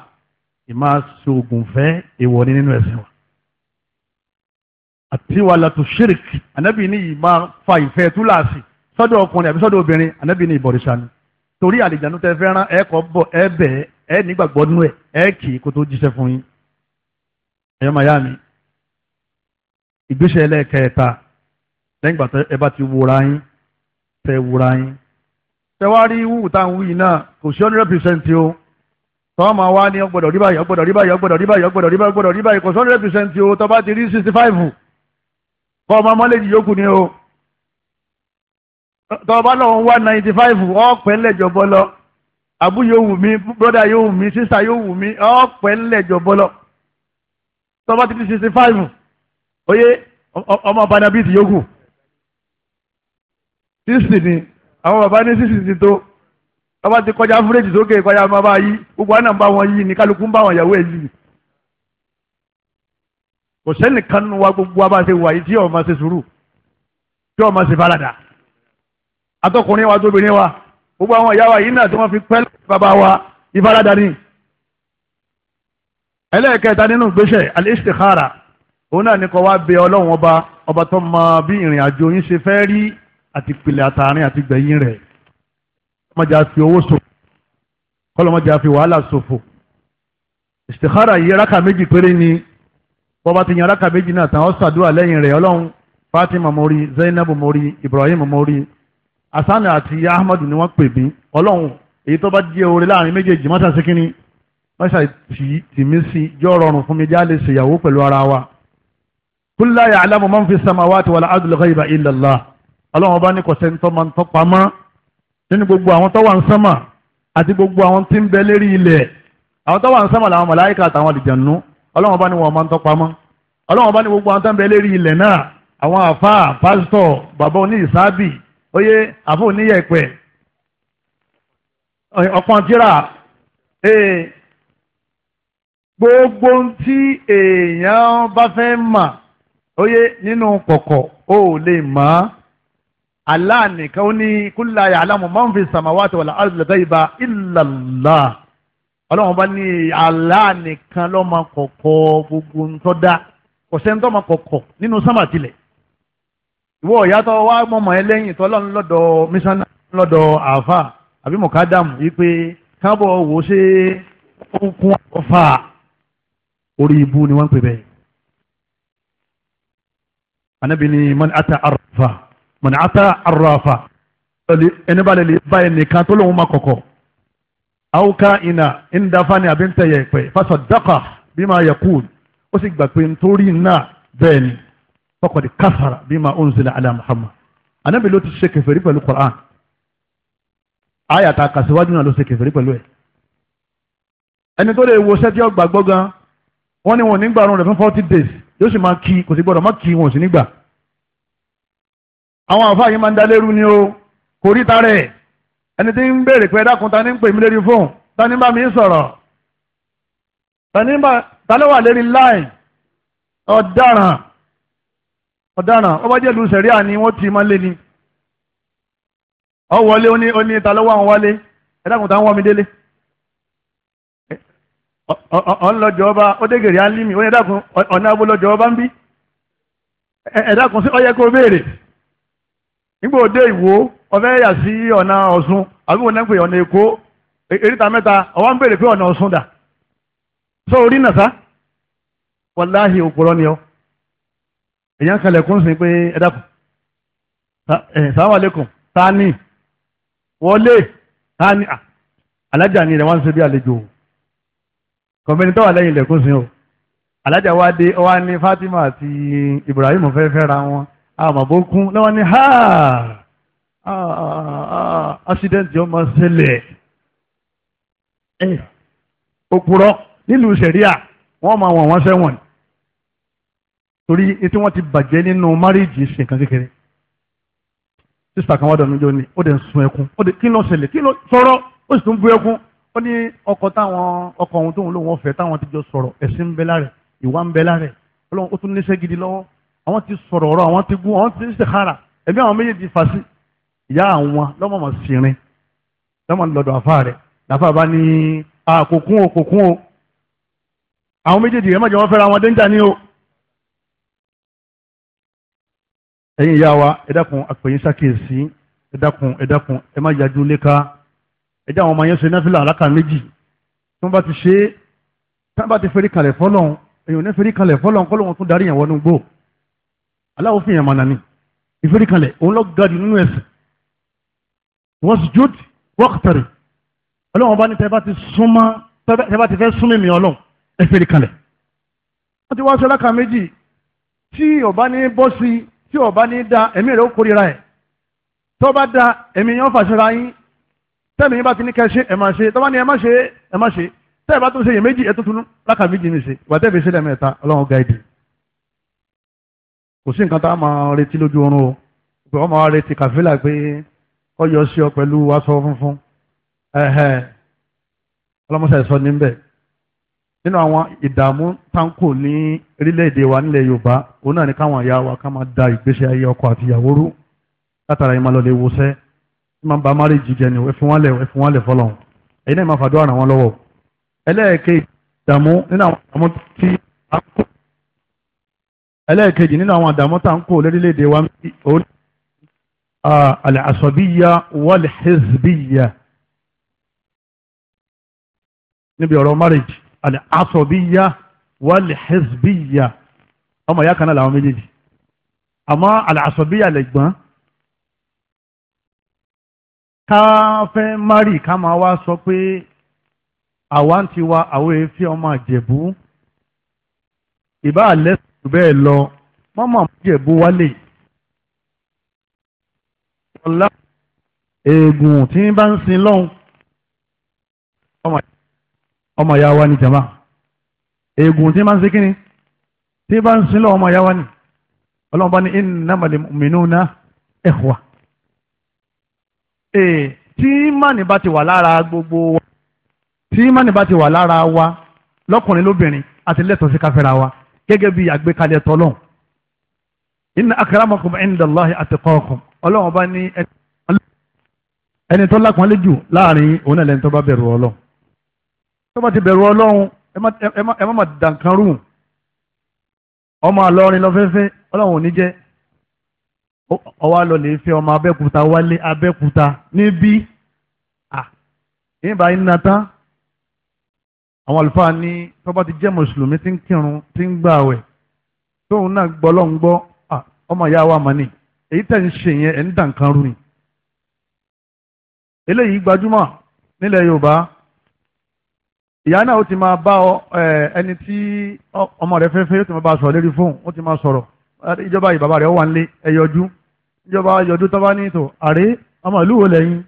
ìmáa ṣoògùn fẹ́ ìwọ ni nínú ẹ̀sìn wa àti wàlàtú shirk anabi ní yìí máa fa ìfẹ́ túláàsì sọ́dọ̀ ọkùnrin àbí sọ́dọ̀ obìnrin anabi ní ìbọ̀rìṣà ni torí àlìjánu tẹ fẹ́ràn ẹ kọ́ bọ̀ ẹ bẹ̀ ẹ nígbàgbọ́ nú ẹ ẹ kì í kó tó jíṣẹ́ fún yín ẹ̀yọ́ màyá mi ìgbésẹ̀ ẹlẹ́ẹ̀kẹta lẹ́yìn ìgbà tẹ bá ti wúra yín tẹ wúra yín tẹ wá rí wúwú tá à ń wí yìí náà kò sí hundred percent o tọ́ ma wá ní ọgbọ́dọ̀ rí báyìí ọgbọ́dọ̀ rí báyìí ọgbọ́dọ̀ rí báyìí ọgbọ́dọ̀ rí báyìí ọgbọ́dọ̀ rí báyìí kò sí hundred percent o tọ́ bá ti rí sixty five kọ́ ọmọ mọ́lẹ́jì yókù ni o tọ́ba náà ń wá ninety five ọ̀pẹ́ ńlẹ̀jọ̀ bọ́lọ́ àbú yóò wù mí brọ́dà yóò wù mí sísà yóò wù mí ọ̀pẹ́ ńlẹ̀jọ̀ bọ́lọ́ tọ́ba ti di sixty five oyè ọmọ banabi ti yókù sixty ni àwọn bàbá ní sixty ti tó tọ́ba ti kọjá fúrẹ́jì sókè kọjá máa bá yí gbogbo àná ń wọn yí ni kálukú ń bá wọn yàwó ẹ̀ yí kò sẹ́nìkan nu wa gbogbo abá ṣe wà yìí tí ọmọ ṣe sùúrù tí ọmọ ṣe farada atọkùnrin wa tóbìnrin wa gbogbo àwọn ìyá wa yìí náà tí wọ́n fi pẹ́ bàbá wa ìfarada ni. ẹlẹ́ẹ̀kẹta nínú ìgbésẹ̀ al-istikhara òun náà ní kọ́ wá bẹ ọlọ́run ọba ọba tó mọ bí ìrìn àjò yín ṣe fẹ́ rí àti ìpìlẹ̀ àtàrin àti gbẹ̀yìn rẹ̀ kọ́lọ́mọdé á owó ṣòfò kọ́lọ́mọdé á wàhálà ṣòfò istikhara yìí rákà méjì péré ni bọ́ba ti yan rákà méjì náà tán ó ṣàdúrà lẹ́yìn rẹ̀ ọlọ́run fatima mori zainab mori ibrahim mori hasan àti ahmadu ni wọ́n pè mí ọlọ́run èyí tó bá jẹ́ oore láàrin méjèèjì mọ́tà sí kínní mọ́tà tì tì mí sí jọ́ rọrùn fún mi já lè ṣèyàwó pẹ̀lú ara wa. kul la ya'lamu man fi samawati wal ardil ghaiba illa Allah ọlọ́run ọba ní kọ̀sẹ́ ńtọ́ máa ń tọ́ pamọ́ nínú gbogbo àwọn tó wà ń sánmà àti gbogbo àwọn tí ń bẹ lérí ilẹ̀ àwọn tó wà ń sánmà làwọn màláíkà àtàwọn àlìjànú ọlọ́run bá ní wọn máa ń tọ́pamọ́ ọlọ́run bá ní gbogbo àwọn tó ń bẹ lérí ilẹ̀ náà àwọn àfa pásítọ̀ bàbá oní ìsáàbì oyè àfọ oníyẹ̀pẹ̀ ọ̀pọ̀n tíra gbogbo tí èèyàn bá fẹ́ mà oyè nínú kọ̀kọ̀ ó lè mọ̀ á aláàánìkan ó ní kúláyà aláàmú máa ń fi sàmáwá àti wàlá àlùlẹ̀ bẹ́ẹ̀ ìlàlá ọlọ́run bá ní Allah nìkan ló mọ kọ̀kọ̀ gbogbo ńtọ́ dá kò sẹ́ni tó mọ kọ̀kọ̀ nínú sánmà tilẹ̀ ìwọ ọ̀yá tó wá mọ̀mọ́ ẹ lẹ́yìn tó lọ́n lọ́dọ̀ mísánná lọ́dọ̀ àáfà àbí mọ̀kádàmù yìí pé káàbọ̀ wò ó ṣe kún ọ̀fà orí ibu ni wọ́n ń pè bẹ́ẹ̀. anabi ni mọ̀ni ata arrafa mọ̀ni ata arrafa ẹni bá lè bá ẹnìkan tó lóun mọ kọ̀kọ̀ àwòká ina ìdáfáàní àbí ń tẹ̀yẹ̀ pẹ̀ fásọ dákà bí máa yẹ kúùn ó sì gbà pé ni fọkàn di káfàrà bí máa ń zilẹ̀ alẹ́ Muhammad anábì ló ti ṣe kẹfẹ́rí pẹ̀lú Qur'an ayàtà kàṣíwájú náà ló ṣe kẹfẹ́rí pẹ̀lú ẹ̀ ẹni tó lè wo sẹ́tí ọgbà gbọ́gán wọ́n ní wọn ò ní gbà rún rẹ̀ fún forty days yóò sì máa kí kò sì gbọ́dọ̀ má kí wọn ò sì ní gbà àwọn àfáà yìí máa ń dalérú ni o kò rí tarẹ̀ ẹni tí ń béèrè pé dákun ta ni ń pè mí lórí fóun ta ni bá mi sọ̀rọ̀ ta ni bá ta ló wà lórí láì ọ̀daràn ọ̀daràn ó bá jẹ́ ìlú sẹ̀ríà ni wọ́n ti máa lé ni ọ wọlé ó ní ó ní ta ló wà ń wálé ẹ dákun ta ń wọ́ mi délé ọ̀n lọ́jọ́ ọba ó dégèrè á ń lí mi ó ní ẹ dákun ọ̀nà abó lọ́jọ́ ọba ń bí ẹ dákun sí ọ yẹ kó béèrè nígbà òde ìwò ọ̀fẹ́ yà sí ọ̀nà ọ̀ṣun àbí wọn náà ń pè ọ̀nà èkó e, eríta mẹ́ta ọ̀wá ń béèrè pé ọ̀nà ọ̀ṣun dà sọ orí nà sá wàláhì òpòrọ̀ ni ọ èèyàn kalẹ̀ kún sí pé ẹ dákun sàwọn àlékún ta ni wọlé ta ni alájà ni rẹ̀ wá ń ṣe bí àlejò kọ̀mẹ́ni tó wà lẹ́yìn ilẹ̀kùn sí o alájà wa dé ọwá ní Fatima àti Ibrahim fẹ́ fẹ́ ra wọn àmàbókún lọ́wọ́ ni háà. Ah, ah, ah, accident yóò máa ṣẹlẹ̀ ẹ̀ òpùrọ̀ nílùú sẹ̀ríà wọ́n máa wọ̀n wọ́n sẹ́wọ̀n torí etí wọ́n ti bàjẹ́ nínú márìjì ṣe nǹkan kékeré sísà kan wá dọ̀nù jọ ni ó dẹ̀ ń sun ẹkún ó dẹ̀ kí ló ṣẹlẹ̀ kí ló sọ̀rọ̀ ó sì tún bú ẹkún ó ní ọkọ̀ táwọn ọkọ̀ ọ̀hún tóun lòun ọ̀fẹ́ táwọn ti jọ sọ̀rọ̀ ẹ̀sìn ń bẹ lára ìwà ń bẹ lára ọlọ́run ó tún níṣẹ́ gidi lọ́wọ́ àwọn ti sọ̀rọ̀ ọ̀rọ̀ àwọn ti gún àwọn ti ṣèkára ẹ̀mí àwọn méjèèjì fà sí ìyá àwọn lọ́mọ̀mọ̀ sírin lọ́mọ̀ lọ́dọ̀ àfa rẹ̀ làfa bá ní àkókún o kókún o àwọn méjèèjì ẹ̀ má jẹ́ wọ́n fẹ́ra wọn déńjà ní o. ẹ̀yin ìyá wa ẹ dákun àpèyìn ṣàkíyèsí ẹ dákun ẹ dákun ẹ má yájú léka ẹ dá àwọn ọmọ yẹn ṣe náfìlà àràkà méjì tí wọ́n bá ti ṣe tí wọ́n bá ti fẹ́rí kalẹ̀ fọ́lọ́hún èèyàn ní fẹ́rí kalẹ̀ fọ́lọ́hún kọ́lọ́hún tún darí yẹn wọnú gbó aláwo fi yẹn mọ̀nà ni ìfẹ́rí kalẹ̀ òun lọ gadi nínú ẹ̀sìn wasjud waqtari ọlọ́run ọba ní tẹ́ bá ti súnmọ́ tẹ́ bá ti fẹ́ súnmọ́ mi ọlọ́run ẹ fèrè kalẹ̀ wọ́n ti wá aṣọ alákà méjì tí ọba ní bọ́ sí tí ọba ní da ẹ̀mí rẹ̀ ó kórira ẹ̀ tó bá da ẹ̀mí yẹn ó fàṣẹra yín tẹ́mi yín bá ti ní kẹ́ ṣe ẹ̀ máa ṣe tọ́ba ní ẹ má ṣe ẹ má ṣe tẹ́ ẹ bá tún ṣe yẹn méjì ẹ tuntun lákà méjì mi ṣe wà tẹ́ fi ṣe ó yọ sí ọ pẹ̀lú aṣọ funfun ọlọ́mọṣẹ́ sọ níbẹ̀ nínú àwọn ìdààmú táǹkù ní orílẹ̀-èdè wa nílẹ̀ yorùbá òun náà ní káwọn ìyá wa ká máa da ìgbésí ayé ọkọ àti ìyàwó rú látara yìí máa lọ lè wọṣẹ́ tí máa ń ba márì jíjẹ ni ẹ fi wọn lẹ ẹ fi wọn lẹ fọlọ́hún ẹ̀yin náà máa fàdúrà ràn wọ́n lọ́wọ́ ẹlẹ́ẹ̀kẹ́ ìdààmú nínú àwọn ìdààmú tí a ń kó ẹlẹ́ẹ̀kejì nínú àwọn àdàmú tá à ń kó lórílẹ̀‐èdè wa òun al-asabiyya wal-hizbiyya níbi ọ̀rọ̀ marriage al-asabiyya wal-hizbiyya ọmọ ìyá kan náà làwọn méjèèjì àmọ́ al-asabiyya lẹ́gbọ́n ká fẹ́ mari ká máa wá sọ pé àwa ń tiwa àwọn èéfín ọmọ àjẹ̀bú ìbá àlẹ́ bẹ́ẹ̀ lọ mọ́mọ́ àjẹ̀bú wálé ọ̀la eegun tí ń bá ń sin lọ́hùn ọmọ ìyá wa ni jama eegun tí ń bá ń sin kíni tí ń bá ń sin lọ́hùn ọmọ ìyá wa ni ọlọ́run bá ní innamal mu'minuna ikhwa ee tí mánì bá ti wà lára gbogbo wa tí mánì bá ti wà lára wa lọ́kùnrin lóbìnrin àti lẹ́tọ̀ọ́ sí wa gẹ́gẹ́ bí àgbékalẹ̀ tọ́lọ́hùn inna akramakum indallahi atqakum ọlọ́run bá ní ẹni tó lápọ́nlé jù láàrin òun náà lẹ́ni tó bá bẹ̀rù ọlọ́run tó bá ti bẹ̀rù ọlọ́run ẹ má má dànkan rù ọmọ àlọrin lọ́fẹ́fẹ́ ọlọ́run ò ní jẹ́ ọwọ́ àlọ́ lè fẹ́ ọmọ abẹ́kúta wálé abẹ́kúta níbí ìyìnbá iná tán àwọn àlùfáà ní tó bá ti jẹ́ mùsùlùmí tí ń kírun tí ń gbààwẹ̀ tóun náà gbọ́ lọ́n gbọ́ ọmọ ìyá wa mọ̀ nìyí èyí tẹ̀ ń ṣe yẹn ẹ̀ ń dà nǹkan rú ni eléyìí gbajúmọ̀ nílẹ̀ Yorùbá ìyá náà ó ti máa bá ẹni tí ọmọ rẹ̀ fẹ́fẹ́ ó ti máa bá a sọ̀rọ̀ lérí fóun ó ti máa sọ̀rọ̀ ìjọba yìí bàbá rẹ̀ wà nílé ẹ ìjọba yọjú tó bá ní ìtò àrè ọmọ ìlú wo lẹ́yìn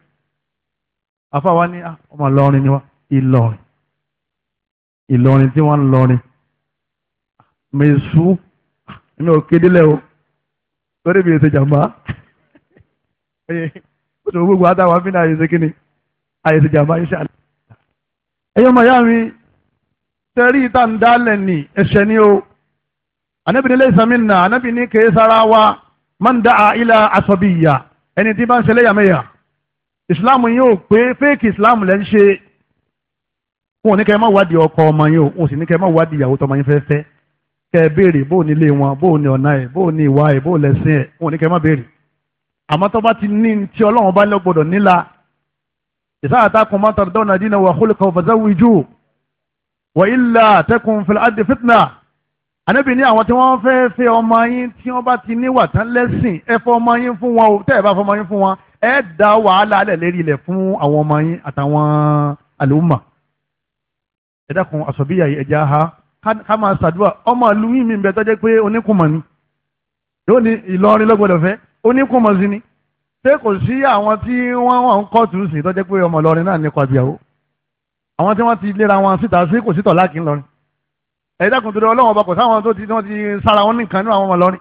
afáwa ní ọmọ Ìlọrin ni wa Ìlọrin Ìlọrin tí wọ́n ń lọrin mẹ̀sù ẹ̀mí ò kéde lẹ́wọ̀ torí mi ò ṣe jàmbá ó sì mú gbogbo adáwa bí náà àyèsè kíni àyèsè jàmbá yín ṣàlẹ. ẹyọ màyá mi tẹrí ìta ń dálẹ̀ ní ẹ̀ṣẹ̀ ni o anabi ní lẹ́sàn mi nà anabi ní kèé sára wa máa ń dá a ilà aṣọ bí ìyá ẹni tí bá ń ṣe lẹ́yàmẹ̀yà ìsìláàmù yín ò pé fẹ́ẹ̀kì ìsìláàmù lẹ́ ń ṣe wọn ò ní kẹ́ ẹ má wádìí ọkọ ọmọ o wọn ò sì ní kẹ́ ẹ má ìyàwó tọmọ yín fẹ́ẹ́ kẹ́ ẹ béèrè bóò ní ilé wọn bóò ní ọ̀nà ẹ̀ bóò ní ìwà ẹ̀ bóò lẹ́sìn ẹ̀ wọn ò ní kẹ́ ẹ má béèrè àmọ́ tó bá ti ní tí ọlọ́run bá lọ́gbọ̀dọ̀ nílà ìsáà takùn máa tọ̀dọ̀ dọ́nà dínà wà kólùkọ́ fàzáwìjú wà ilà tẹkùn fìlà àdè fìtnà ànábì ní àwọn tí wọ́n fẹ́ fẹ́ ọmọ yín tí wọ́n bá ti níwà tán lẹ́sìn ẹ fọ ọmọ yín fún wọn o tẹ́ ẹ bá fọ ọmọ yín fún wọn ẹ da wàhálà alẹ́ lérí ilẹ̀ fún àwọn ọmọ yín àtàwọn àlùmọ̀ ẹ dákun àsọ̀bíyà yìí ẹja ha ká máa ṣàdúrà ọmọ ìlú yìí mi bẹ tọ́jú pé oníkùmọ̀ ni yóò ní Ìlọrin lọ́gbọ̀dọ̀ fẹ́ oníkùmọ̀ sí ni ṣé kò sí àwọn tí wọ́n wọ́n ń kọ́ọ̀tù sí tọ́jú pé ọmọ Ìlọrin náà nípa ìyàwó àwọn tí wọ́n ti lera wọn síta sí kò sí tọ̀láàkì ńlọrin ẹ̀dá kan tó dé ọlọ́wọ́n ọba kò sáwọn tó ti wọ́n ti sára wọn nìkan nínú àwọn ọmọ Ìlọrin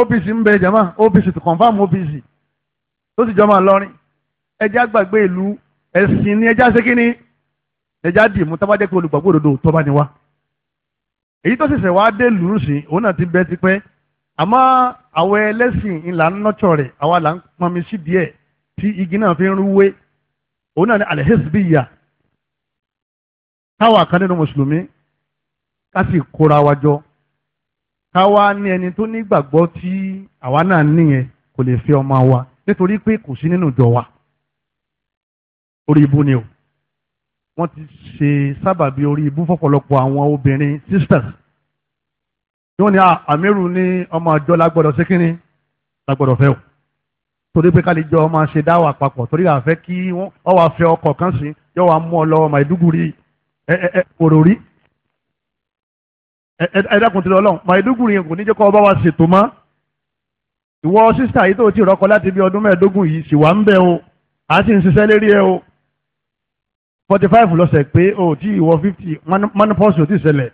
OPC ń bẹ jama OPC tó confam OPC tó sì jọmọ Ìlọrin ẹjẹ́ ẹja dì mú tábàjẹ́ pé olùgbàgbọ́ òdodo tó bá ní èyí tó ṣẹ̀ṣẹ̀ wá dé lùú sí òun náà ti bẹ́ tipẹ́ àmọ́ àwọn ẹlẹ́sìn ńlá ń nọ́tsọ̀ àwa là igi náà fi ń rúwé òun náà táwa kan nínú mùsùlùmí ká sì kóra wa jọ ní ẹni kò lè ọmọ wa nítorí pé kò sí nínú ni o. wọ́n ti ṣe sábàbí orí ibú fọ́pọ̀lọpọ̀ àwọn obìnrin sisters tí wọ́n ní àmírù ah, ní ọmọ àjọ lágbọ́dọ̀ ṣe kínní lágbọ́dọ̀ fẹ́ o torí pé kálí jọ ọmọ ṣe dáwà papọ̀ torí àfẹ́ kí wọ́n wá fẹ́ ọkọ̀ kan sí yọ wá mú ọ lọ Maiduguri ẹ ẹ ẹ òròrí ẹ ẹ dákun ti lọ lọ́hùn Maiduguri yẹn kò ní jẹ́ kó ọba wa ṣètò mọ́ ìwọ sísítà yìí tó ti rọ́kọ láti bí ọdún mẹ́ẹ̀ẹ́dógún yìí sì wà ń bẹ o àá sì ń ṣiṣẹ́ lérí ẹ o forty five lọ́sẹ̀ pé o tí ìwọ fifty manopause ò tí ṣẹlẹ̀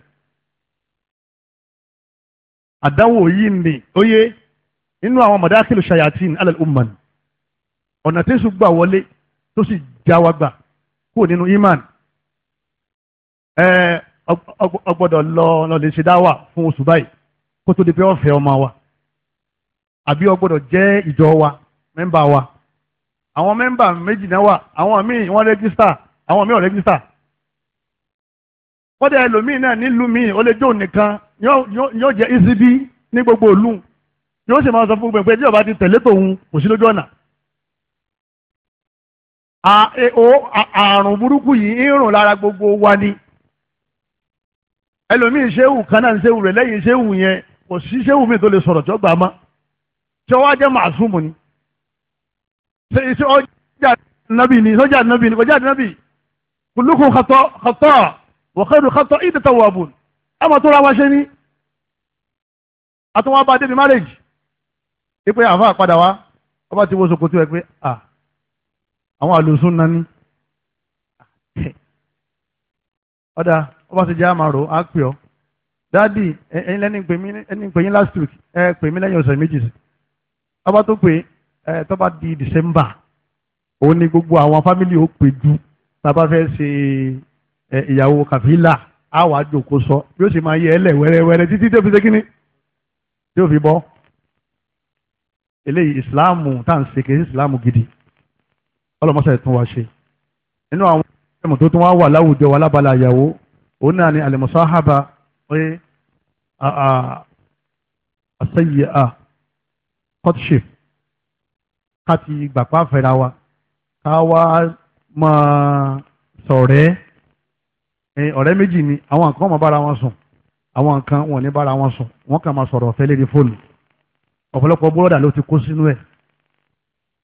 àdánwò yìí ni ó yé nínú àwọn mọ̀dákìlù ṣayatin alal umman ọ̀nà tí sùn gbà wọlé tó sì já wa gbà kúrò nínú iman ẹ ọgbọ́dọ̀ lọ lọ lè ṣe dáwà fún oṣù báyìí kó tó di pé ọ̀fẹ́ ọmọ wa àbí ọgbọ́dọ̀ jẹ́ ìjọ wa mẹ́mbà wa àwọn mẹ́mbà méjì náà wà àwọn míì wọ́n rẹ́gísítà àwọn míì ò rẹ́gísítà kọ́dà ẹlòmíì náà nílùú míì ó lè jó nìkan yóò jẹ́ ìsibí ní gbogbo òlù yóò sì máa sọ fún gbogbo ẹgbẹ́ ìjọba ti tẹ̀lé tòun kò sí lójú ọ̀nà. E, àrùn burúkú yìí ń rùn lára gbogbo wa ni ẹlòmíì ṣéwù kan náà ń lẹ́yìn ṣéwù yẹn kò sí ṣéwù mi tó lè sọ̀rọ̀ tó má ṣé wàá jẹ́ màásùmù ni ṣé ọjà nàbì ni ṣọjà nàbì ni kò jáde nàbì kullukum xatọ́ xatọ́ wa khairu xatọ́ ìdè tawwabun ẹ mọ̀ tó ra wọn ṣe ní. àtúnwá bá débi márèjì wípé àfa padà wá ọba ti wo sokoto ẹ pé à àwọn àlùsùn nání. ọ̀dà ọba ti jẹ́ àmàrò á pè ọ́ dáàdì ẹ̀yin lẹ́ni pè mí ẹni pè yín last week ẹ pè mí lẹ́yìn ọ̀sẹ̀ méjì sí ọba tó pè ẹ tọ́ba di December òun ni gbogbo àwọn fámìlì ó pè jù bàbá fẹ́ ṣe ìyàwó kàfílà á wàá jòkó sọ yóò sì máa yẹ ẹ lẹ wẹrẹwẹrẹ títí tó fi ṣe kínní tí fi bọ́ eléyìí ìsìláàmù tá à ń ṣe kì í ìsìláàmù gidi ọlọmọṣẹ tún wá ṣe nínú àwọn ẹmọ tó tún wá wà láwùjọ wa lábala ìyàwó òun náà ni al-musahaba pé àṣeyìá courtship ká ti gbàpá fẹ́ra wa ká wá máa ṣọ̀rẹ́ ọ̀rẹ́ méjì ni àwọn kan máa bára wọn sùn àwọn kan wọn ní bára wọn sùn wọn kàn máa sọ̀rọ̀ ọ̀fẹ́ lérí fóònù ọ̀pọ̀lọpọ̀ búrọ́dà ló ti kó sínú ẹ̀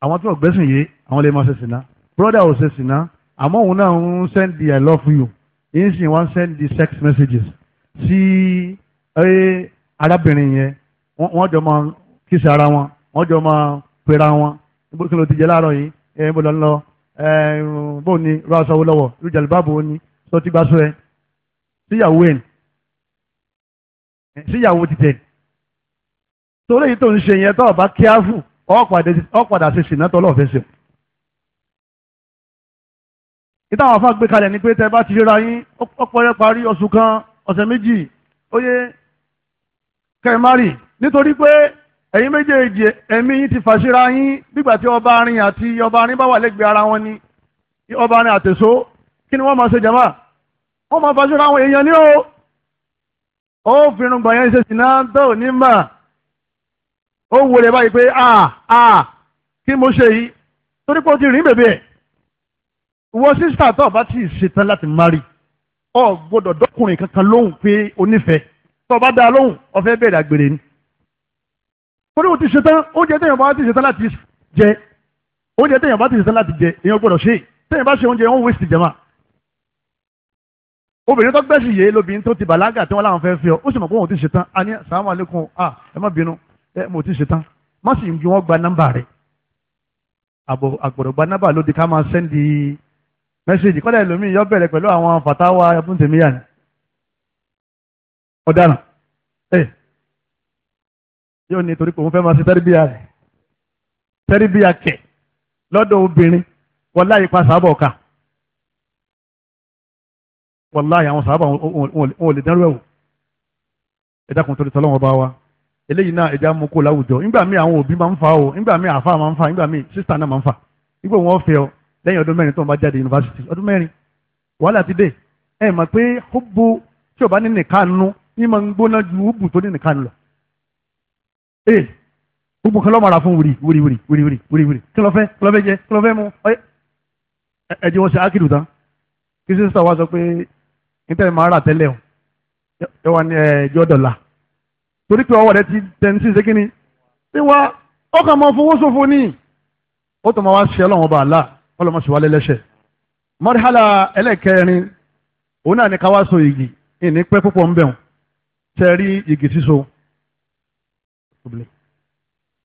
àwọn tí wọ́n gbẹ́sìn yìí àwọn lè máa ṣe sìnà búrọ́dà ò ṣe sìnà àmọ́ òun náà ń sẹ́ndì i love you yín sì wọ́n sẹ́ndì sex messages sí arábìnrin yẹn wọ́n jọ máa kíṣe ara wọn wọ́n jọ máa pera wọn kí ló ti jẹ láàárọ̀ yìí ẹ̀ ń bọ̀ lọ́nà irun bó ni irú aṣọ wo lọ́wọ́ irú jàlùbáàbò wo ni sọ ti gbàṣọ ẹ síyàwó ẹ̀ síyàwó ti tẹ̀ torí èyí tó ń ṣe yẹn tó ọba kíáfù ọ̀pàdà ṣe ṣìnà tó lọ́ọ̀fẹ́ ṣe. ìtàn àwọn afáàgbé kalẹ̀ ni pé tẹ́ bá ti ríra yín ọpọlọ parí oṣù kan ọ̀sẹ̀ méjì ó yẹ kẹ́ ẹ nítorí pé ẹ̀yin méjèèjì ẹ̀mí yín ti fàṣírà yín nígbà tí ọba arin àti ọba arin bá wà lẹ́gbẹ̀ẹ́ ara wọn ni ọba arin àtẹ̀só kí ni wọ́n máa ṣe jàmá wọ́n máa fàṣírà àwọn èèyàn ní o ó fìrùn gbọ̀nyẹn ṣe sì náà tó ní mà ó wò báyìí pé a a kí mo ṣe yìí torí pé o ti rìn bèbè ẹ̀ wọ sísítà tó bá ti ṣetán láti mari ọ gbọ́dọ̀ dọ́kùnrin kankan lóhùn pé onífẹ̀ẹ́ tó bá dá lóhùn ó fẹ́ bẹ̀rẹ̀ àgbèrè ni torí o ti ṣetán oúnjẹ téèyàn bá ti ṣetán láti jẹ oúnjẹ téèyàn bá ti ṣetán láti jẹ èèyàn gbọ́dọ̀ ṣe téèyàn bá ṣe oúnjẹ wọn wéṣì jẹma obìnrin tó gbẹ́sì yé lóbìnrin tó ti bàlágà tí wọ́n láwọn fẹ́ fi ọ ó sì mọ̀ pé wọn ò ti ṣetán a ní assalamu alaikum à ẹ má bínú ẹ mo ti ṣetán má sì ń bí wọ́n gba nọ́mbà rẹ̀ àbọ̀ àgbọ̀dọ̀ gba nọ́mbà lóde ká máa sẹ́ndì mẹ́sẹ̀gì kọ́lá ẹlòmíì yọ bẹ̀rẹ̀ pẹ̀lú àwọn fàtàwà ẹ̀bùn tèmíyà yóò ní torí pé òun fẹ́ máa ṣe tẹ́rìbíà rẹ̀ tẹ́rìbíà kẹ̀ lọ́dọ̀ obìnrin wàláyé pa sábà ọ̀ka wàláyé àwọn sábà wọn ò lè dánrú ẹ̀ wò ẹ̀dá kan torí tọ́lọ́wọ́n bá wa eléyìí náà ẹ̀dá mú kó láwùjọ nígbà míì àwọn òbí máa ń fa o nígbà míì àfa máa ń fa nígbà míì sísítà náà máa ń fa nígbà wọn fẹ́ ọ lẹ́yìn ọdún mẹ́rin tó ń bá jáde yunifásitì ọdún mẹ́rin wàhálà ti dé ẹ mọ̀ pé ó bo tí o bá ní nìkan nu ní máa ń gbóná ju ó bù tó ní nìkan lọ ee eh, gbogbo kan lọ́mọ̀ra fún wuri wuri wuri wuri wuri wuri wuri kí ló fẹ́ kí ló fẹ́ jẹ kí ló fẹ́ mu ọyẹ ẹ jẹ́ wọ́n ṣe ákìlù tán kí sísè wa sọ pé níta máa rà tẹ́lẹ̀ o ẹ wà ní ẹjọ́ dọ̀là torí pé ọwọ́ rẹ ti tẹni sí ṣé kíni ṣé wa ọkàn máa fowó ṣòfò ní ó tó máa wá ṣe ọlọ́run ọba àlá ọlọ́mọ ṣe wá lẹ́lẹ́ṣẹ̀ mọ́ríhálà ẹlẹ́kẹrin òun náà ní ká wá so igi ìní pẹ́ púpọ̀ ń bẹ̀rù tẹ́ rí igi síso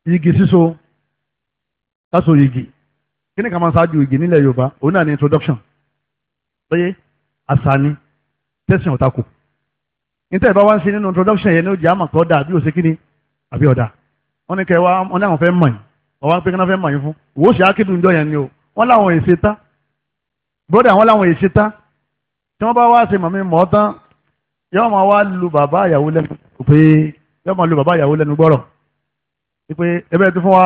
igi síso láso igi kí ni ká igi nílẹ̀ Yorùbá òun náà ni introduction lóye àṣà ni tẹ̀sán ọ̀tàkù níta ìbá wá ń ṣe nínú introduction yẹn ní ó jẹ́ àmọ̀ kọ́ dà bí ó ṣe kí ni àbí ọ̀dà wọ́n ní kẹ́ wá wọ́n ní àwọn fẹ́ mọ̀ yín wọ́n wá ń pé kí wọ́n fẹ́ mọ̀ yín fún wò ó ṣe ákédùn yẹn ni o wọ́n láwọn èsè tá bọ́dà wọ́n láwọn èsè tá tí wọ́n bá wá ṣe mọ̀mí mọ́ tán yọ́ọ́ máa wá lu bàbá àyàwó lẹ́nu pé yóò máa lu bàbá ìyàwó lẹ́nu gbọ́rọ̀ wípé ebe ti fún wa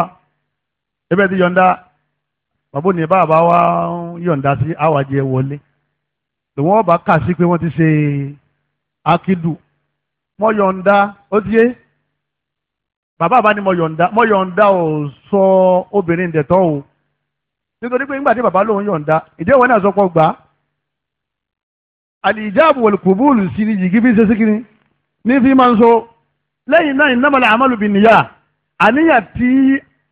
ẹbẹ́ ti yọ̀ǹda bàbá ní bàbá wa ń si sí àwàjẹ wọlé lòun ọba kà sí pé wọ́n ti ṣe akidu mo yọ̀ǹda ó ti yé bàbá àbá ni mo yọ̀ǹda mo yọ̀ǹda ò sọ obìnrin dẹ̀tọ́ o nítorí pé nígbà tí bàbá lòun yọ̀ǹda ìdí ìwọ náà sọ pé gbà á àlìjáàbù wọ̀lùkùbùlù sí ni jìgì fi ṣe síkiri ní fi máa ń so lẹ́yìn náà innamal a'malu binniyah àníyàn tí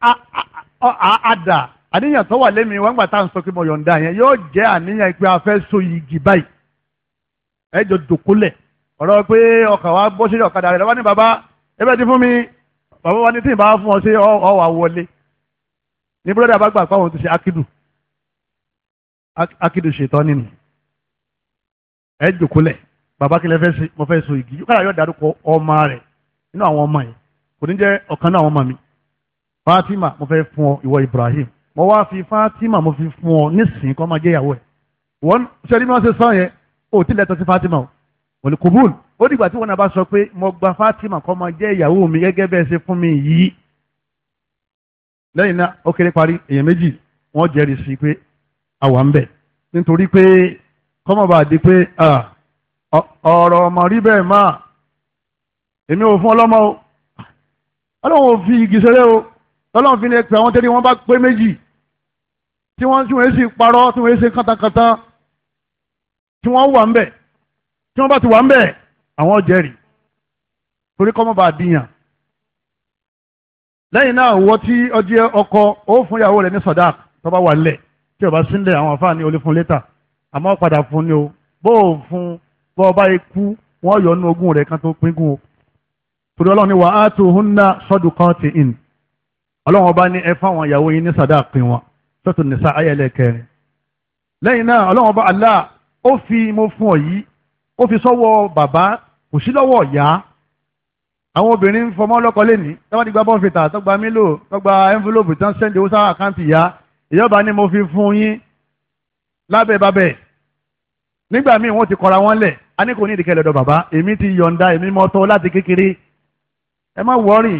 a dà àníyàn tó wà lẹ́mi wọn gbà tá à ń sọ pé mo yọ̀ǹda yẹn yóò jẹ́ àníyàn pé a fẹ́ so igi báyìí ẹ jọ dòkólẹ̀ ọ̀rọ̀ pé ọkàn wa bọ́ sí ọ̀kadà rẹ̀ lọ́wọ́ ní bàbá ẹ bẹ́ẹ̀ ti fún mi bàbá wa ní tí ì bá fún ọ sí ọ wà wọlé ní búrọ́dà bá gbà pé àwọn ti ṣe akidu akidu ṣètọ́ nínú ẹ jòkólẹ̀ bàbá kí lẹ fẹ́ ṣe mo fẹ́ so igi yóò kàrà yóò dárúkọ ọmọ rẹ̀ nínú àwọn ọmọ yẹn kò ní jẹ́ ọ̀kan náà àwọn ọmọ mi Fatima mo fẹ́ fún ọ ìwọ Ibrahim mo wá fi Fatima mo fi fún ọ nísìnyí kọ́ máa jẹ́ ìyàwó ẹ̀ wọ́n ṣe ni wọ́n ṣe sọ yẹn o ti lẹ́tọ̀ sí Fatima o wọ́n ní kubul ó dìgbà tí wọn náà bá sọ pé mo gba Fatima kọ́ máa jẹ́ ìyàwó mi gẹ́gẹ́ bẹ́ẹ̀ ṣe fún mi yìí lẹ́yìn náà ó kéré parí èèyàn méjì wọ́n jẹ́rìí sí pé àwa ń bẹ̀ nítorí pé kọ́mọ̀bà di pé ọ̀rọ̀ ọmọ rí bẹ́ẹ̀ máa èmi ò fún ọlọ́mọ o ọlọ́run ò fi igi ṣeré o ọlọ́run fi ní pé àwọn tẹ́lẹ̀ wọ́n bá pé méjì tí wọ́n tí wọ́n sì parọ́ tí wọ́n ṣe kàntàkàntà tí wọ́n wà ń bẹ̀ tí wọ́n bá ti wà ń bẹ̀ àwọn jẹ́rìí torí kọ́ mọ́ bá dìyàn lẹ́yìn náà wọ́n tí ọjẹ́ ọkọ ó fún ìyàwó rẹ̀ ní sọ̀dák tó bá wà ńlẹ̀ tí ó bá sílẹ̀ àwọn àfáà ní olè fún létà àmọ́ padà fún ni o bó o fún bó o bá ikú wọ́n yọ inú ogún rẹ̀ kan tó pínkún o torí ọlọ́run ní wà á tó hún ná sọ́dún kan ti in ọlọ́run ọba ní ẹ fáwọn ìyàwó yín ní sàdáàpín wọn sọ́tò nìsa ayẹlẹ kẹrin lẹ́yìn náà ọlọ́run ọba Allah ó fi mo fún ọ yìí ó fi sọ́wọ́ bàbá kò sí lọ́wọ́ ọ̀yá àwọn obìnrin ń fọmọ́ lọ́kọ lẹ́ni tọ́wọ́ ti gba bọ́ǹfìtà tọ́gba mílò tọ́gba envelope tán sẹ́ndì owó sáwà àkáǹtì ìyá ìyọ́ba ni mo fi fún yín lábẹ́ bàbẹ́ nígbà míì wọ́n ti kọ́ra wọn lẹ̀ a ní kò ní ìdíkẹ́ lọ́dọ̀ bàbá èmi ti yọ̀ǹda èmi mọ́tọ́ láti kékeré ẹ má wọ́ọ̀rì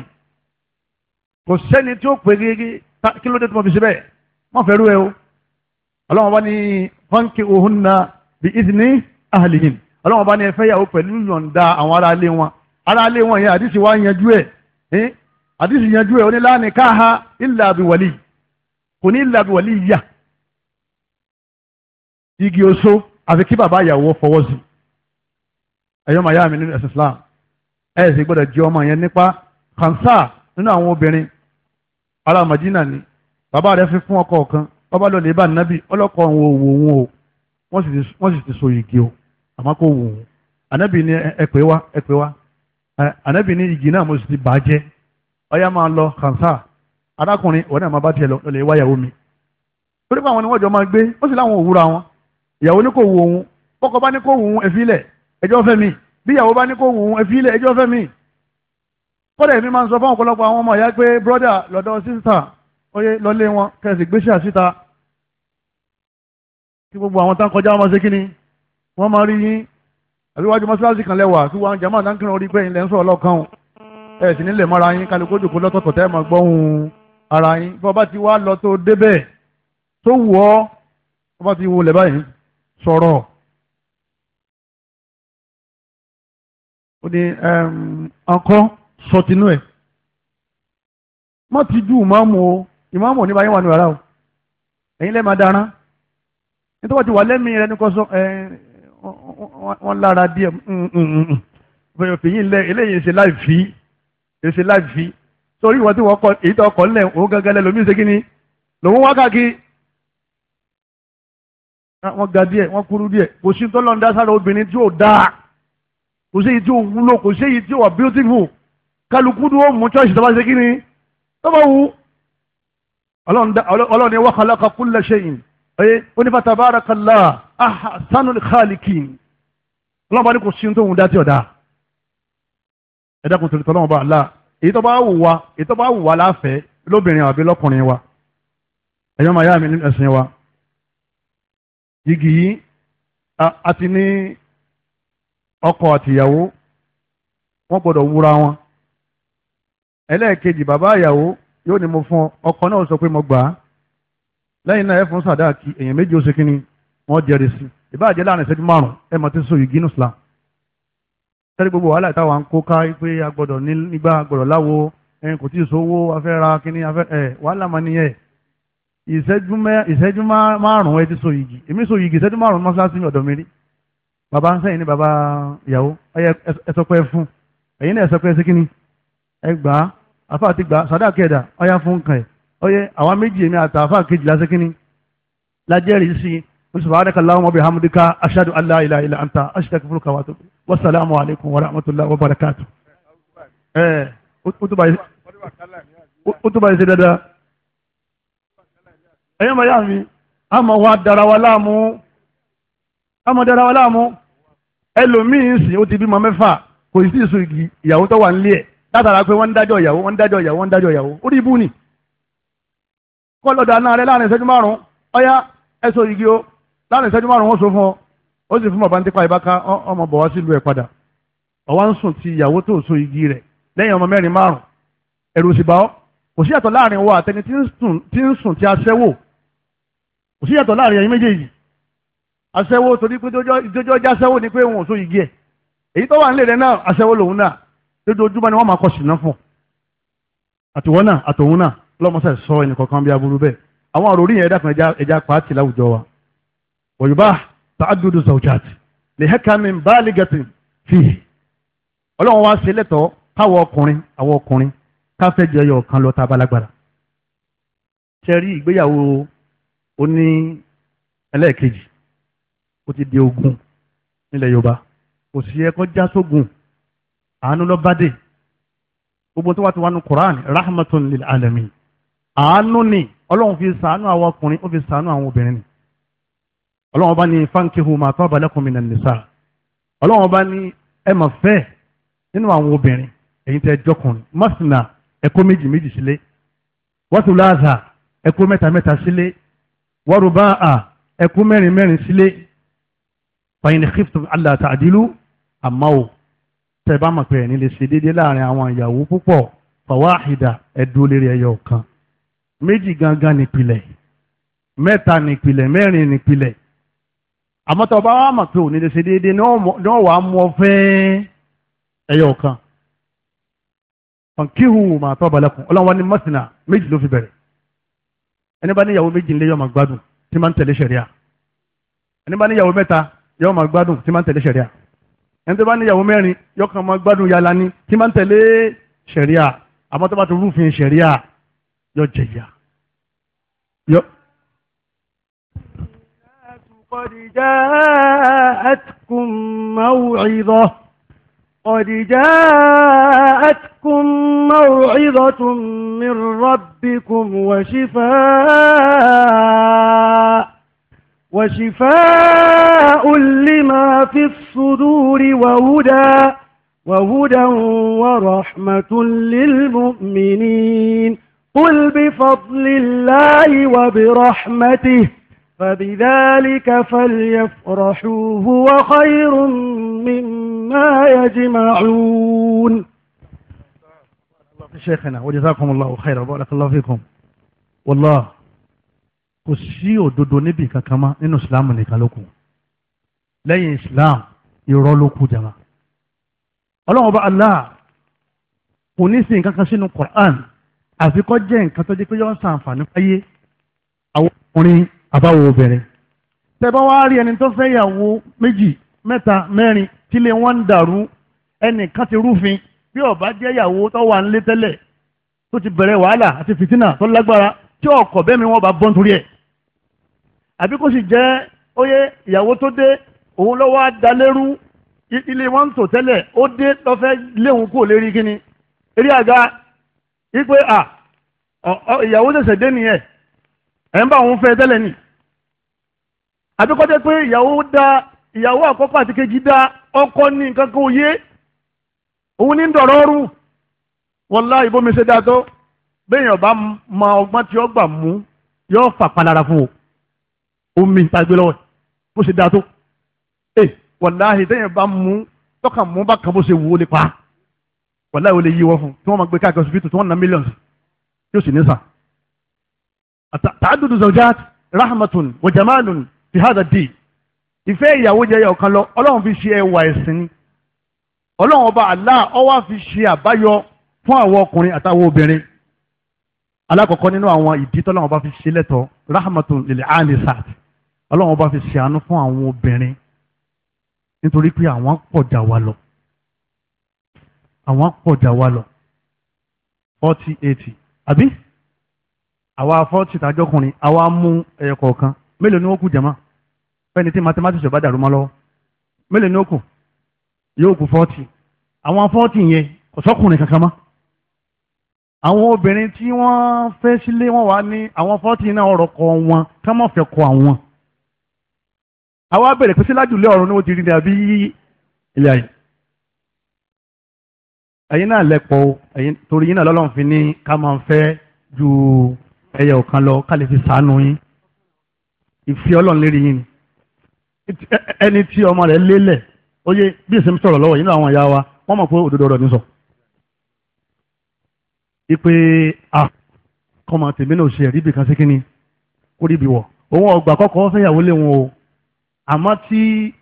kò sẹ́ni tí ó pè é kí ló dé tí mo fi ṣe bẹ́ẹ̀ má fẹ́ rú ẹ o ọlọ́wọ́n bá ní fọ́nkì òhun na bí ìdíní àhàlìyìn ọlọ́wọ́n bá ní ẹ fẹ́ yàwó pẹ̀lú yọ̀ǹda àwọn aráalé wọn aráalé wọn yẹn àdìsí wa yanjú ẹ̀ àdìsí yanjú ẹ̀ oníláàánì káha ìlà àbíwọ̀lì kò ní ìlà àbíwọ̀lì yà igi oṣó àfi kí bàbá ìyàwó fọwọ́ sí ẹ̀yọ́ màyá mi nínú ẹ̀sìn Islam ẹ sì gbọ́dọ̀ jẹ ọmọ yẹn nípa kansa nínú àwọn obìnrin ará Madina ni bàbá rẹ̀ fi fún ọkọ kan bàbá lọ lè bá nábì ọlọ́kọ òun ò wò wọn o wọ́n sì ti so igi o àmọ́ kò wò wọn ànábì ni ẹ pè wá ẹ pè wá ànábì ni igi náà mo sì ti bàjẹ́ ọyá máa lọ kansa arákùnrin òun náà máa bá tiẹ̀ lọ lọ lè wá ìyàwó mi torí pé àwọn ni wọ́n jọ máa gbé ó sì láwọn òwúra wọn ìyàwó ní kò wò wọn bọ́kọ bá ní kò wò wọn ẹ̀fílẹ̀ ẹjọ́ fẹ́ bí ìyàwó bá ní kó wù ú ẹ̀fílẹ̀ ẹjọ́ fẹ́ mi kódà èmi máa ń sọ fún ọ̀pọ̀lọpọ̀ àwọn ọmọ ìyá pé brọ́dà lọ́dọ̀ sísà oyè lọ́lé wọn kẹsì gbéṣẹ́ àṣìta kí gbogbo àwọn tán kọjá wọn ṣe kí ni wọ́n máa rí yín àbíwájú mọ́ṣáláṣí kan lẹ́wà kí wọ́n jàmáà dáńkìrín orí pé ilẹ̀ ń sọ̀rọ̀ lọ́kàn ẹ̀ sì nílẹ̀ mọ́ra yín kálukú jòkó ó ní ọkọ sọtinú ẹ má ti ju ìmáàmù o ìmáàmù ní báyìí wà ní wàrà o ẹ̀yin lẹ́ẹ̀ máa dáná nítorí wọ́n ti wà lẹ́mìí rẹ ní kọ́ sọ ẹ wọ́n lára díẹ̀ mm, mm, mm, fìyín lẹ eléyìí ṣe láì fi ṣe láì fi torí ìwọ́n tí wọ́n kọ èyí tó kọ́ ńlẹ̀ òun gángan lẹ lómi ṣe kí ni lòun wá káàkiri ah, wọ́n ga díẹ̀ wọ́n kúrú díẹ̀ kò sí tó lọ́n dá sára obìnrin tí ò dáa kò sí èyí tí ò wúlò kò sí èyí tí wà beautiful kálukú ni ó mú church tó bá ṣe kí tó bá wù ọlọ́run ni wa khalaqa kulla shay'in oye ó ní fatabarakallah ahsanul khaliqin ọlọ́run bá ní kò sí ní tóun dá tí ọ̀dà ẹ̀dá kò tó ní tọ́lọ́run bá là èyí tó bá wù wá èyí tó bá wù wá láàfẹ́ lóbìnrin àbí lọ́kùnrin wa ẹ̀yọ́ máa yá mi ẹ̀sìn wa yìgì yìí a ní ọkọ àtìyàwó wọ́n gbọ́dọ̀ wúra wọn ẹlẹ́ẹ̀kejì bàbá ìyàwó yóò ní mo fún ọkọ náà sọ pé mo gbà á lẹ́yìn náà ẹ fún sàdáàkì èèyàn méjì ó ṣe kínní wọ́n jẹ́rìí sí ìbáàjẹ́ láàrin ìṣẹ́jú márùn ẹ mọ̀ tí ń sọ yìí gínú islam tẹ́lẹ̀ gbogbo wàhálà táwa ń kó ká pé a gbọ́dọ̀ nígbà gbọ́dọ̀ láwo kò tí ì sówó afẹ́ ra kínní afẹ́ ẹ wàhálà máa nìyẹn ìṣẹ́jú márùn ẹ ti sọ yìí èmi sọ yìí ìṣẹ́jú márùn mọ́ṣáláṣí mi ọ̀dọ̀ mi rí bàbá ń sẹ́yìn ní bàbá ìyàwó ẹ sọ pé ẹ fún ẹ̀yin náà ẹ sọ pé ẹ sí kíni ẹ gbà á àfa àti gbà á sàdá kẹdà ọyá fún kàn ẹ ọyẹ àwa méjì èmi àtà àfa kejìlá sí kíni lájẹ́rìí sí subhanaka allahumma bihamdika ashhadu an la ilaha illa anta astaghfiruka wa atubu alaykum wa rahmatullahi wa barakatuh. ẹ ó túbọ̀ yìí ṣe dáadáa ẹ̀yẹ́ màá yá mi a máa wá darawa láàmú. ọmọdé ara wa láàmú ẹlòmíín sì ó ti bímọ mẹ́fà kò sí ìsù ìyàwó tó wà nílé ẹ̀ látara pé wọ́n ń dájọ́ ìyàwó wọ́n ń dájọ́ ìyàwó wọ́n ń dájọ́ ìyàwó ó rí ibú ni kọ́ lọ́dọ̀ àná rẹ láàrin ìṣẹ́jú márùn-ún ọ̀yá ẹ̀sọ́ igi o láàrin ìṣẹ́jú márùn-ún so fún ọ ó sì fún bàbá ń tipa ìbáka ọmọ bọ̀ wá sílùú ẹ̀ padà ọ̀wá ń sùn ti ìyàwó tó so igi rẹ̀ wa àtẹni tí ń sùn aṣẹ́wò kò aṣẹ́wó torí pé ìjọjọ́ jáṣẹ́wó ni pé wọn ò so igi ẹ̀ èyí tó wà nílé rẹ náà aṣẹ́wó lòun náà lójoojúmọ́ ni wọ́n máa kọ́ ṣìnà fún àtiwọ́n náà àtòun náà lọ́mọṣẹ́ sọ ẹnìkọ̀ọ̀kan bí aburú bẹ́ẹ̀ àwọn àròrí yẹn dàpọ̀ ẹja pàtì láwùjọ wa wọ̀yùbá tààdùdù sọ̀jáàtì lè hẹ́ka mi gẹ̀tì fi ọlọ́run wá ṣe lẹ́tọ̀ọ́ káwọ ọkùnrin àwọn ọkùnrin káfẹ́ jẹ ọyọ kan lọ tabalagbara ṣe rí ìgbéyàwó oní ẹlẹ́ẹ̀kejì ó ti di ogun nílẹ̀ yorùbá kò sí ẹ̀kọ́ já sógun àánú lọ bá gbogbo tó wà tó wà nù quran rahmatun lil alamin àánú ni ọlọ́run fi sàánú àwọn ọkùnrin ó fi sàánú àwọn obìnrin ni ọlọ́run bá ní fankihu ma taba lakum minan nisa ọlọ́run bá ní ẹ mà fẹ́ nínú àwọn obìnrin èyí tẹ́ jọkùnrin masina ẹ̀kọ́ méjì méjì sílé wàtúláàzà ẹ̀kọ́ mẹ́ta mẹ́ta sílé wàrúbáà ẹ̀kọ́ mẹ́rin mẹ́rin sílé fàyín ní kíftù allah ta'dilu àmọ́ o tẹ bá mọ̀ pé ẹ̀ní lè ṣe déédéé láàrin àwọn ìyàwó púpọ̀ fàwáhìdà ẹ̀dùn olórí ẹ̀yọ kan méjì gangan nípìlẹ̀ mẹ́ta nípìlẹ̀ mẹ́rin nípìlẹ̀ àmọ́ tó bá wà mọ̀ pé òní lè ṣe déédéé ní wọ́n wàá mú ọ fẹ́ ẹ̀yọ kan fankihu ma tọ́ balẹ̀ ọlọ́wọ́n ní mọ́sìnà méjì ló fi bẹ̀rẹ̀ ẹni bá níyàwó méjì ńlẹ́ yọ̀ọ́ máa gbádùn tí máa ń tẹ̀lé ṣẹ̀ríà ẹni bá níyàwó mẹ́ta yóò máa gbádùn tí máa ń tẹ̀lé ṣẹ̀ríà ẹni tó bá níyàwó mẹ́rin yóò kàn máa gbádùn yàrá ni tí máa ń tẹ̀lé ṣẹ̀ríà àmọ́ tó bá ti rúfin ṣẹ̀ríà yóò jẹ̀yà. قد جاءتكم موعظة قد جاءتكم وشفاء لما في الصدور وهدى وهدى ورحمة للمؤمنين قل بفضل الله وبرحمته فبذلك فليفرحوا هو خير مما يجمعون شيخنا وجزاكم الله خيرا وبارك الله فيكم والله kò sí òdodo níbi kankan mọ́ nínú islam nìkan ló kù lẹ́yìn islam irọ́ ló kù jama ọlọ́run ọba allah kò ní sí nǹkan kan sínú quran àfi kó jẹ́ nǹkan tó jẹ́ pé yọ́n sàǹfààní fáyé àwọn ọkùnrin àbáwo obìnrin tẹ́ bá wá rí ẹni tó fẹ́ yàwó méjì mẹ́ta mẹ́rin tílé wọn ń dàrú ẹnìkan ti rúfin bí ọba jẹ́ yàwó tó wà ń lé tó ti bẹ̀rẹ̀ wàhálà àti fìtínà tó lágbára tí ọkọ bẹ́ẹ̀ mi wọ́n bá bọ́ nítorí ẹ̀ àbí kó sì jẹ́ oyè ìyàwó tó dé òun lọ́wọ́ á da lérú ilé wọn ń tò tẹ́lẹ̀ ó dé lọ́fẹ́ léhùn kó lérí kíni eré àga wípé à ìyàwó ṣẹ̀ṣẹ̀ dé nìyẹn ẹ̀ ń bá òun fẹ́ tẹ́lẹ̀ ni àbí kó jẹ́ pé ìyàwó da ìyàwó àkọ́kọ́ àti kejì da ọkọ ní nǹkan kan òye òun ní dọ̀rọ̀ ọrùn wọlá ìbomi ṣe dáa tó bẹ́ẹ̀ yàn bá mọ ọgbọ́n tí ó gbà mú yóò fà palára fún o omi ta gbé lọ́wọ́ bó ṣe dáa tó ẹ eh, wàláhì téèyàn bá mú tọ́ka mú bá kan bó ṣe wù ó lè pa wàláhì ó lè yí wọ́n fún tí wọ́n máa gbé káàkiri ọsibítù tí wọ́n ná mílíọ̀nù yóò sì ní sàn. ta'addudu zawjat rahmatun wa jamalun fi hadha ad-din ìfẹ́ ìyàwó jẹyọ kan lọ ọlọ́run fi ṣe ẹwà ẹ̀sìn ni ọlọ́run ọba Allah ó wá fi ṣe àbáyọ fún àwọn ọkùnrin àtàwọn obìnrin alákọ̀ọ́kọ́ nínú àwọn ìdí tọ́lọ́run ọba fi ṣe lẹ́tọ̀ọ́ rahmatun lil anisat ọlọ́run bá fi ṣàánú fún àwọn obìnrin nítorí pé àwọn pọ̀jà wa lọ àwọn pọ̀jà wa lọ forty eighty àbí àwa forty tàjọkùnrin àwa mú ẹyọ kọ̀ọ̀kan mélòó ni ó kù jẹ̀mọ́ fẹ́ni tí mathematics ọ̀bá dàrú mọ́ lọ́wọ́ mélòó ni ó kù yóò kù forty àwọn forty yẹn ọ̀sọ́kùnrin kankan mọ́ àwọn obìnrin tí wọ́n fẹ́ sílé wọn wà ní àwọn forty náà ọ̀rọ̀ kọ wọn ká mọ̀ fẹ́ kọ àwọn àwa bẹ̀rẹ̀ pé sílájúlẹ̀ ọ̀run ni wọ́n ti rí ni àbí ilé ayé ẹ̀yin náà lẹ́pọ̀ ẹ̀yin torí yín náà lọ́lọ́run fi ní ká máa ń fẹ́ ju ẹyẹ ọ̀kan lọ ká lè fi sàánú yín ìfẹ́ ọlọ́run lérí yín ẹni tí ọmọ rẹ̀ lélẹ̀ ó yé bí ìsinmi sọ̀rọ̀ lọ́wọ́ yín náà ìyá wa wọ́n mọ̀ pé òdodo ọ̀rọ̀ ní sọ. ipe a kọ́mọ tèmi náà ṣe ẹ̀rí ibì kan sí kínní kórìbì wọ̀ òun ọgbà kọ́kọ́ fẹ́yàwó léwọn o àmọ́ tí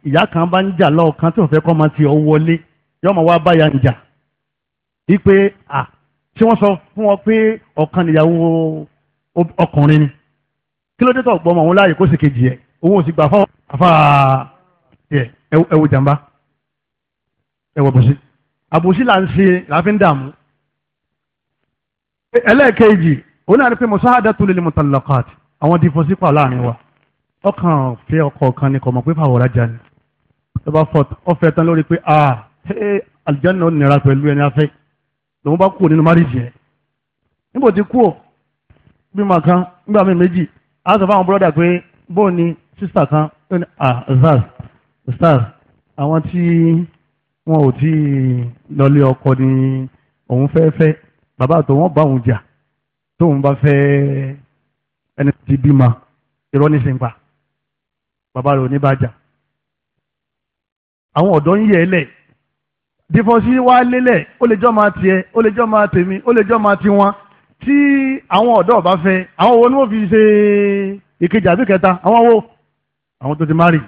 ìyá kan bá ń jà lọ́ọ̀kan tí wọ́n fẹ́ kọ́ máa ti ọ wọlé yọ máa wá báyà ń jà wípé à tí wọ́n sọ fún ọ pé ọ̀kan níyàwó ọkùnrin ni kí ló dé tó gbọ́ ọmọ òun láàyè kó sì kejì ẹ̀ owó sì gbà fọ́ àfa ẹ wo jàmbá ẹ wọ bùsí àbùsí là ń ṣe là ń dààmú ẹlẹ́ẹ̀kejì òun náà ni pé mùsáàdà tó lè lè mọ̀tàlọ́kàt àwọn dìfọ́sí láàrin wa ọkàn fẹ́ ọkọ̀ kan ni kò mọ̀ pé fàwọ̀ rajà ni ló bá fọ ọfẹ tán lórí pé a ah, ṣe àlùjáná nira pẹ̀lú ẹni afẹ́ lòun bá kú nínú márìjì ẹ̀ níbo ti kú ò bímọ kan nígbà míì méjì á sọ fáwọn búrọ́dà pé bóò ni sísà kan ó ní à ah, zaz stars àwọn tí wọn ò tí lọlé ọkọ ni òun fẹ́ fẹ́ bàbá àtọ̀ wọn bá òun jà tóun bá fẹ́ ẹni tí bímọ irọ́ ní sèǹpa bàbá rẹ̀ ò ní bàjá àwọn ọ̀dọ́ ń yẹ ẹ lẹ̀ dífọ́sí wá lélẹ̀ ó lè jọ́ máa tiẹ̀ ó lè jọ́ máa tèmi ó lè jọ́ máa tiwọn tí àwọn ọ̀dọ́ bá fẹ́ àwọn wo ni wọ́n fi ṣe ìkejì àbí kẹta àwọn wo àwọn tó ti má rì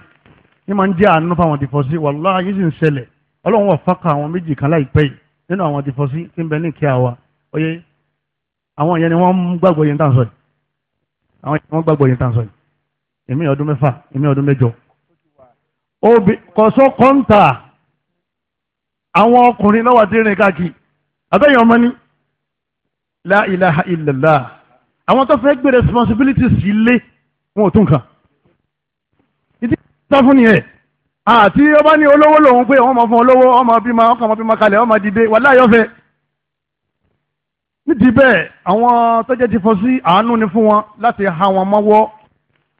ní máa ń jẹ́ àánú fáwọn dífọ́sí wàlúwà yìí sì ń ṣẹlẹ̀ ọlọ́run wà fákà àwọn méjì kan láìpẹ́ yìí nínú àwọn dífọ́sí tí ń bẹ ní ìkẹ́ àwa oyè àwọn ìyẹn ni wọ́n gbàgbọ́ yẹn tàn sọ yìí àwọn ìyẹn ni wọ́n gbàgbọ́ yẹn tàn sọ yìí èmi ọdún mẹ́fà èmi ọdún mẹ́jọ. kọ̀sọ́ kọ́ńtà àwọn ọkùnrin lọ́wọ́ tí rìn káàkiri àbẹ́yẹn ọmọ ní la ilaha illallah àwọn tó fẹ́ gbé responsibility sí lé wọn ò tún kàn. ìdí ìta fún nìyẹn àti ọba ní olówó lòun pé wọn máa fún olówó ọmọ bímọ ọkọ ọmọ bímọ kalẹ̀ ọmọ dìde wàlá yọfẹ nídìí bẹ́ẹ̀ àwọn tọ́jẹ́ ti fọ sí àánú ni fún wọn láti ha wọn mọ́wọ́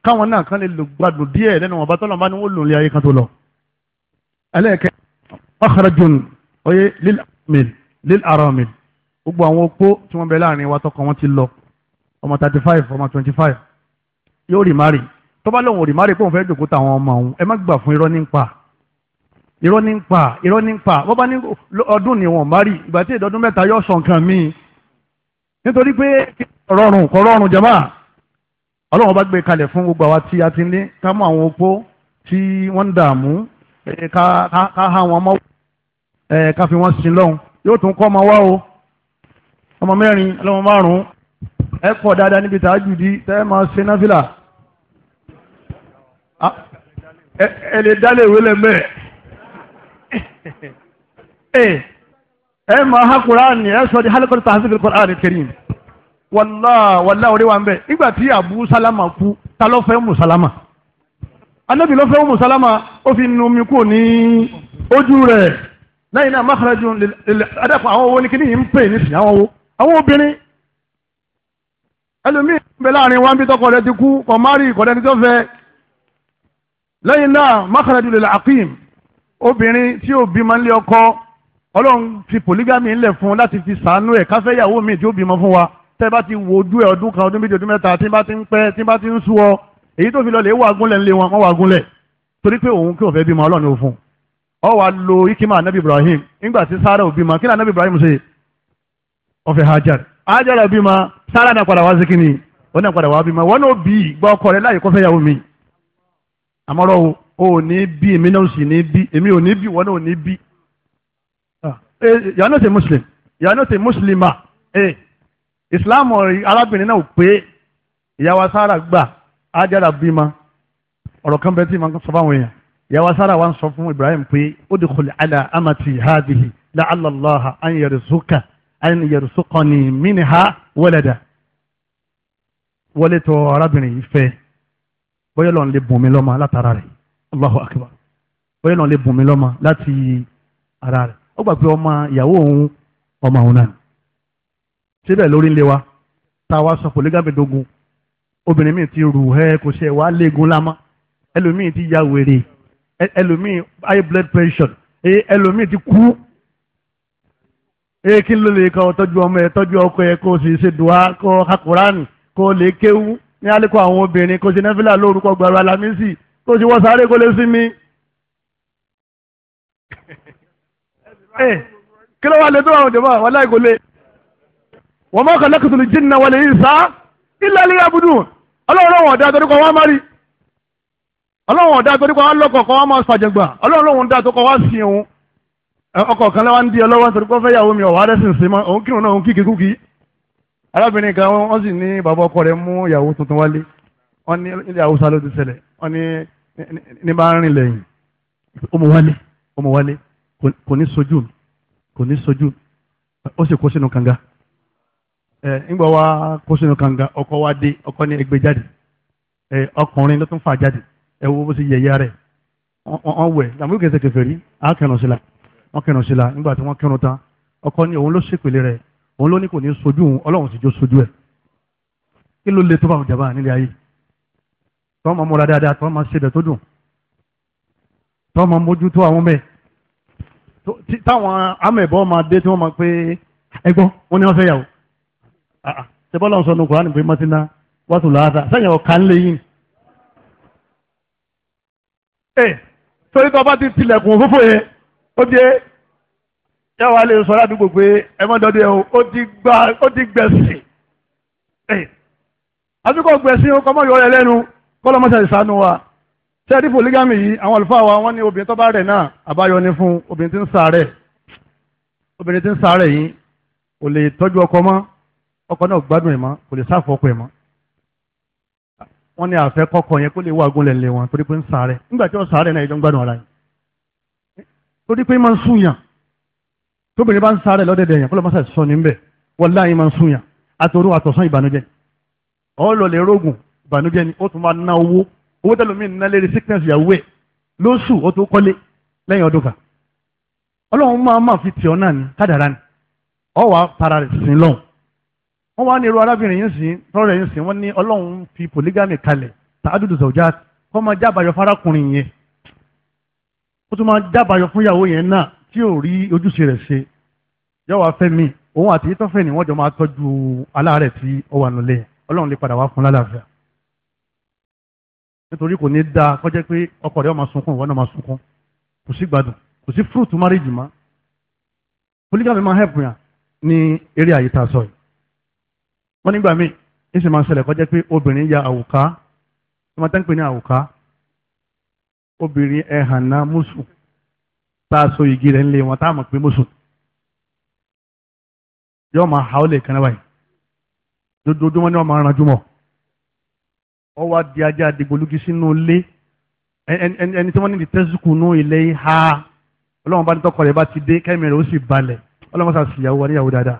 káwọn náà kan lè lò gbádùn díẹ̀ lẹ́nu wọn bá tọ́lọ̀ bá ní wọ́n lò lé ayé kan tó lọ. ẹlẹ́ẹ̀kẹ́ ọ̀kàràjùn oyè lílàmìl lílàrọ̀mìl gbogbo àwọn opó tí wọ́n bẹ láàrin wa tọkọ wọn ti lọ ọmọ thirty five ọmọ twenty five yóò rì márì tó bá lóun ò rì márì pé òun fẹ́ jòkó táwọn ọmọ òun ẹ má gbà fún irọ́ nípa irọ́ nípa irọ́ nípa wọ́n bá ní ọdún ni wọ́n márì ìgbà tí ìdọ́dún mẹ́ta yóò sọ nǹkan míì nítorí pé kò rọrùn kò rọrùn jàmáà ọlọ́run bá gbé kalẹ̀ fún gbogbo àwa tí a ti ní ká mú àwọn opó tí wọ́n ń dààmú ká há wọn mọ́ ká fi wọ́n sin lọ́hùn yóò tún kọ́ ọmọ wá o ọmọ mẹ́rin ọlọ́mọ márùn-ún ẹ pọ̀ dáadáa níbi tá a jù dí tẹ́ ẹ máa ṣe náfìlà ẹ lè dálé ìwé lẹ́mẹ̀ ẹ máa há kúránì ẹ sọ di hálíkọ́tà tàhásífì kúránì kẹrin wàlá wàlá orí wa ń bẹ nígbà tí abu salama kú ta ló fẹ́ mu salama anabi ló fẹ́ mu salama ó fi nu omi kúrò ní ojú rẹ̀ lẹ́yìn náà makarajun lè adakun àwọn owó ní kíní yìí ń pè ní sìn àwọn owó àwọn obìnrin ẹlòmíì ń bẹ láàrin wa ń bí tọkọ rẹ̀ ti kú kọmárì kọdẹni tó fẹ́ lẹ́yìn náà makarajun lè akim obìnrin tí ò bímọ nílé ọkọ Ọlọ́run fi polygamy ńlẹ̀ fún láti fi sàánú ẹ̀ káfẹ́yàwó mi tí ó bímọ fún wa tẹ́ bá ti wojú ẹ̀ ọdún kan ọdún méjì ọdún mẹ́ta tí bá ti ń pẹ́ tí bá ti ń sú ọ èyí tó fi lọ lè wà gúnlẹ̀ ńlẹ̀ wọn wọ́n wà gúnlẹ̀ torí pé òun kí òun fẹ́ bímọ ọlọ́run òfun ọ wà lo ikima anabi ibrahim nígbà tí sara ò bímọ kí ni anabi ibrahim ṣe ó fẹ́ hajar hajar ò bímọ sara náà padà wá sí kíni ó náà padà wá bímọ wọn náà bí gbọ́ ọkọ rẹ láyé kọfẹ́ yàwó mi àmọ́rọ́ o ò ní bí èmi náà sì ní bí èmi ò ní bí wọn ò ní bí. Ah, eh, you are not a muslim you are not a muslima. Hey. Eh, ìsìláàmù arábìnrin náà pé ìyàwó sára gbà ájára bímọ ọ̀rọ̀ kan bẹ́ẹ̀ tí màá sọ fáwọn èèyàn ìyàwó sára wa ń sọ fún Ibrahim pé udkhul ala amati hadhihi la'alla Allaha an yarzuka an yarzuqani minha walada wọlé tọ arábìnrin yìí fẹ́ bóyá lọ́n lè bùn mí lọ́mọ látara rẹ̀ Allahu akbar bóyá lọ́n lè bùn mí lọ́mọ láti ara rẹ̀ ó gbà pé ọmọ ìyàwó òun ọmọ òun náà síbẹ̀ lórí ńlẹ̀ wa tá a wá sọ polygamy dogun obìnrin míì ti rù ẹ kò ṣe wàá léegun lámá ẹlòmíì ti ya wèrè ẹlòmíì high blood pressure ẹlòmíì ti kú kí ló lè kọ tọ́jú ọmọ ẹ tọ́jú ọkọ ẹ kó o sì ṣe dùá kó akùránì kó o lè kéwú ní alikọ àwọn obìnrin kó o ṣe nẹ́fílà lórúkọ gbàrú alámísì kó o wọ́n sáré kó lè sinmi. kí ló wà lè tó àwọn jọba wàláì kò lè wọ́n mọ́ kàn lẹ́kùtù jìnnà wọlé yìí sá ilẹ̀ ilé abudu ọlọ́run ọ̀dà àtọ́jú kan wá má rí ọlọ́run ọ̀dà àtọ́jú kan wá lọ́kọ̀ kan wá má sàjẹgbà ọlọ́run ọ̀dà àtọ́jú kan wá sí òun ọkọ̀ kan lẹ́wà ń di ọlọ́wọ́ nítorí pé fẹ́yàwó mi ọ̀wá rẹ́sìn sí ma òun kírun náà òun kíkì kúkì arábìnrin kan wọ́n sì ní bàbá ọkọ rẹ̀ mú ìyàwó tuntun wálé wọ́n ní ilé haúsá ló ti ṣẹlẹ̀ wọ́n ní ní bá ń rìn lẹ́yìn ọmọ wálé ọmọ wálé kò ní sojú kò ní sojú ó sì kó sínú kànga N'gbọ wa kó sínú ọkọ wa dé ọkọ ni ẹgbẹ́ jáde ẹ ọkùnrin ló tún fà jáde ẹ wo bó ṣe yẹ̀yẹ́ rẹ̀ wọ́n wẹ̀ làmúlò kẹsẹ̀ kẹfẹ́ rí á sí la sí la nígbà tí wọn tán ọkọ ni òun ló ṣèpèlè rẹ̀ òun ló ní kò ní sojú òun ọlọ́run sì jó sojú kí ló lè tó bá jàmbá nílé ma múra dáadáa tọ́ ma ṣe ma mójútó àwọn táwọn Ah, ah. ṣebọ́lọ́ sọ nùkọ́ ànìpé mọ́tínà wàtò láàdá sẹ́yìn ọ̀ka ń lé yín. ẹ torí tó bá ti tilẹ̀kùn fúnfún yẹn ó dé yàwá lè sọ ládùúgbò pé ẹ mọ́ dọ́dẹ o ó ti gbẹ̀sìn. àdúgbò gbẹ̀sìn ó kọ́mọ́ yọ̀ọ́ rẹ lẹ́nu kọ́lọ́mọ́sẹ̀ ìsánú wa sẹ́ẹ̀dì polygamy yìí àwọn àlùfáà wa wọ́n ní obìnrin tó bá rẹ̀ náà àbáyọ ni fún obìnrin tí ń ṣàárẹ̀ obìnrin tí ń ṣàárẹ̀ yìí kò lè tọ́jú ọkọ mọ́ ọkọ náà gbádùn ẹ̀ mọ́ kò lè sáfọ ọkọ ẹ̀ mọ́ wọ́n ní àfẹ́ kọ́kọ́ yẹn kó lè wá agúnlẹ̀ ńlẹ̀ wọn torí pé ń sàárẹ̀ nígbà tí wọ́n sàárẹ̀ náà ìjọ ń gbádùn ara yìí torí pé máa ń súnyàn tóbìnrin bá ń sàárẹ̀ lọ́dẹ̀dẹ̀ yẹn kó lọ́ máa sọ ní bẹ̀ wọ́n láàyè máa ń súnyàn àtòrò àtọ̀sán ìbànújẹ́ ọ̀ lọ lè rógùn ìbànújẹ́ ni ó tún máa ná owó owó tẹ́lómìn ná lérí sickness ìyàwó ẹ̀ lóṣù ó tó kọ́lé lẹ́yìn ọdún kan ọlọ́run máa para rẹ̀ sí wọ́n wá ní irú arábìnrin yìí sìn tọ́rọ̀ yìí sìn wọ́n ní ọlọ́run fi polygamy kalẹ̀ tààdùdù zọ̀já kọ́ máa jábàyọ fárákùnrin yẹn ó tún máa jábàyọ fún ìyàwó yẹn náà tí ò rí ojúṣe rẹ̀ ṣe yóò wá fẹ́ mi òun àti ìtọ́fẹ́ ni wọ́n jọ máa tọ́jú aláàárẹ̀ tí ó wà nílé ọlọ́run lè padà wá fún lálàáfíà nítorí kò ní dáa kọjá pé ọkọ rẹ̀ ó sunkún ìwọ wọ́n nígbà míì ní sì máa ń ṣẹlẹ̀ kọjá pé obìnrin ya àwùká wọ́n máa tán pè ní àwùká obìnrin ẹ̀hànà mùsùn tá a so igi rẹ̀ ńlẹ̀ wọn tá a mọ̀ pé mùsùn yóò máa ha ó lè kẹ́rẹ́ báyìí dojoojúmọ́ ni wọ́n máa ranjú mọ́ ọ wá di ajá àdìgbòlúgi sínú ilé ẹni tí wọ́n ní di tẹ́sùkù nú ilé ha ọlọ́run bá ní tọkọ rẹ̀ bá ti dé kẹ́mi rẹ̀ ó sì balẹ̀ ọlọ́run sà sì yàwó wa níyàwó dáadáa.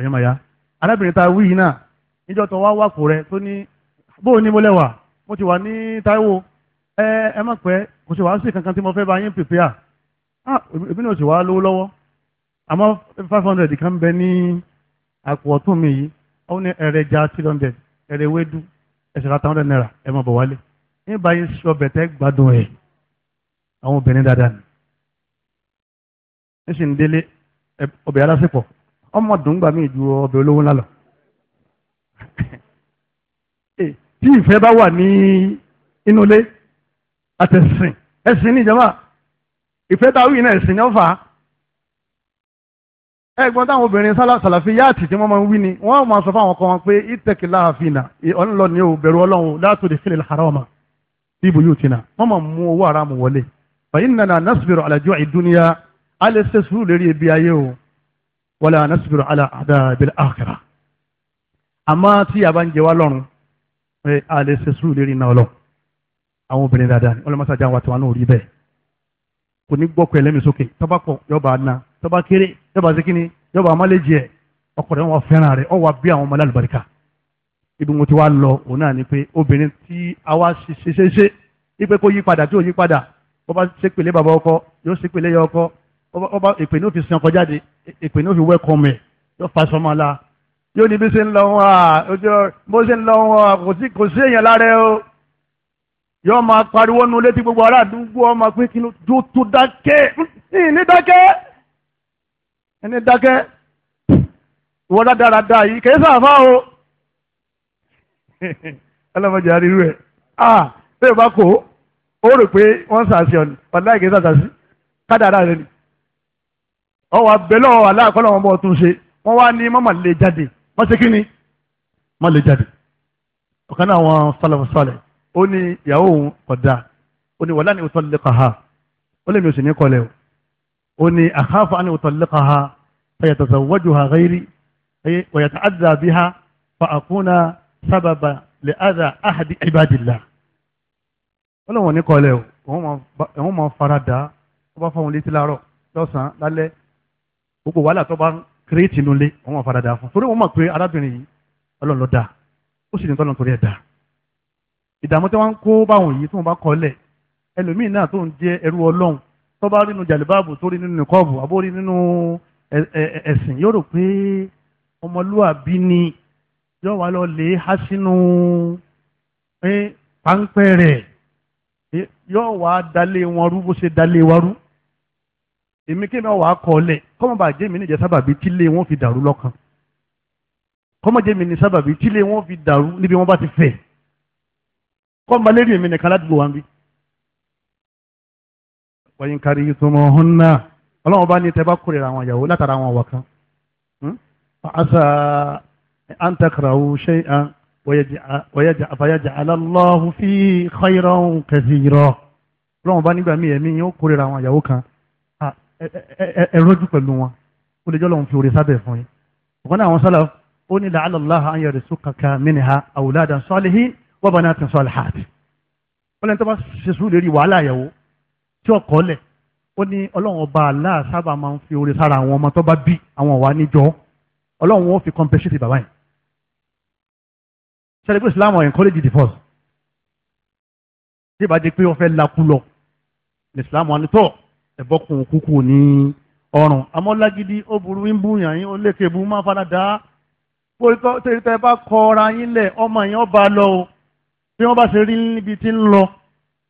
ẹ̀yẹ́ màá yá arábìnrin ta wí yìí náà níjọ́ tó wá wàpò rẹ tó ní bó o ní mo lẹ́wà mo ti wà ní Táíwò ẹ ẹ má pẹ́ kò sí wàásù kankan tí mo fẹ́ bá yín pèpéà ah èmi náà sì wá lówó lọ́wọ́ àmọ́ five hundred kan bẹ ní àpò ọ̀tún mi yìí ó ní ẹ̀rẹ̀jà three hundred ẹ̀rẹ̀wédú ẹ̀sẹ̀ láta hundred naira ẹ̀ máa bọ̀ wálé ní báyìí sọ bẹ̀tẹ̀ gbádùn ẹ̀ àwọn obìnrin dáadáa ni ẹ sì ń délé ọbẹ̀ alásèpọ̀ ọmọ dùn gbà mí ju ọbẹ̀ olówó ńlá lọ. Eh, tí ìfẹ́ bá wà ní inú ilé àtẹ̀sìn ẹ̀sìn ní ìjọba ìfẹ́ tá a wí náà ẹ̀sìn ni ó fà á. ẹ̀gbọ́n táwọn obìnrin sàlàfí yáàtì tí wọ́n máa ń wí ni wọ́n máa sọ fáwọn ọkọ wọn pé ìtẹ̀kì láàfínà ọ̀nlọ ni ò bẹ̀rù ọlọ́run látò lè fìlẹ̀ àrọ́ọ̀mà bíbu yóò tinà wọ́n máa mú owó àràmù wọlé. fàyín nana nasibiru alajọ́ ìdúnìyà alẹ́ sẹ́sùrù lérí ebi ayé o wala nasbiru ala adabil akhirah àmọ́ tí a bá ń jẹ wá lọ́rùn pé a lè ṣe sùúrù lérí náà lọ àwọn obìnrin dáadáa ni ọlọ́mọ sàjà wà tí wọn náà rí bẹ́ẹ̀ kò ní gbọ́kọ̀ ẹlẹ́mi sókè tọ́ba pọ̀ yọba na tọ́ba kéré yọba sikini yọba amálẹ́jì ẹ̀ ọkọ̀ rẹ̀ wọn fẹ́ràn rẹ̀ ọwọ́ bí àwọn ọmọ alálùbáríkà ibi mo ti wá lọ òun náà ni pé obìnrin tí a wá ipe kó yí padà tí ò yí padà bó bá ṣépèlé bàbá ọkọ yóò ṣépèlé yọ ọkọ ọba èpè ní òfin sin ọkọ jáde èpè ní òfin wẹ́kọ̀mù ẹ̀ yóò fa sọmọ la yóò ní bí ṣe ń lọ wọn à ojú bó ṣe ń lọ wọn à kò sí kò sí èèyàn lára ẹ o yóò máa pariwo nu létí gbogbo ará àdúgbò ọmọ pé kí ló tó tó dákẹ́ ní dákẹ́ ẹni dákẹ́ ìwọ dáradára yìí kèé sàfà o ọlọ́mọdé àríwú ẹ̀ ah bẹ́ẹ̀ bá kó o rò pé wọ́n sàṣẹ ọ̀nà pàdé láì kèé sàṣàṣì kádàrá rẹ ni ọwọ́ abẹ́lẹ́ ọ̀wọ́ aláàkọ́lọ́ wọn bọ́ tún ṣe wọ́n wá ní mọ́mà lè jáde wọ́n ṣe kí ni má lè jáde ọ̀kan náà wọn sálẹ̀ sálẹ̀ ó ní ìyàwó òun ọ̀dà ó ní wàlá ni òtọ́ lẹ́kọ̀ọ́ ha ó lè mi ò sì ní kọlẹ̀ o ó ní àkáfà á ní òtọ́ ha fẹ̀yàtọ̀sọ̀ wọ́jú ha rẹ́rí wẹ̀yàtọ̀ àdà bí ha fa àkúnà sábàbà lè àdà àhàdì ìbàdìlà ó ní kọlẹ̀ o òun máa fara dà ó bá fọwọ́n létí láàárọ̀ lọ́sàn-án lálẹ́ gbogbo wàhálà tó bá ń kírètì nulẹ̀ wọ́n máa faradà fún torí wọ́n mọ̀ pé arábìnrin yìí ọlọ́run ló dá ó sì ní tọ́lọ́ torí ẹ̀ dá ìdààmú tí wọ́n ń kó báwọn yìí tí wọ́n bá kọ́ lẹ̀ ẹlòmíì náà tó ń jẹ́ ẹrú ọlọ́run tó bá rí nínú jàlíbáàbù tó rí nínú kọ́ọ̀bù àbó rí nínú ẹ̀sìn yóò rò pé ọmọlúwàbí ni yóò wá lọ lè há sínú páńpẹ́ rẹ̀ yóò wá dalé wọn rú bó ṣe dalé wa rú èmi kí ni wọn wàá kọ lẹ kọ́mọ bá jẹ́ mi níjẹ́ sábàbí tílé wọn fi dàrú lọ́kàn kọ́mọ jẹ́ mi ní sábàbí tílé wọn fi dàrú níbi wọn bá ti fẹ́ kọ́mọ bá lérí èmi nìkan ládùúgbò wa ń bí. wọ́n kárí ìtumọ̀ ọ̀hún náà ọlọ́run bá ní tẹ́bá kórè àwọn ìyàwó látara àwọn ọ̀wà kan. Hmm? asa antakarawo ṣẹ́yìn fàyàjàlá lọ́hùn fi khayran kẹsì rọ̀ ọlọ́run bá nígbà míì ẹ̀mí yóò kórè àwọn ìyàwó ẹ̀rọ́jú pẹ̀lú wọn ó lè jọ́ lọ́hún fi oore sábẹ̀ fún yín ọ̀kan náà àwọn sálà ó ní la'alla Allaha an yarzuqaka minha awladan salihin wa banatin salihat ó lẹ́ni tó bá ṣe sùúrù lérí wàhálà àyẹ̀wò tí ọkọ̀ lẹ̀ ó ní ọlọ́run ọba Allah sábà máa ń fi oore sára àwọn ọmọ tó bá bí àwọn ọ̀wá níjọ́ ọlọ́run wọn fi compensate bàbá yẹn sẹ́ni pé Islam ọ̀ encourage divorce tí ìbá jẹ́ pé wọ́n fẹ́ lakú Islam wọn ni ẹ̀bọ́kùn kúkú ní ọrùn àmọ́ lágídí ó burú ń bú yàn yín ó lékè bú má fara dá tẹ́lẹ̀ tẹ́ bá kọra yín lẹ̀ ọmọ yẹn ó lọ o bí wọ́n bá ṣe rí níbi tí ń lọ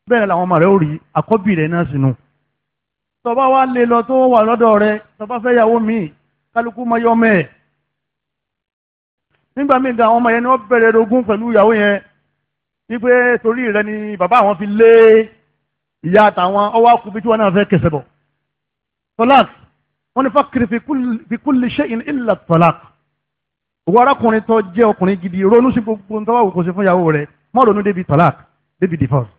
bẹ́ẹ̀ làwọn ọmọ rẹ̀ ó rí àkọ́bí rẹ̀ náà sínú tọba wa lè lọ tó wà lọ́dọ̀ rẹ̀ tọba fẹ́ yàwó mi kálukú ma yọ mẹ́ẹ̀ nígbà míì gan àwọn ọmọ yẹn ni wọ́n bẹ̀rẹ̀ rogún pẹ̀lú ìyàwó ìyá àtàwọn ọwọ́ akùnfin tí wọ́n náà fẹ́ kẹsẹ̀ bọ̀ tọ́lák wọ́n ní fákìrì fi kúlì ṣe in ilà tọ́lák òwò arákùnrin tó jẹ́ ọkùnrin gidi ronú sí gbogbo ntọ́wá òkò sí fún ìyàwó rẹ̀ mọ́ ronú débi tọ́lák débi divorce.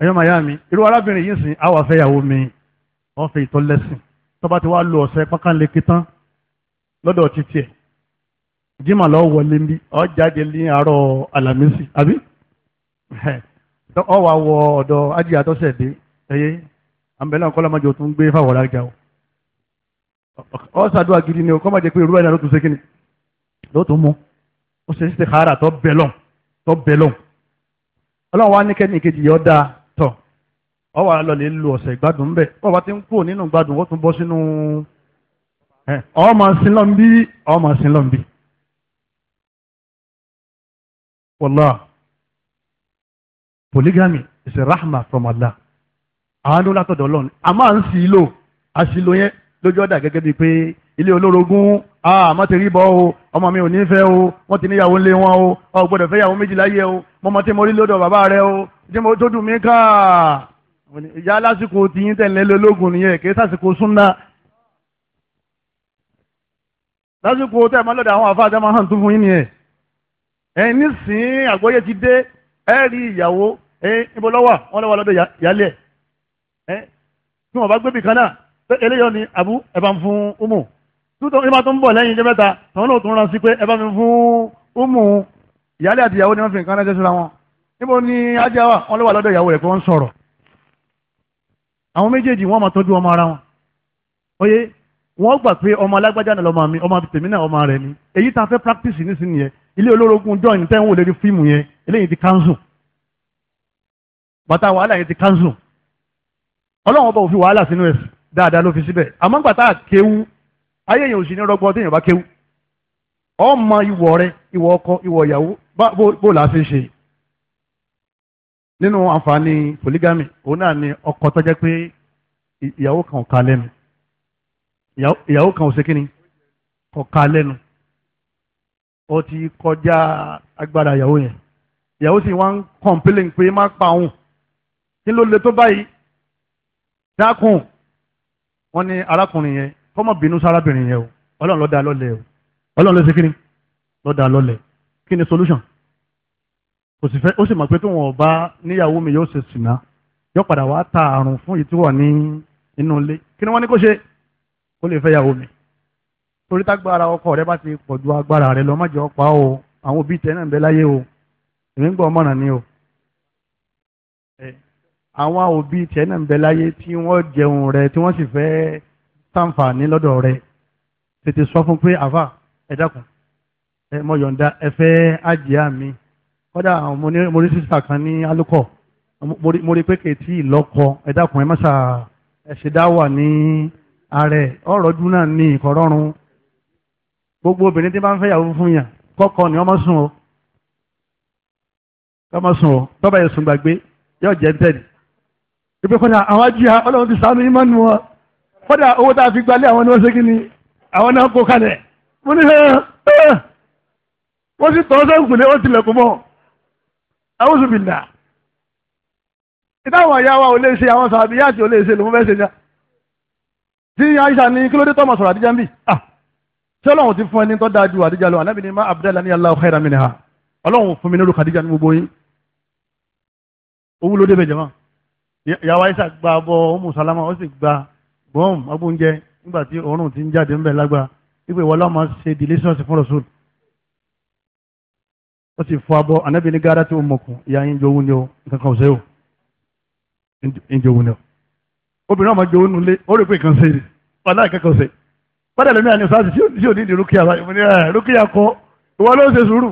ẹ̀yọ́ màyá mi irú arábìnrin yìí ń sìn àwọn afẹ́yàwó mi wọ́n fi ìtọ́lẹ́sìn tọ́ba ti wá lo ọ̀sẹ̀ pákánleke tán lọ́dọ̀ títí ẹ̀ jimá lọ́ọ́ wọlé bí ọ jáde ní àárọ̀ àlàmísì àbí ọ wà wọ ọ̀dọ̀ ájì àtọ́sẹ̀ dé ẹyẹ àmbẹ̀lẹ̀ ọ̀kọ́lámọ́jọ tún gbé fáwọn ọ̀làjà o ọ ṣàdúrà gidi ni o kọ́ máa jẹ pé irú ẹ̀ náà ló tún ṣe kíni ló tún mú ó ṣe ṣe kára tó bẹ̀ lọ́n tó kejì yọ ọ wà lọ lè lu ọ̀sẹ̀ polygamy is a rahma from Allah àánú látọ̀dọ̀ ọlọ́run a máa ń sí i lò àṣìlò yẹn lójú ọ̀dà gẹ́gẹ́ bíi pé ilé olórogún àmọ́ ti rí bọ́ o ọmọ mi ò ní fẹ́ o wọ́n ti níyàwó ńlé wọn o ọ gbọ́dọ̀ fẹ́ yàwó méjì láyé o mọ́mọ́ tí mo rí lọ́dọ̀ bàbá rẹ o tí mo tó dùn mí ká ìyá lásìkò tiyín tẹ̀lé lológun nìyẹn kì í sàsìkò súnná lásìkò tẹ̀ mọ́ àwọn àfáàjọ́ máa hàn tó fún yín nìyẹn ẹ̀ ẹ rí ìyàwó ẹ ibo lọ́wọ́ wọn lọ́wọ́ lọ́dọ̀ yálẹ̀ ẹ tí wọn bá gbé bìkan náà pé eléyọ ni àbú ẹ bá ń fún umu tuntun ìbá tó ń bọ̀ lẹ́yìn ijẹ́ mẹ́ta tọ́wọ́n náà tún rán sí pé ẹ bá mi fún umu ìyálẹ̀ àti ìyàwó ni wọ́n fi nǹkan ránṣẹ́ síra wọn níbo ni ajá wà wọn lọ́wọ́ lọ́dọ̀ ìyàwó rẹ̀ pé wọ́n ń sọ̀rọ̀ àwọn méjèèjì wọn máa tọ́jú ọmọ ara wọn ó wọ́n gbà pé ọmọ alágbájá náà lọ́mọ mi ọmọ tèmi náà ọmọ rẹ̀ ni èyí tá a fẹ́ practice nísìnyí yẹn ilé olórogún dọ́ọ̀ ní tẹ́wọ̀n lórí fíìmù yẹn eléyìí ti cancel bàtà wàhálà yẹn ti cancel ọlọ́run ọba òfin wàhálà sínú ẹ̀sìn dáadáa ló fi síbẹ̀ àmọ́ gbà tá a kéwu ayé yẹn ò sí ní rọgbọ téèyàn bá kéwu ọmọ ìwọ rẹ ìwọ ọkọ ìwọ ìyàwó bó la fi ṣe nínú àǹfààní polygamy òun náà ni ọkọ tó jẹ́ pé ìyàwó kan ò ká ìyàwó kan ò ṣe kínni kọ̀ọ̀ka lẹ́nu ó ti kọjá agbára ìyàwó yẹn ìyàwó sì wá ń kọ̀ǹpilẹ̀ pé má pa òun kí ló le tó báyìí dákun wọn ní arákùnrin yẹn kọ́mọ bínú sárábìnrin yẹn o ọlọ́run ló dá lọ́lẹ̀ o ọlọ́run ló ṣe kínni lọ́lẹ̀ kí ni solution kò sì fẹ́ ó sì mọ̀ pé tóun ọba níyàwó mi yóò ṣe sìnà yóò padà wá ta àrùn fún ìtúwọ̀ ní inú ilé kí ni wọ́n ní kó ṣe ó lè fẹ́ yàwó mi torí tágbára ọkọ rẹ bá ti pọ̀ ju agbára rẹ lọ má jẹ́ o àwọn òbí tẹ ń bẹ láyé o èmi ń gbọ́ ọmọràn ni o àwọn òbí tẹ náà ń bẹ láyé tí wọ́n jẹun rẹ tí wọ́n sì fẹ́ sàǹfààní lọ́dọ̀ rẹ tètè sọ fún pé àfà ẹ dákun ẹ mọ yọ̀ǹda ẹ fẹ́ àjẹ́ àmì kódà mo rí sísà kan ní alukọ mo rí pé kèétí ìlọ́kọ ẹ dákun ẹ má ṣà wà ní ààrẹ ọ̀rọ̀jú náà ní ìkọ̀rọ̀rùn gbogbo obìnrin tí bá ń fẹ́yàwó fún yàn kọ́kọ́ ni ọmọ sùn o ọmọ sùn o tọ́ba yẹn sùn gbàgbé yóò jẹ́ tẹ̀lé ìpè kọ́dà àwọn ajíya ọlọ́run ti sànú yín mọ́nu wọn kọ́dà owó tá a fi gbalẹ̀ àwọn ni wọ́n ṣe kí ni àwọn náà kó kalẹ̀ mo ní hẹ́ẹ́ wọ́n sì tọ́ sẹ́kùnlé ó tilẹ̀kùn mọ́ àwọn sùn bìlà ìtàwọn ìyá wa ò lè ṣe àwọn sàbíyàtì ò lè ṣe lòun fẹ́ ṣe náà tí aisha ní kí ló dé tọ́mọ̀ sọ̀rọ̀ àdíjà ń bì ah ṣé ọlọ́run ti fún ẹni tó dáa ju àdíjà lọ anábì ni má abdallah ní Allahu khairan minha ọlọ́run fún mi ní olùkọ́ àdíjà ní gbogbo yín owó ló débẹ̀ jẹ̀mọ́ ìyàwó aisha gba abọ́ ọmọ salama ó sì gba bọ́ọ̀m agbóúnjẹ nígbà tí òórùn ti ń jáde ńbẹ lágbára wípé wọlé ọmọ ṣe delicious fún rasul ó sì fọ abọ́ anábì ní gáárà tí ó mọ̀kùn ìyá yín jowú ni ó nǹkan kan ò obìnrin ọmọ jòwó nulẹ̀ ó rè pé nǹkan ṣe rè wàhálà ìkẹ́kọ̀ọ́ ṣe bọ́dà lómi àní sáà tí ò ní di rúkìá báyìí mo ní ẹ eh, rúkìá kọ ìwọ ló ń ṣe sùúrù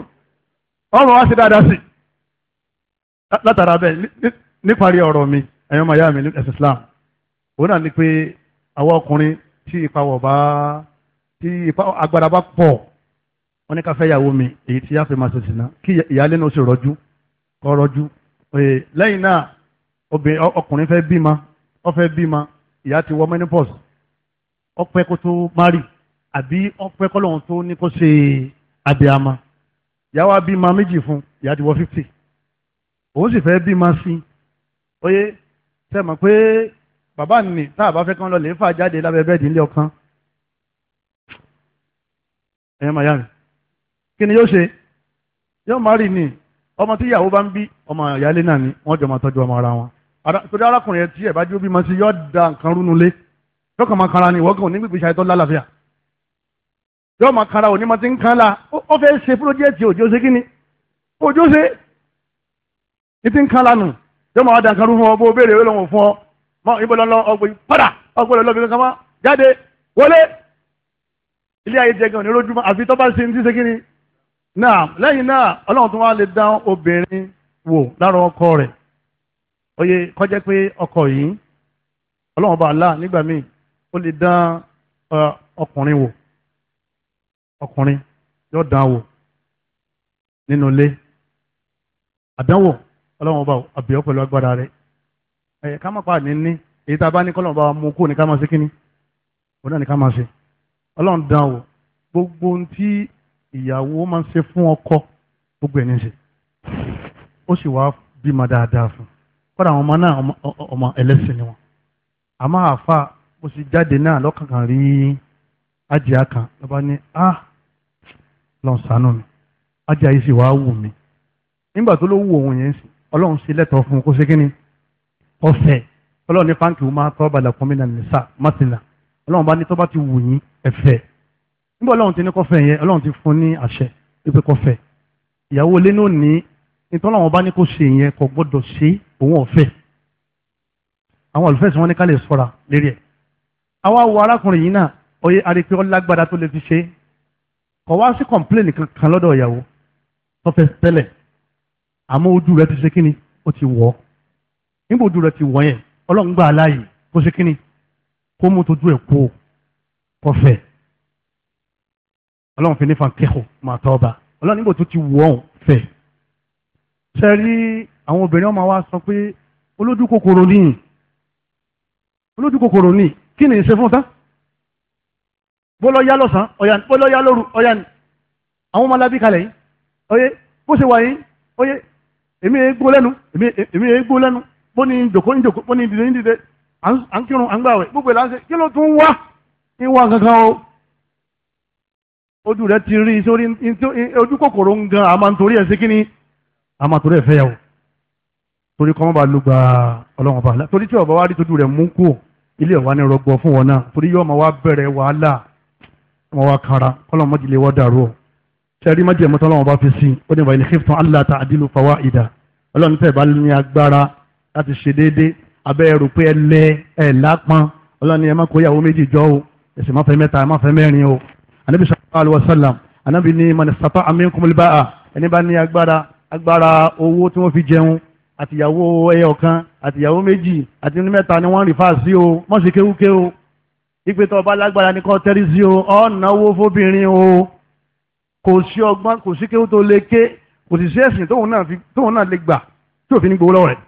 ọmọ wa ṣe dáadáa sí látara bẹ́ẹ̀ níparí ọ̀rọ̀ mi ẹ̀yọ́ màá yá mi ní ẹ̀sìn Islam òun náà ni pé àwa ọkùnrin tí ipa wọ̀ bá tí ipa agbára bá pọ̀ wọ́n ní ká fẹ́ yàwó mi èyí tí yá fi máa ṣe sìnà kí ìyáálé náà sì rọ́jú kọ́ rọ́jú lẹ́yìn náà ọkùnrin fẹ́ bímọ ó fẹ́ bímọ ìyá ti wọ menopause ó pẹ́ kó tó mari àbí ó pẹ́ kọ́lọ́hún tó ní kó ṣe abiyamọ ìyá wa bímọ méjì fún ìyá ti wọ fifty òun sì fẹ́ bímọ sí oyè ṣe mọ̀ pé bàbá mi tá a bá fẹ́ kán lọ lè fà jáde lábẹ́ bẹ́ẹ̀dì ilé ọkàn ẹ̀yẹ́ màá yá mi kí ni yóò ṣe yóò má rì ní ọmọ tí ìyàwó bá ń bí ọmọ ìyáálé náà ni wọ́n jọ máa tọ́jú ọmọ ara wọn torí arákùnrin yẹn tí ẹ̀ bá jó bímọ sí yọ da nǹkan rúnu lé yọ kàn máa kanra ni ìwọ kàn ní gbígbé ṣàìtọ́ lálàáfíà yọ máa kanra òní máa ti ń kan la ó fẹ́ ṣe púrójẹ́ẹ̀tì òjò ṣe kíni òjò ṣe ní ti ń kan lanu yọ máa da nǹkan rúnu ọ bó o béèrè lọ́wọ́ fún ọ mọ ibo lọ́lọ́ ọgbẹ́ padà ọgbẹ́ lọ́lọ́ bí kankan mọ́ jáde wọlé ilé ayé jẹ gan onírojúmọ́ àfi tọ́ bá ṣe ní ti ṣe kíni náà lẹ́yìn náà ọlọ́run tó wá lè dán obìnrin wò lára ọkọ rẹ̀ oye kọjá pé ọkọ yìí ọlọ́run bá là nígbà míì ó lè dán ọkùnrin wò ọkùnrin yóò dán wò nínú ilé àdánwò ọlọ́run bá àbíọ́ pẹ̀lú agbára rẹ̀ ẹ̀yẹ ká má pa ní ní èyí tá a bá ní kọ́lọ́run bá mú kó ní ká máa ṣe kínní òun náà ní ká máa ṣe ọlọ́run dán wò gbogbo ohun tí ìyàwó máa ń ṣe fún ọkọ gbogbo ẹ̀ ní ṣe ó sì wá bímọ dáadáa fún un kọ́dà àwọn ọmọ náà ọmọ ẹlẹ́sìn ni wọn àmọ́ àfa mo sì jáde náà lọ́kànkàn rí ajá kan lọ́ba ní a ah, lọ́n sànú mi ajá yìí sì wàá wù mí nígbà tó ló wù òun yẹn sí ọlọ́run sí lẹ́tọ̀ọ́ fún un kó ṣe kí ni ọ̀fẹ́ ọlọ́run ní fáńkì ó máa tọ́ balẹ̀ fún mi náà nìṣà mátìlá ọlọ́run bá ní tó bá ti wù yín ẹ̀fẹ́ nígbà ọlọ́run ti ní kọ́fẹ́ yẹn ọlọ́run ti fún ní àṣẹ wípé kọ́fẹ́ ìyàwó ilé náà ní nítorí bá ní kó ṣe yẹn kò gbọ́dọ̀ ṣe é òun ọ̀fẹ́ àwọn olùfẹ́sì wọn ní ká lè sọ́ra lérí ẹ̀ àwa wo arákùnrin yìí náà oyè arípe ọlágbádá tó lè fi ṣe kọ̀ wá sí kọ̀ǹpléènì kankan lọ́dọ̀ ìyàwó tọ́fẹ́ tẹ́lẹ̀ àmọ́ ojú rẹ ti ṣe kíni ó ti wọ̀ ọ́ nígbà ojú rẹ ti wọ̀ yẹn ọlọ́run gbà láàyè kó ṣe kíni kó mú tójú ẹ̀ kó kọfẹ́ ọlọ́run fi nífa kẹ́họ̀ máa tọ́ ọba ọlọ́run nígbà tó ti wọ̀ ọ́n fẹ́ sẹ́rí àwọn obìnrin ọmọ wa sọ pé olójú kòkòrò ni olójú kòkòrò ni kí ni ìṣe fún tán bọ́lọ́ yá lọ́sàn ọ̀yà ni bọ́lọ́ yá lóru ọ̀yà ni àwọn ọmọ alábí kalẹ̀ yìí ọyẹ bó ṣe wà yìí ọyẹ èmi yẹn gbó lẹ́nu èmi yẹn gbó lẹ́nu bó ni njòkó njòkó bó ni dìde ndìde à ń kírun à ń gbàwẹ̀ gbogbo ìlànà ṣe kí ló tún wá ń wá kankan o ojú rẹ ti rí sórí ojú kòkòrò ń gan àmà nítorí ẹ̀ sí kí ni àmà torí ẹ̀ fẹ́ yà o torí kọ́ mọ́ bá lùgbà ọlọ́run bá torí tí ọba wa rí tójú rẹ̀ mú kù ilé ọ̀wá ní rọgbọ fún wọn náà torí yóò máa wá bẹ̀rẹ̀ wàhálà wọn wá kara kọ́lọ́ mọ́jìlẹ̀ wọ́n dàrú ọ́ sẹ́rí má jẹ́mọ́tọ́ ọlọ́run bá fi sí i ó ní wàhálà khiftum alla ta'dilu fawahida ọlọ́run tẹ̀ bá ní agbára láti ṣe déédé abẹ́ rò pé ẹ lẹ ẹ lápọn ọlọ́run ẹ má kó ìyàwó méjì jọ o ẹ̀sìn má fẹ́ mẹ́ta má fẹ́ àtìyàwó ẹyọ kan àtìyàwó méjì àti ní mẹ́ta ni wọ́n rìfà sí o mọ̀ sí kéwúké o ìpè tó ọba lágbára ni kò tẹ́rí sí o ọ̀ náwó fóbìnrin o kò sí ọgbọ́n kò sí kéwú tó lè ké kò sì sí ẹ̀sìn tóun náà lè gbà tí òfin ní gbowó lọ́wọ́ rẹ̀.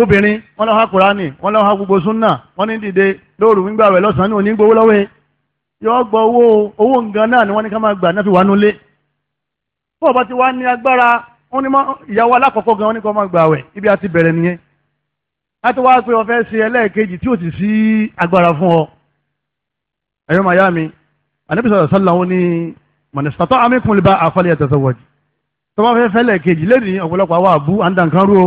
obìnrin wọn lọ́wọ́ kúránì wọn lọ́wọ́ gbogbo súnà wọn ní dìde lóru nígbà rẹ̀ lọ́sàn ní òní gbowó lọ́wọ́ yọ gbọ́ owó owó nǹkan náà ni wọ́n ní ká máa gbà náà fi wà nulẹ̀ wọ́n ní ìyàwó alákọ̀ọ́kọ́ gan-an ní kó máa gbà wẹ̀ ibi àti bẹ̀rẹ̀ nìyẹn láti wá pé o fẹ́ ṣe ẹlẹ́ẹ̀kejì tí ò ti sí agbára fún ọ ẹ̀yọ́ màyá mi ànábì sallallahu alaihi wasallam ní mọ̀nẹ́sítàtọ́ amíkùn lè bá àfọlẹ̀ ẹ̀tẹ̀sọ̀wọ̀dì tó bá fẹ́ fẹ́lẹ̀ kejì lẹ́nìí ọ̀pọ̀lọpọ̀ àwọn àbú àǹdàǹkan o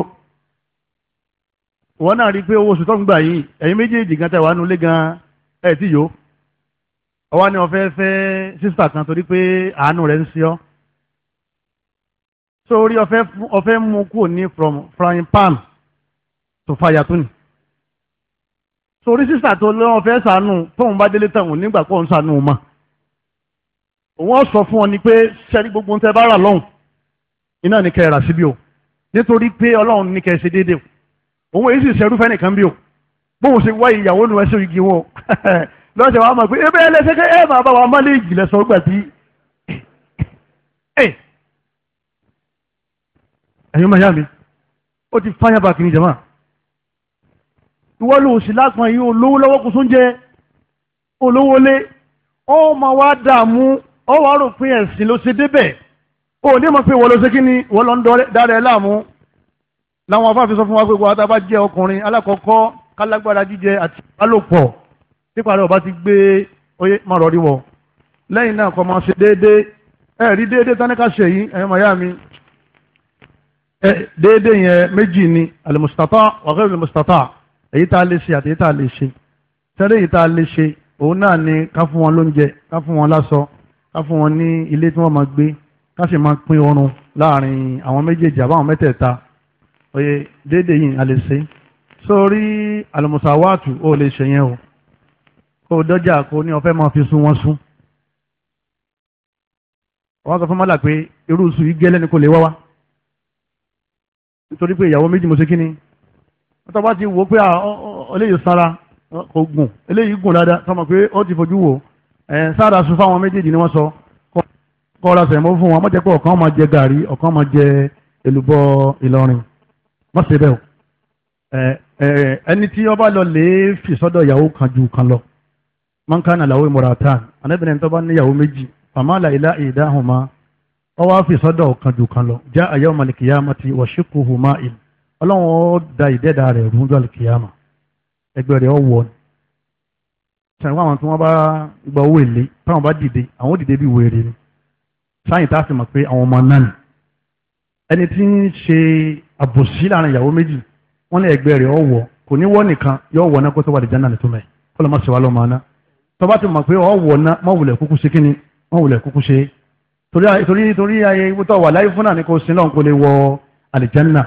wọn náà rí i pé owó oṣù tó gbà yìí ẹ̀yin méjèèjì gan tẹ̀wá nulẹ̀ gan ẹ̀ tí yó ọwọ́ ni wọ́n fẹ́ fẹ́ sísà kan torí pé àánú rẹ̀ ń ṣe sórí ọ̀fẹ́ ọ̀fẹ́ mú kúrò ní from frying pan to fire tó nì sórí sísà tó lọ́wọ́ ọ̀fẹ́ sànù tóun bá délé tàn òun nígbà kó ń sànù mọ́ òun sọ fún ọ ni pé sẹ́ni gbogbo ń tẹ́ bá rà lọ́hùn iná ni kẹ́ ẹ rà síbi o nítorí pé ọlọ́run ní kẹ́ ẹ ṣe déédéé o òun èyí sì ṣerúfẹ́ nìkan bí o bóun ṣe wá ìyàwó nu ẹsẹ̀ igi wọn lọ́sẹ̀ wa mọ̀ pé ebe ẹlẹ́sẹ̀ kẹ́ ẹ máa bá wa má lè jìlẹ̀ sọ gbà tí eh, ẹ̀yin ọmọ ìyá mi ó ti fáyà bá kìíní jẹ̀mọ́ ìwọ ló sì lásán yìí olówó lọ́wọ́ kò sóúnjẹ olówó lé ó máa wá dààmú ó wàá rò pé ẹ̀sìn ló ṣe débẹ̀ ó ní mọ̀ pé ìwọ kí ni ìwọ ló ń dára ẹ láàmú làwọn afáàfi sọ fún wa pé wàá tá a bá jẹ́ ọkùnrin alákọ̀ọ́kọ́ kálágbára jíjẹ àti ìbálòpọ̀ nípa rẹ̀ ọba ti gbé oyè má rọrí wọ lẹ́yìn náà kọ́ máa ṣe déédéé ẹ̀ẹ́dí déédéé táníkà ṣèyí ẹ̀yọ́ màyá mi déédé yẹn méjì ni alimusitata wàhálà alimusitata èyí tá a lè ṣe àti èyí tá a lè ṣe sẹ́lẹ̀ èyí tá a lè ṣe òun náà ni ká fún wọn lóúnjẹ ká fún wọn láṣọ ká fún wọn ní ilé tí wọ́n máa gbé ká sì pín oorun láàrin àwọn méjèèjì àbáwọn mẹ́tẹ̀ẹ̀ta oye déédé yìí a lè ṣe sórí alimusawaatu ó lè ṣe yẹn o kó o dọ́jà ní ọ̀fẹ́ máa fi sun wọn sún wọ́n sọ fún mọ́là irú sùn yìí gẹ́lẹ́ ni kò lè wá wá. nítorí pé ìyàwó méjì mo ṣe kí wọ́n bá ti wò pé eléyìí sara kò gùn eléyìí gùn dáadáa sọmọ pé ó ti fojú wò ẹ̀ sára sun fáwọn méjèèjì ni wọ́n sọ kọ́ ọ́ra sẹ̀mọ́ fún wọn mọ́jẹ́ ọ̀kan máa jẹ gàrí ọ̀kan máa jẹ Ìlọrin ṣe bẹ́ẹ̀ o ẹni tí lọ lè fi sọ́dọ̀ ìyàwó kan ju kan lọ làwọn ìmọ̀ràn tó bá méjì wọ́n wá fi sọ́dọ̀ kan jù kan lọ já àyà ọmọ alìkìyàmà ti wọ̀ṣíkù hùmá ìlú ọlọ́run ó da ìdẹ́dà rẹ̀ rúndọ̀ alìkìyàmà ẹgbẹ́ rẹ̀ ọ̀wọ́ ni sẹ́yìn àwọn tí wọ́n bá gba owó èlé táwọn bá dìde àwọn dìde bí wèrè ni sáyìn tá a sì mọ̀ pé àwọn ọmọ náà ni ẹni tí ń ṣe àbòsí láàrin ìyàwó méjì wọ́n ní ẹgbẹ́ rẹ̀ ọ̀wọ́ kò ní wọ́ nìkan yóò wọ̀ náà kó tó wà torí torí ayé wútọ̀ wà láyé fúnà ní kò sí náà kò lè wọ àlìjẹ́nà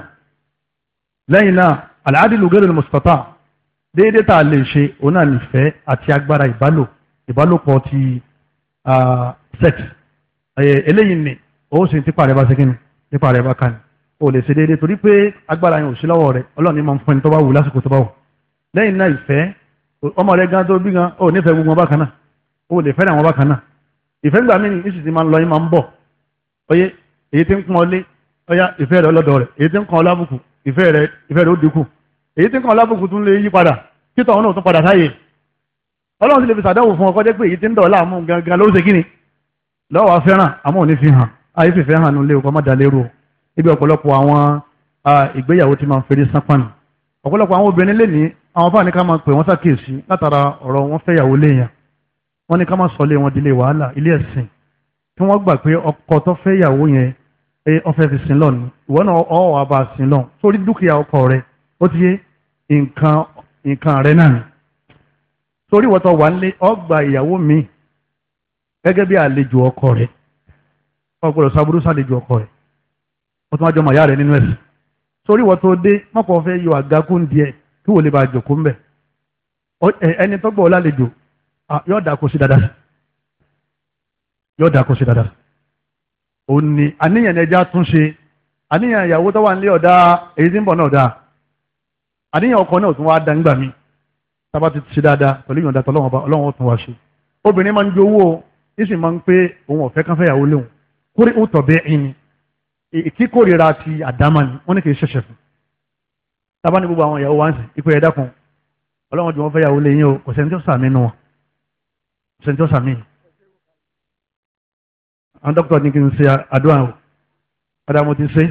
lẹ́yìn náà àlàádìlú gẹ́rẹ́ mọ̀sítọ́tà déédéé tá a lè ṣe òun náà nìfẹ́ àti agbára ìbálò ìbálòpọ̀ ti sex eléyìí ni ó sì nípa rẹ̀ bá ṣe kíni nípa bá kani ó lè ṣe déédéé torí pé agbára yẹn ò sí lọ́wọ́ rẹ̀ ọlọ́run ní máa fún ẹni tó bá wù lásìkò tó bá wù lẹ́yìn náà ìfẹ́ ọmọ rẹ̀ gan tó bí gan ó nífẹ̀ẹ́ gbogbo wọn bákan náà ó lè fẹ́ràn wọn bákan náà ìfẹ́ gbà mí ni ní sì ti máa ń lọ yín máa ń bọ̀ ọyẹ èyí tí ń pọn ọlé ọyá ìfẹ́ rẹ ọlọ́dọ̀ rẹ èyí tí ń kan ọlábùkù ìfẹ́ rẹ ìfẹ́ rẹ ó dínkù èyí tí ń kan ọlábùkù tún lè yí padà títọ̀ ọ̀nà òtún padà sáyè ọlọ́run sì lè fi sàdáwò fún ọkọ jẹ́ pé èyí tí ń dọ̀ láàmú gangan ló ṣe kíni lọ́wọ́ afẹ́ràn àmọ́ òní fi hàn ayé fìfẹ́ hàn nílé ọkọ̀ má dalérò ibi ọ̀pọ̀lọpọ̀ àwọn ìgbéyàwó ti máa ń feré sápánì ọ̀pọ̀lọpọ̀ àwọn obìnrin lé ní àwọn fáwọn ní ká máa pè wọ́n sákèésí látara ọ̀rọ̀ wọn fẹ́yàwó léèyàn wọ́n ní ká má sọ ilé wọn dilé wàhálà ilé ẹ̀sìn tí wọ́n gbà pé ọkọ tó fẹ́ yàwó yẹn pé ọfẹ́ fi sin lọ́ọ̀ni ìwọ náà ọ̀ wà bá a sin lọ́ọ̀ sórí dúkìá ọkọ rẹ ó ti yé nǹkan nǹkan rẹ náà ni sórí ìwọ́tọ̀ wà nílé ọgbà ìyàwó mi gẹ́gẹ́ bí àlejò ọkọ rẹ ọgbọ́dọ̀ sábúrú sàlejò ọkọ rẹ ó tún wá jọmọ ìyá rẹ nínú ẹ̀sìn sórí ìwọ́tọ̀ dé mọ́kàn fẹ́ yọ àgákùn díẹ̀ kí wò Ah, yóò dà kó sí dáadáa yóò dà kó sí dáadáa òun ni àníyàn ẹja tún ṣe àníyàn ìyàwó tó wà nílé ọ̀dà èyí tí ń bọ̀ náà dáa àníyàn ọkọ náà tún wá dá ńgbà mi tába ti ṣe dáadáa pẹ̀lú ìyọ̀ǹda tó ọlọ́wọ́n ọlọ́wọ́n tún wá ṣe obìnrin máa ń ju owó ìsì máa ń pé òun ọ̀fẹ́ kan fẹ́yàwó léwu kórè ó tọ̀ bẹ́ẹ̀ ẹni kíkórira ti àdámà ni wọ́n ní kì í ṣẹ̀ṣẹ̀ fún tába ní gbogbo àwọn ìyàwó wa ń sìn ipò ẹ̀dá kan ọlọ́wọ́n ju wọn fẹ́yàwó léyìn o kò sẹ́ni tó sàmínú wọn sèǹtì ọ̀sàmì àwọn dókítà ní kí n ṣe àdúrà o padà mo ti ṣe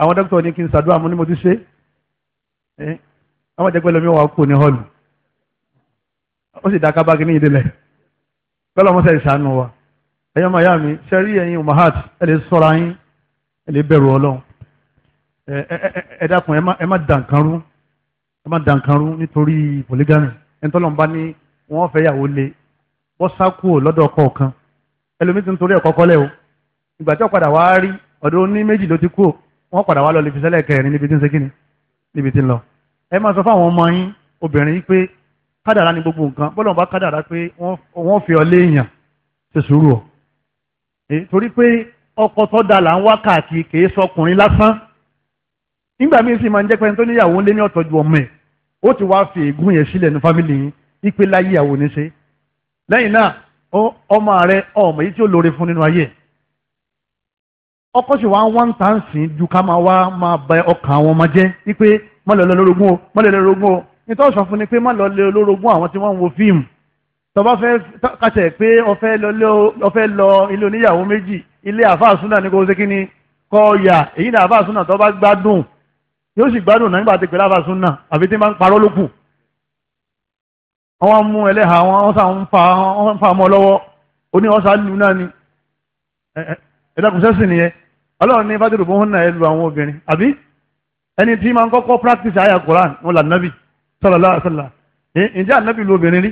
àwọn dókítà ní kí n ṣàdúrà mo ní mo ti ṣe àwọn jẹ́pẹ́ lómi wà kú ní hall ó sì dáká báàgì ní ìdílẹ̀ pẹ́lú ọmọ sẹ́yìn sànù wa ẹ̀yọ́ màá yá mi sẹ́rí ẹ̀yin mahat ẹ̀ lè sọ́ra yín ẹ̀ lè bẹ̀rù ọlọ́run ẹ̀ dákun ẹ̀ má dàn kan rú ẹ má dànkanrú nítorí polygamy ẹni tó lọ́nba ní wọ́n fẹ́ yàwó lé bọ́ sákúò lọ́dọ̀ kọ̀ọ̀kan ẹlòmíì ti ń torí ẹ̀kọ́ kọ́lẹ̀ o ìgbà tí ó padà wá rí ọ̀dọ̀ ní méjì ló ti kú o wọ́n padà wá lọ lè fi sẹ́lẹ̀ kẹrin níbi tí ń ṣe kíni níbi tí ń lọ ẹ máa sọ fáwọn ọmọ yín obìnrin yìí pé kádàrá ni gbogbo nǹkan bọ́lá wọn kádàrá pé wọ́n fi ọ léèyàn ṣe sùúrù ọ torí pé ọkọ tó da là ń wákàtí kì í sọkùnrin lásán nígbà míì sì máa ń jẹ́ pé ẹni tó níyàwó lé ní ọ̀tọ́jú ọmọ ẹ̀ ó ti wá fi ègún yẹn sílẹ̀ ní fámìlì yín ipe láyé ìyàwó ní ṣe lẹ́yìn náà ọmọ rẹ ọmọ yìí tí ó lóore fún nínú ayé ọkọ sì wá ń wọ́n ta ń sìn ju ká máa wá máa bẹ ọkàn àwọn ọmọ jẹ́ wípé má lọ lọ lórogún o má lọ lọ lórogún o nítorí sọ fún ni pé má lọ lọ lórogún àwọn tí wọ́n ń wo fíìmù tọba fẹ́ kàtẹ pé ọfẹ lọ ilé oníyàwó méjì ilé àfáàsúnà ní kò ṣe kí ni kọ ọyà èyí ni àfáàsúnà tọba gbádùn yóò sì gbádùn náà nígbà tí pẹ̀lú àfàsùn náà àfi tí ń bá ń parọ́ lókù wọ́n mú ẹlẹ́hà wọn sà ń fa wọn fa ọmọ lọ́wọ́ oní ọ̀sà lù náà ni ẹ̀ẹ́dàkùnsẹ́sì nìyẹn ọlọ́run ní fàtìrù fún náà ẹ lu àwọn obìnrin àbí ẹni tí máa ń kọ́kọ́ practice àyà Quran wọn là nàbì sallallahu alaihi wasallam ǹjẹ́ ànábì lu obìnrin rí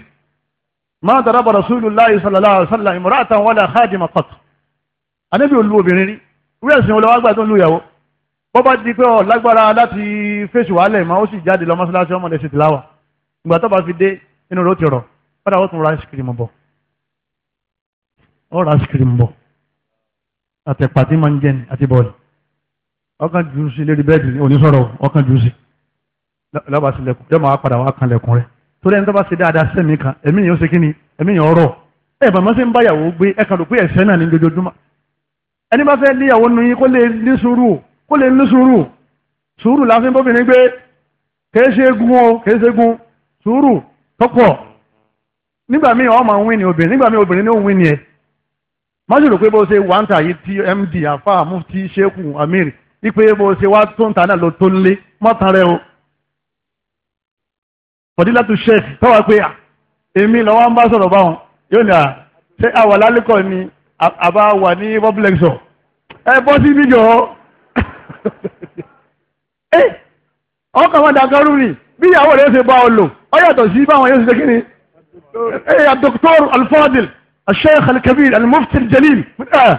máa tara bọ̀ rasulullahi sallallahu alaihi wasallam imra'atan wala khadima qat bó bá di pé ọ lágbára láti fèsì wàhálẹ̀ mọ́ ó sì jáde lọ mọ́ṣáláṣí ọmọdé sì ti láwà ìgbà tó bá fi dé inú rẹ̀ ó ti rọ̀ padà ó tún ra ice cream bọ̀ ó ra ice cream bọ̀ àtẹ̀pà tí máa ń jẹni àti bọ́ọ̀lì ọkàn jù sí lérí bẹ́ẹ̀dì onísọ̀rọ̀ ọkàn jù sí lọ́ba sílẹ̀kùn yóò máa padà wá kan lẹ̀kùn rẹ̀ torí ẹni tó bá ṣe dáadáa sẹ́mi kan ẹ̀mí yẹn ó ṣe kí ni ẹ̀mí yẹn ọ̀rọ̀ ẹ̀ bàmọ́ sí ń báyàwó gbé ẹ̀ kàn rò pé ẹ̀ṣẹ̀ náà ní lójoojúmọ́ ẹni bá fẹ́ níyàwó nu yín kó lè ní sùúrù kó lè ní sùúrù sùúrù la fi ń bóbìnrin gbé kèé ṣe gun o kèé ṣe gun sùúrù tọ́pọ̀ nígbà míì ọmọ òun ni obìnrin nígbà míì obìnrin ni òun ni ẹ má ṣe rò pé bó ṣe wà ń tà yìí tí md afa mufti sheku amir ipe bó ṣe wá tó ń ta náà ló tó ń lé mọ́tàn rẹ o fọdílátù sheik tọ́wọ́ pé èmi lọ́wọ́ ń bá sọ̀rọ̀ báwọn yóò ní à ṣé àwàlálẹ́kọ̀ọ́ ni àbá wà ní public sọ ẹ bọ́ sí bíjọ́ ẹ eh, ọkọ̀ wọn dàgọ́rù ni bí ìyàwó rẹ̀ ṣe bá ọ lò ọ yàtọ̀ sí báwọn yóò ṣe ṣe kíni ẹ eh, dr alfadil asheikh alkabir almufti aljalil eh,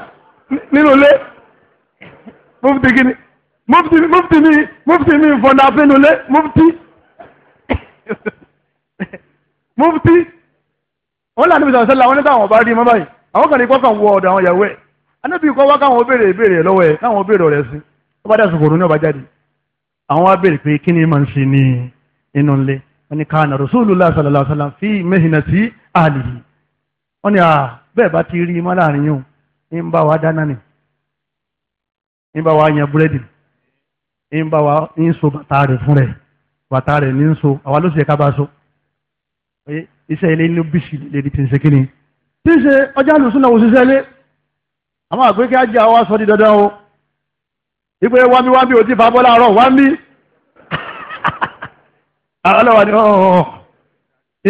nínú ilé mufti kíni mufti mufti mi mufti mi fọdà fínú ilé mufti mufti wọn lànà bisọ sẹlẹ àwọn nígbà wọn bá rí mọ báyìí àwọn kan ní kọ́ kan wọ ọ̀dọ̀ àwọn yàwó ẹ̀ anábì kọ́ wá káwọn béèrè ìbéèrè lọ́wọ́ ẹ̀ káwọn béèrè ọ̀rẹ́ sí ọba dà sùkúrú ní ọba jáde àwọn wá béèrè pé kí ni màá ń ṣe ní inú ilé wọ́n ní kánà rasulullah sallallahu alaihi wasallam fi mihnati ahlihi wọ́n ní bẹ́ẹ̀ bá ti rí mọ́ láàrin yóò ń bá wa dáná ni ń bá wa yan búrẹ́dì ń bá wa ń so bàtà rẹ̀ fún rẹ̀ bàtà rẹ̀ ní ń so àwa ló sì yẹ ká bá so iṣẹ́ ilé inú bíṣì lèdi tí ń ṣe kíni tí ń ṣe ọjà lùsùn náà wò ṣiṣẹ́ ilé àwọn àgbékẹ́ ajé àwa sọ di dandan o ipe wámi wami ò ti fa bọ́lá àárọ̀ wámi ọlọ́wà ni ọ̀ọ́ oh, oh, oh.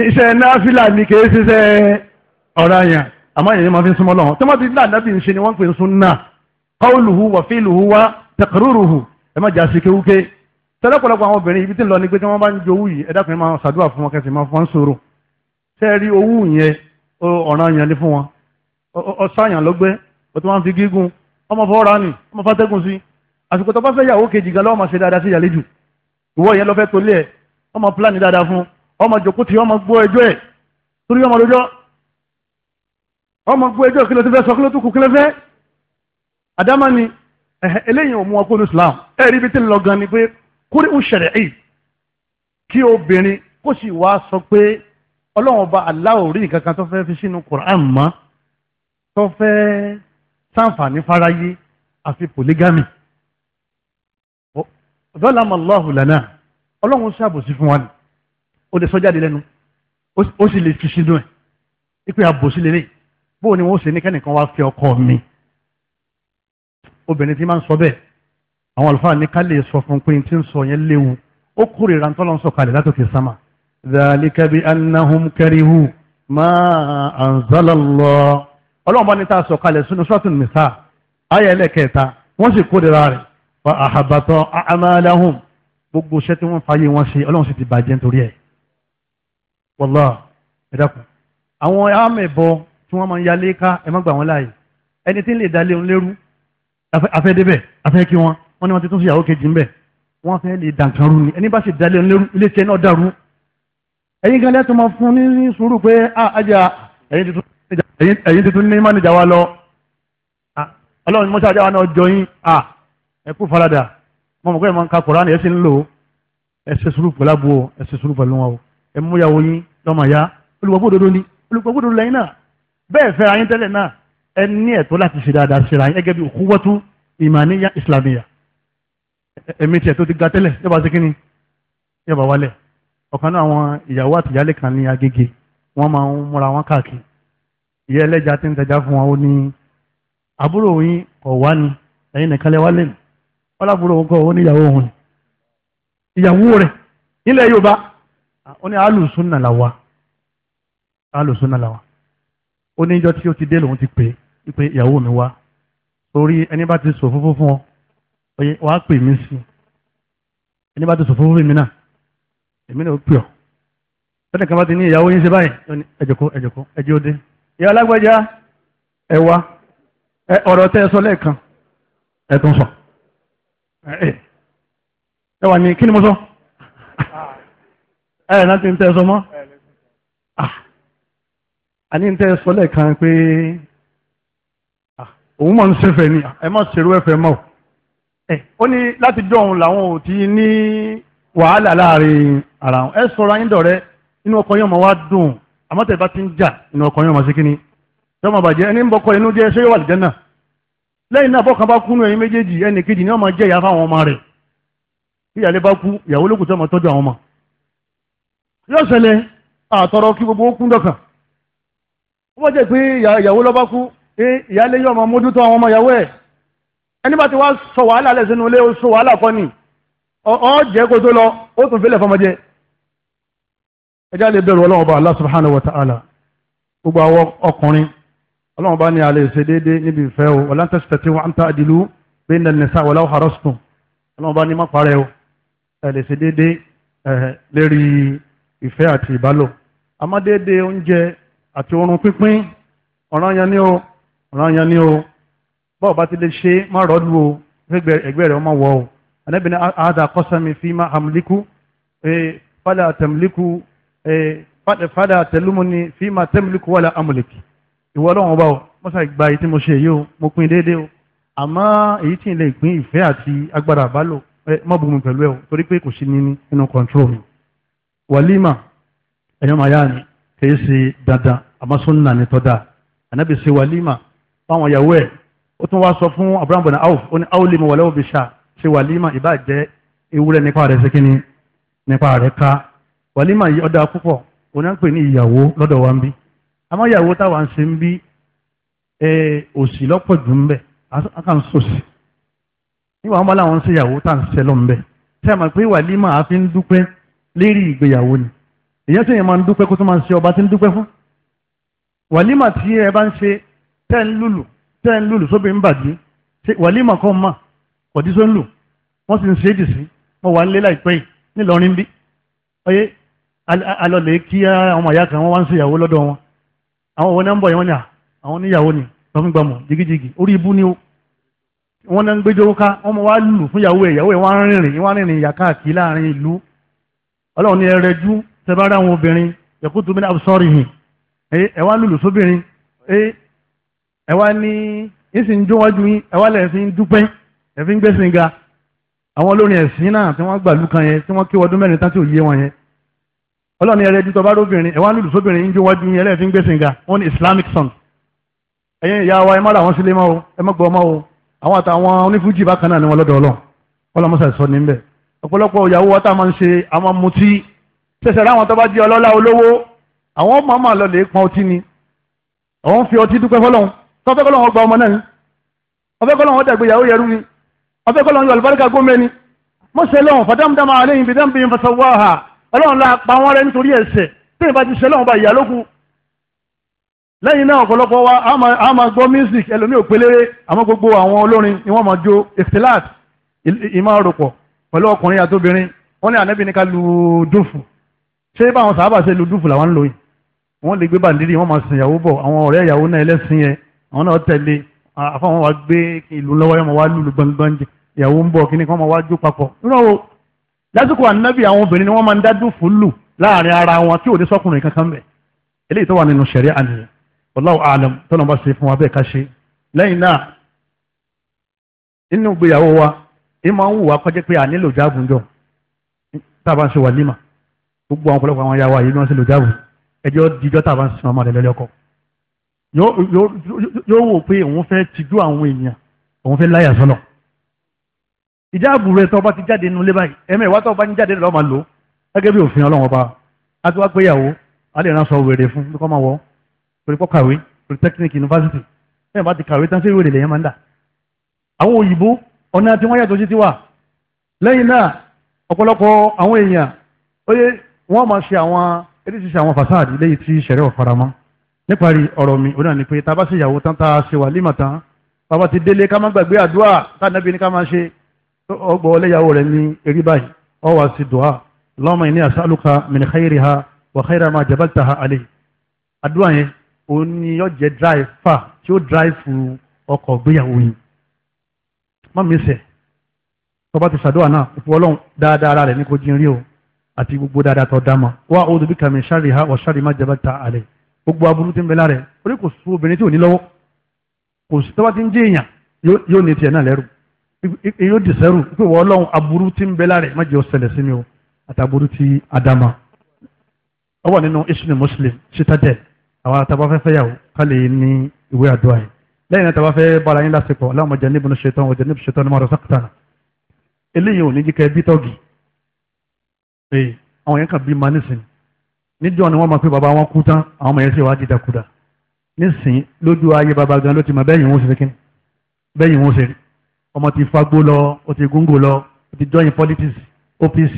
iṣẹ́ náfìlà ni kì í ṣiṣẹ́ ọ̀rọ̀ yẹn àmọ́ yẹn máa fi ń súnmọ́ lọ́wọ́ tó má ti dá nábì ń ṣe ni wọ́n pè ń sún náà kọ́ọ̀lùhù wàfíìlùhù wá tẹ̀kọ̀rọ̀rùhù ẹ má jà sí kéwúké tẹ́lẹ̀ pọ̀lọpọ̀ àwọn obìnrin ibi tí ń lọ ni pé kí wọ́n bá ń jowú yìí ẹ̀dá kan máa ṣàdúrà fún wọn kẹsì máa fọ́n sòrò tẹ́ rí owó yẹn ọ̀ràn yẹn ni fún wọn ọ̀sáyàn lọ́gbẹ́ ó ti máa ń fi gígùn ọmọ fọ́ra ni ọmọ fàtẹ́gùn sí àsìkò tó bá fẹ́ yàwó kejì gan lọ́wọ́ máa ṣe dáadáa sí ìyàlejò ìwọ yẹn lọ fẹ́ tolé ẹ̀ ọmọ pílánì dáadáa fún ọmọ jòkó tí ọmọ gbọ́ ẹjọ́ ẹ̀ torí ọmọ lójọ́ ọmọ gbọ́ ẹjọ́ kí ló ti fẹ́ sọ kí ló tún kù kí ló fẹ́ àdámà ni eléyìí ò mú wọn ní Islam ẹ rí ibi tí ń lọ gan ni pé kúrí ń ṣẹlẹ̀ ẹ̀ kí obìnrin kó sì wá sọ pé ọlọ́run ọba aláwọ̀ rí nǹkan zọ́làmà Allahu lana ọlọ́run ṣàbòsí fún wa ni ó lè sọ jáde lẹ́nu ó sì lè fi sínú ẹ̀ ipe àbòsí lélẹ̀ bóun ni wọ́n ṣe ní kẹ́nìkan wá fẹ́ ọkọ mi obìnrin tí máa ń sọ bẹ́ẹ̀ àwọn àlùfáà ní ká lè sọ fún pé tí ń sọ yẹn léwu ó kórìíra ń tọ́lọ́ sọ kalẹ̀ látòkè sámà dhalika bi annahum karihu ma anzala Allah ọlọ́run bá ní tá sọ kalẹ̀ sínú sọ́ọ̀tún nìsa ayẹlẹ̀ kẹta wọ́n sì kórìíra rẹ̀ wa àhàbàtọ̀ àmàlàhùn gbogbo iṣẹ́ tí wọ́n fàyè wọn ṣe ọlọ́run sì ti bàjẹ́ nítorí ẹ̀ wọ́lá ẹ̀dàkùn àwọn àmẹ̀bọ tí wọ́n máa ń yalé ká ẹ má gbà wọ́n láàyè ẹni tí ń lè dalé òun lérú afẹ́débẹ̀ afẹ́ kí wọn wọ́n ní wọ́n ti tún sí ìyàwó kejì ńbẹ̀ wọ́n fẹ́ lè dànkan rú ni ẹni bá sì dalé òun lérú ilé náà dàrú ẹ̀yin kan lẹ́tọ̀ máa fún ní sùúrù pé àjà ah, ẹ̀yin tuntun ní mánìjà wa lọ ah, ọlọ́run mọ́ṣáájà wa náà jọ yín ah, ẹ falada, farada mo mọ̀ pé ẹ máa ń ka koran ẹ sì ń lò ẹ ṣe sùúrù pẹ̀lú àbúrò ẹ ṣe wọn o ẹ mú ìyàwó yín lọ́mọ ya olùgbàgbọ́ òdodo ni olùgbàgbọ́ òdodo lẹ́yìn náà bẹ́ẹ̀ fẹ́ ra yín tẹ́lẹ̀ náà ẹ ní ẹ̀tọ́ láti ṣe dáadáa ṣe ra yín gẹ́gẹ́ bí òkúwọ́tú ìmàníyà ìsìlámìyà ẹ̀mí tiẹ̀ tó ti ga tẹ́lẹ̀ yọba sí kínní yọba wálẹ̀ ọ̀kan náà àwọn ìyàwó àtìyálé kan ní agége wọ́n máa ń múra wọn káàkiri ìyá ẹlẹ́ja ti ń tẹja fún wọn ó ní àbúrò yín kọ̀ wá ni ẹ̀yin nìkan lẹ ọlábùrò òun kọ òun níyàwó òun ìyàwó rẹ̀ nílẹ̀ Yorùbá ó ní alùsùnà làwà alùsùnà làwà ó ní ìjọ tí ó ti dé lòun ti pè é pé ìyàwó mi wá torí ẹni bá ti sọ fúnfún fún ọ oye wàá pè mí sí ẹni bá ti sọ fúnfún fún mi náà èmi náà ó pè ọ tẹ́lẹ̀ kan bá ti ní ìyàwó yín ṣe báyìí ẹ̀jọ̀kọ́ ẹ̀jọ̀kọ́ ẹ̀jẹ̀ òde ìyá alágbájá ẹ̀ wá ọ̀rọ̀ tẹ́ ẹ sọ lẹ́ẹ̀kan ẹ̀ tún sọ ẹ eh, wà ní kí ni mo sọ ẹ ah. eh, láti ń tẹ sọ mọ́ àní eh, ń tẹ ah. sọ lẹ́ẹ̀kan pé ah, òun mọ̀ ń ṣẹ̀fẹ̀ ni ẹ má ṣerú ẹ̀fẹ̀ mọ́ ẹ ó ní láti dọ̀hún làwọn ò ti ní wàhálà láàrin ara wọn ẹ sọra yín dọ̀rẹ́ inú ọkọ yóò máa wá dùn àmọ́ tẹ̀ bá ti ń jà inú ọkọ yóò máa ṣe kí ni yóò máa bàjẹ́ ẹni ń bọ́kọ inú jẹ́ ṣé yóò wà lìjẹ́ náà lẹ́yìn náà bọ́ọ̀kan bá kúnú ẹ̀yin méjèèjì ẹnì kejì ni wọ́n máa jẹ́ ìyá fáwọn ọmọ rẹ̀ bí ìyàlẹ́ bá kú ìyàwó lókùn tó máa tọ́jú àwọn ọmọ. yóò ṣẹlẹ̀ àtọ̀rọ̀ kí gbogbo kún dọ̀kan ó bọ́ jẹ́ pé ìyàwó lọ́ bá kú ìyálé yóò máa mójútó àwọn ọmọ ìyàwó ẹ̀ ẹni bá ti wá sọ wàhálà lẹ̀ sínú ilé ó sọ wàhálà kọ́ ni ọ̀ Allah subhanahu wa ta'ala gbogbo àwọn ọlọ́run bá ní alẹ́ ṣe déédéé níbi ìfẹ́ o wọ́n láǹtẹ̀ ṣètẹ̀tì wọ́n ta àdìlú bẹ́ẹ̀ ní ẹnìṣà wọ́n láwọ́ harọ́sùn ọlọ́run bá ní má parẹ́ o ẹ lè déédéé ẹ lérí ìfẹ́ àti ìbálò àmọ́ oúnjẹ àti oorun pínpín ọ̀ràn yan ni o ọ̀ràn yan ni o bọ́ọ̀ bá ti lè ṣe má rọ́ọ̀dù o ẹgbẹ́ rẹ̀ ọmọ wọ̀ o anabini ada kọsami fi ma amliku ee fada tamliku ee fada tẹlumuni fi ma tamliku wala amuliki ìwọ ọlọ́run ọba o mo ṣáà gba èyí tí mo ṣe yìí o mo pín déédéé o àmọ́ èyí tí n lè pín ìfẹ́ àti agbára àbálò mọ́ bùnmi pẹ̀lú ẹ o torí pé kò sí ní nínú control mi wàlímà ẹ̀yọ́ màá yá ni kìí ṣe dandan àmọ́ sunna ni tọ́da ànábì ṣe wàlímà fáwọn ìyàwó ẹ̀ ó tún wá sọ fún abraham bọ̀nà áwò ó ní áwò lè mọ̀ wọlé òbí ṣá ṣe wàlímà ìbá jẹ́ ewúrẹ́ nípa rẹ̀ ṣe kíni nípa rẹ̀ amáyàwó táwa ń ṣe ń bí òsì lọ́pọ̀ jù ń bẹ̀ akàn sòsì níwà wọn bá láwọn ń ṣe ìyàwó tá à ń ṣe lọ ń bẹ̀ ṣé àmọ́ pé wàlímà á fi ń dúpẹ́ lérí ìgbéyàwó ni èyàn sì yẹn máa ń dúpẹ́ kó tó máa ń ṣe ọba tí ń dúpẹ́ fún wàlímà tí ẹ bá ń ṣe tẹ́ ń lùlù tẹ́ ń lùlù sóbi ń bàdí wàlímà kan mà kọ̀dí só ń lù wọ́n sì ń ṣe é sí wọ́n wà lé láìpẹ́ yìí nílọrin bí ọyẹ alọ́lẹ̀ kí àwọn àyà kan wá ń ṣèyàwó lọ́dọ̀ wọn àwọn òun náà ń bọ̀ yẹn wọ́n ní à àwọn oníyàwó ni gbọmígbọmọ jigijigi orí ibú ni wọ́n náà ń gbẹjọ́ ká wọ́n mọ̀ wá lù fún ìyàwó ẹ̀ ìyàwó ẹ̀ wọ́n á rìnrìn wọ́n á rìnrìn ìyà káàkiri láàrin ìlú ọlọ́run ni ẹrẹ jú tẹ́bára àwọn obìnrin yẹ̀kútu mi náà sọ́ọ̀rì hìn ẹ wá lùlù sóbìnrin ẹ wá ní ìsìn jó wájú yín ẹ wá lẹ́sìn dúpẹ́ ẹ fi ń gbẹ́sìn ga àwọn olórin ẹ̀sìn náà tí wọ́n gbàlú kan yẹn tí wọ́n kí ọdún mẹ́rin tá tí ò yé wọn yẹn ọlọ́run ní ẹrẹ́jú tọ́ba lóbìnrin ẹ̀wọ́n lùlù sóbìnrin ń jó wájú yín ẹlẹ́ẹ̀fín gbèsè ga wọ́n ní islamic son, ẹ̀yin ìyá wa ẹ má ra àwọn sílé mọ́ o ẹ má gbọ́ mọ́ o àwọn àtàwọn onífújì bákan náà ni wọ́n lọ́dọ̀ ọlọ́run ọlọ́mọṣà sọ níbẹ̀ ọ̀pọ̀lọpọ̀ ìyàwó wa tá a máa ń ṣe àwọn mutí ṣẹ̀ṣẹ̀ láwọn tọ́ba jẹ́ ọlọ́lá olówó àwọn ọmọ máa lọ lè pọn ọtí ni àwọn fi ọtí dúpẹ́ fọlọ́run tọ́fẹ́ kọ́lọ́run ọgbà ọmọ náà ni ọfẹ́ kọ́lọ́run ọdẹ̀gbẹ̀ ha ọlọ́run la pa wọ́n rẹ nítorí ẹ̀ṣẹ̀ tí ìbá ti ṣe lọ́wọ́ bá ìyálókù lẹ́yìn náà ọ̀pọ̀lọpọ̀ wa a máa gbọ́ music ẹlòmíì ò pélére àmọ́ gbogbo àwọn olórin ni wọ́n máa jó ìfìlàt ìmọ̀ àròpọ̀ pẹ̀lú ọkùnrin àtobìnrin wọ́n ní ànẹ́bí ní ká lu dùfù ṣé báwọn sàábà ṣe lu dùfù làwọn ń lò yìí wọ́n lè gbé bàndírì wọ́n máa sin ìyàwó bọ̀ àwọn ọ̀rẹ́ ìyàwó náà ẹlẹ́sìn yẹn àwọn náà tẹ̀lé àfọwọ́n wa gbé ìlú lọ́wọ́ yẹn máa wá lùlù gbọ̀ngbọ̀n ìyàwó ń bọ̀ kíní kan máa wá jó papọ̀ nínú lásìkò ànábì àwọn obìnrin ni wọ́n máa ń dádùn fúlù láàrin ara wọn tí ò ní sọ́kùnrin kankan bẹ̀ eléyìí tó wà nínú sẹ̀rí àníyàn wallahu a'lam tọ́nà bá ṣe fún wa bẹ́ẹ̀ ká ṣe lẹ́yìn náà inú ìgbéyàwó wa ìmọ̀ ń wù wá kọjá pé ànílò jágùnjọ tá a bá ń ṣe wàlímà gbogbo àwọn ọ̀pọ̀lọpọ̀ àwọn yàwá yìí ni wọ́n lò jágùn ẹjọ́ dijọ́ tá ń sin ọmọ rẹ̀ lọ́lẹ́kọ̀ọ́ yóò wò pé òun fẹ́ tijú àwọn èèyàn òun fẹ́ láyà sọ́nà ìjáàbù rẹ tó bá ti jáde nínú ilé báyìí ẹ̀mẹ́ ìwà tó bá ń jáde lọ́ọ́ máa lò gẹ́gẹ́ bí òfin ọlọ́run ọba a ti wá gbéyàwó a lè ránṣọ wèrè fún bí kò máa wọ torí kọ́ kàwé polytechnic university bẹ́ẹ̀ bá ti kàwé tán sí ìwé ìrẹ̀lẹ̀ yẹn máa ń dà. àwọn òyìnbó ọ̀nà tí wọ́n yàtọ̀ sí ti wà lẹ́yìn náà ọ̀pọ̀lọpọ̀ àwọn èèyàn ó yẹ wọ́n máa ṣe àwọn ọgbọ ọlẹyàwó rẹ ní eré báyìí ọ wá sí dùá lọ́mọ ìní àṣàlùkà min khayriha wa khayra ma jabaltaha alayhi àdúrà yẹn òun ni yóò jẹ drive fà tí ó drive fún ọkọ̀ gbéyàwó yìí má mi sẹ̀ tọba ti ṣàdúrà náà ìfowó ọlọ́run dáadáa ara rẹ̀ ní kò jín rí o àti gbogbo dáadáa tó dá mọ́ wá a'udhu bika min sharriha wa sharri ma jabaltaha alayhi gbogbo aburú ti ń bẹ lára rẹ̀ orí kò sún obìnrin tí ò ní lọ́wọ́ kò sí tọ́ba yóò dìsẹ́rù pé wọ́n lọ́hùn aburú tí ń bẹ lára ẹ̀ má jẹ́ ọ̀sẹ̀lẹ̀ sí mi o àtàburú ti adama ó wà nínú islam muslim citadel àwọn àtàbáfẹ́fẹ́ yàwó ká lè ní ìwé àdúrà yìí lẹ́yìn náà tàbáfẹ́ bára yín lásìkò Allahumma jannibna shaitan wa jannib shaitan ma razaqtana eléyìí ò ní jíkẹ́ bí tọ́gì ee àwọn yẹn kàn bí ma nísìn níjọ́ ni wọ́n máa pé bàbá wọn kú tán àwọn ọmọ yẹn sì wá dìdàkudà nísìn lójú ayé bàbá ló ti mọ bẹ́yìn wọn ó ṣe kí bẹ́yìn wọn ó ṣe rí ọmọ ti fagbó lọ ó ti gúngò lọ ó ti join politics OPC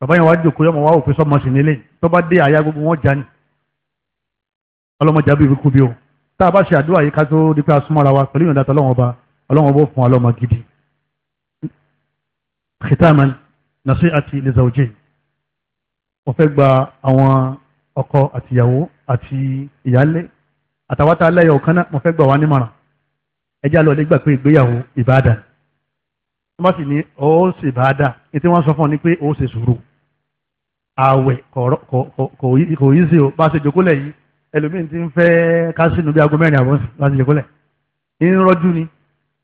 bàbá yẹn wá jòkó yọmọ wá òfin sọmọ sí nílé tó bá dé àyà gbogbo wọn jà ní ọlọmọjà bíi ikú bí o tá a bá ṣe àdúrà yìí ká tó di pé a súnmọ́ra wa pẹ̀lú ìyọ̀ǹda tọ́lọ́wọ́n ọba ọlọ́wọ́n bó fún ọlọ́mọ gidi. khitaman nasi'ati li zawjin wọ́n fẹ́ gba àwọn ọkọ àtìyàwó àti ìyálé àtàwátà aláyọ̀ kan náà wọ́n fẹ́ gba wa nímọ̀ràn ẹjá lọ nígbà pé ìgbéyàwó ìbáàdà wọ́n bá sì ní ó ṣe ìbáàdà ní tí wọ́n sọ fún ọ ní pé ó ṣe sùúrù ààwẹ̀ kò yí sí o bá ṣe jòkólẹ̀ yìí ẹlòmíín ti ń fẹ́ kásínú bí aago mẹ́rin àbọ̀ bá ṣe jòkólẹ̀ ń rọ́jú ni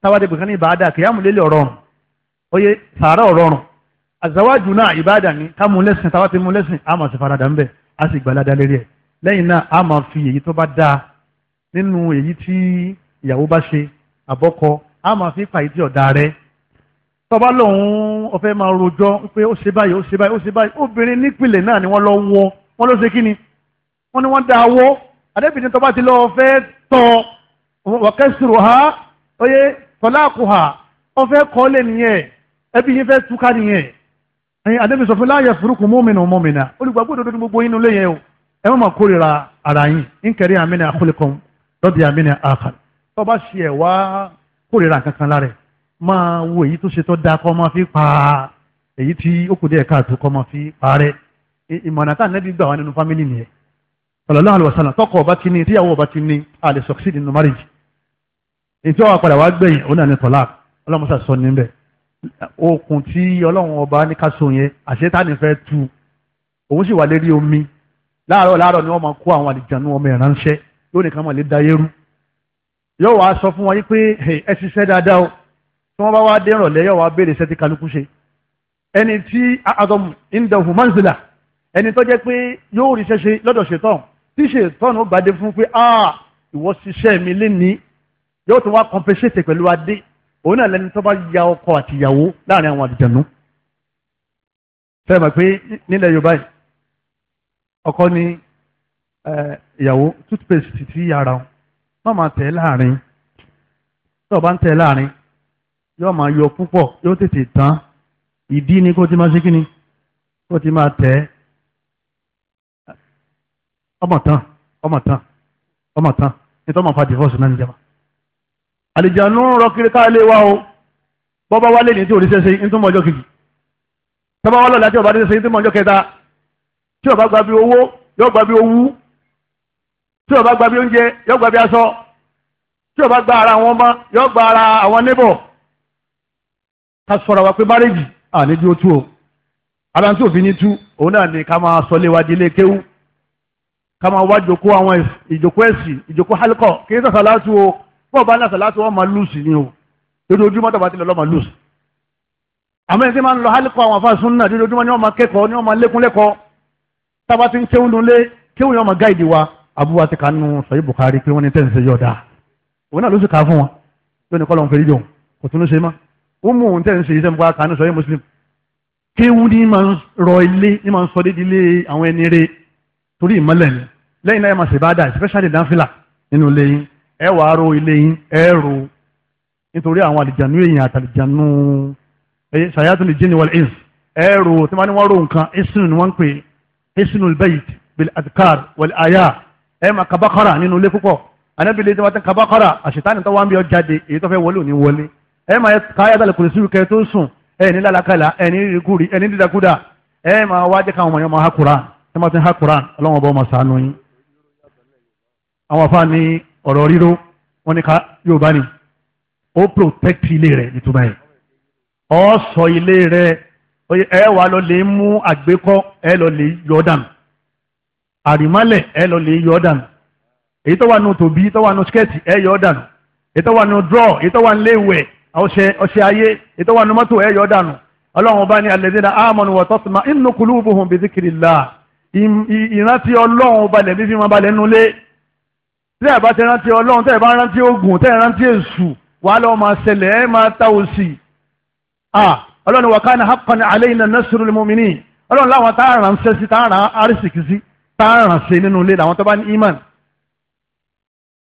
táwádé bìkan ní ìbáàdà kìyàmù lélẹ̀ ọ̀rọ̀rùn oyè sàárà ọ̀rọ̀rùn àzàwájú náà ìbáàdà ni kámú lẹ́sìn táwá ti mú lẹ́sìn á máa ṣe faradà ńbẹ̀ á sì gbàládà lérí ẹ̀ lẹ́yìn náà á máa fi èyí tó bá dáa nínú èyí tí ìyàwó bá ṣe àbọ́kọ a máa fi fàyè tí ọ̀dà rẹ tọ́ba lòun ọ̀fẹ́ máa rojọ́ pé ó ṣe báyìí ó ṣe báyìí ó ṣe báyìí obìnrin nípìnlẹ̀ náà ni wọ́n lọ wọ́ wọ́n ló ṣe kí ni wọ́n ni wọ́n da awọ́ adébìnrin tọ́ba ti lọ́ọ́ fẹ́ tọ́ ha oyè tọ́láàkù ha ọ̀fẹ́ kọ́lé nìyẹn ẹbí yín fẹ́ túká nìyẹn adébìnrin sọ fún láàyè mọ́mìnà mọ́mìnà o ẹ tó bá ṣe ẹ̀ wá kórìíra kankan lára ẹ̀ máa wo èyí tó ṣe tó dáa kọ́ máa fi pa èyí tí ó kù díẹ̀ káàtó kọ́ máa fi parẹ́ ìmọ̀nà tá nẹ́bí gbà wá nínú fámìlì nìyẹn sallallahu alaihi wasallam tọkọ ọba ti ní tíyàwó ọba ti ní a lè succeed nínú marriage èyí tí wọ́n padà wá gbẹ̀yìn òun náà ní tọ́lá ọlọ́mọṣà sọ níbẹ̀ okùn tí ọlọ́run ọba ní ká so yẹn àṣetánì fẹ́ tu òun sì wà lérí omi láàárọ̀ láàárọ̀ ni wọ́n máa kó àwọn àlìjànú ọmọ ìránṣẹ́ lónìí kan máa lè dayé rú yóò wá sọ fún wọn yìí pé ẹ ṣiṣẹ́ dáadáa o tí wọ́n bá wá dé ìrọ̀lẹ́ yóò wá béèrè iṣẹ́ tí kálukú ṣe ẹni tí àtọ̀mù indahu manzila ẹni tó jẹ́ pé yóò ríṣẹ́ ṣe lọ́dọ̀ ṣetán tí ṣetán ó gbàdé fún pé ah ìwọ ṣiṣẹ́ mi lénìí yóò tún wá compensate pẹ̀lú adé òun náà lẹni tó bá ya ọkọ àti ìyàwó láàrin àwọn àdìjànú fẹ́ẹ̀ má máa tẹ̀ láàrin tó o bá ń tẹ̀ láàrin yóò máa yọ púpọ̀ yóò tètè tán ìdí ni kó ti máa ṣe kí ni kó ti máa tẹ̀ ọmọ tán ọmọ tán ọmọ tán nítorí ọmọ fa divorce náà níjàmbá. àlìjánu rọ kiri ká lè o bọ́bá wálé ní tí òrìṣẹ́ ṣe ń tún mọ ọjọ́ kejì tọ́ba wálé láti ọba ní ṣe ń tún mọ ọjọ́ kẹta tí ọba gba bí owó yóò gba bí owú tí ó bá gba bí oúnjẹ yóò gba bí aṣọ tí ó bá gba ara àwọn ọmọ yóò gba ara àwọn níbọ̀ ká sọ̀rọ̀ wa pé márèjì àníjú ó tú o ara tí òfin ní tú òun náà ni ká máa sọ léwájú ilé kéwú ká máa wá jòkó àwọn ìjòkó ẹ̀sì ìjòkó hálíkọ̀ kí sàṣà láti o bọ́ọ̀ bá ní àṣà láti wọ́n máa lùsì ni o lójoojúmọ́ tàbá tilẹ̀ lọ́ọ́ máa lùsì àmọ́ ẹni tí máa ń lọ hálíkọ̀ àwọn afá súnà lójoojúmọ́ ni wọ́n máa kẹ́kọ̀ọ́ ni wọ́n máa lékún lẹ́kọ̀ọ́ tábà ti ń kéwú nulẹ̀ kéwú wọ́n máa gáìdì wa abúwa ti kanu sọyí Bukhari pé wọ́n ní tẹ́sí ṣe yọ̀ọ̀dà òun náà ló sì ká fún wọn lónìí kọ́ lọ́n fèrè jòun kò tún ló ṣe mọ́ ó mú òun tẹ́sí ṣe iṣẹ́ nípa kanu sọyí Muslim kéwú ní máa rọ ilé ní máa sọ déédéé ilé àwọn ẹni rè torí ìmọ́lẹ̀ ni lẹ́yìn náà ẹ máa ṣèbáàdà especially danfila nínú ilé yín ẹ wàá ro ilé yín ẹ ro nítorí àwọn àlìjànú èèyàn àtàlìjànú ṣàyàtò lè jíni wọlé ẹ̀sìn ẹ ro tí wọ́n ní wọ́n ro nǹkan ẹ̀sìn ni wọ́n ń pè ẹ̀sìn olùbẹ́yìí bil adkar ẹ kabakara ka bákàrà nínú ilé púpọ̀ anábìlẹ̀ tí wọ́n ti ka bákàrà àṣetánì tó wá ń bí ọ jáde èyí tó fẹ́ wọlé ò ní wọlé ẹ máa ka ayatollah kùrìsì kẹ tó sùn ẹ ní lálàkàlà ẹ ní rírikúri ẹ ní dídakúdà ẹ máa wá jẹ́ káwọn ọmọ yẹn máa ha Qur'an ẹ máa ti ha Qur'an ọlọ́wọ́n bá àrìmálẹ̀ ẹ lọ lè yọ ọ́ dànù èyí tó wà nù tòbí tó wà nù skẹ́ẹ̀tì ẹ yọ ọ́ dànù èyí tó wà nù drọ́ èyí tó wà nù léwẹ̀ ọṣẹ ọṣẹ ayé èyí tó wà nù mọ́tò ẹ yọ ọ́ dànù ọlọ́run bá ní alladhina amanu wa tatma'innu qulubuhum bi ìrántí ọlọ́run balẹ̀ balẹ̀ nulẹ̀ bá ti rántí ọlọ́run bá rántí ogun rántí èṣù wàhálà ẹ̀ tá a ràn ṣe nínú ilé làwọn tó bá ní iman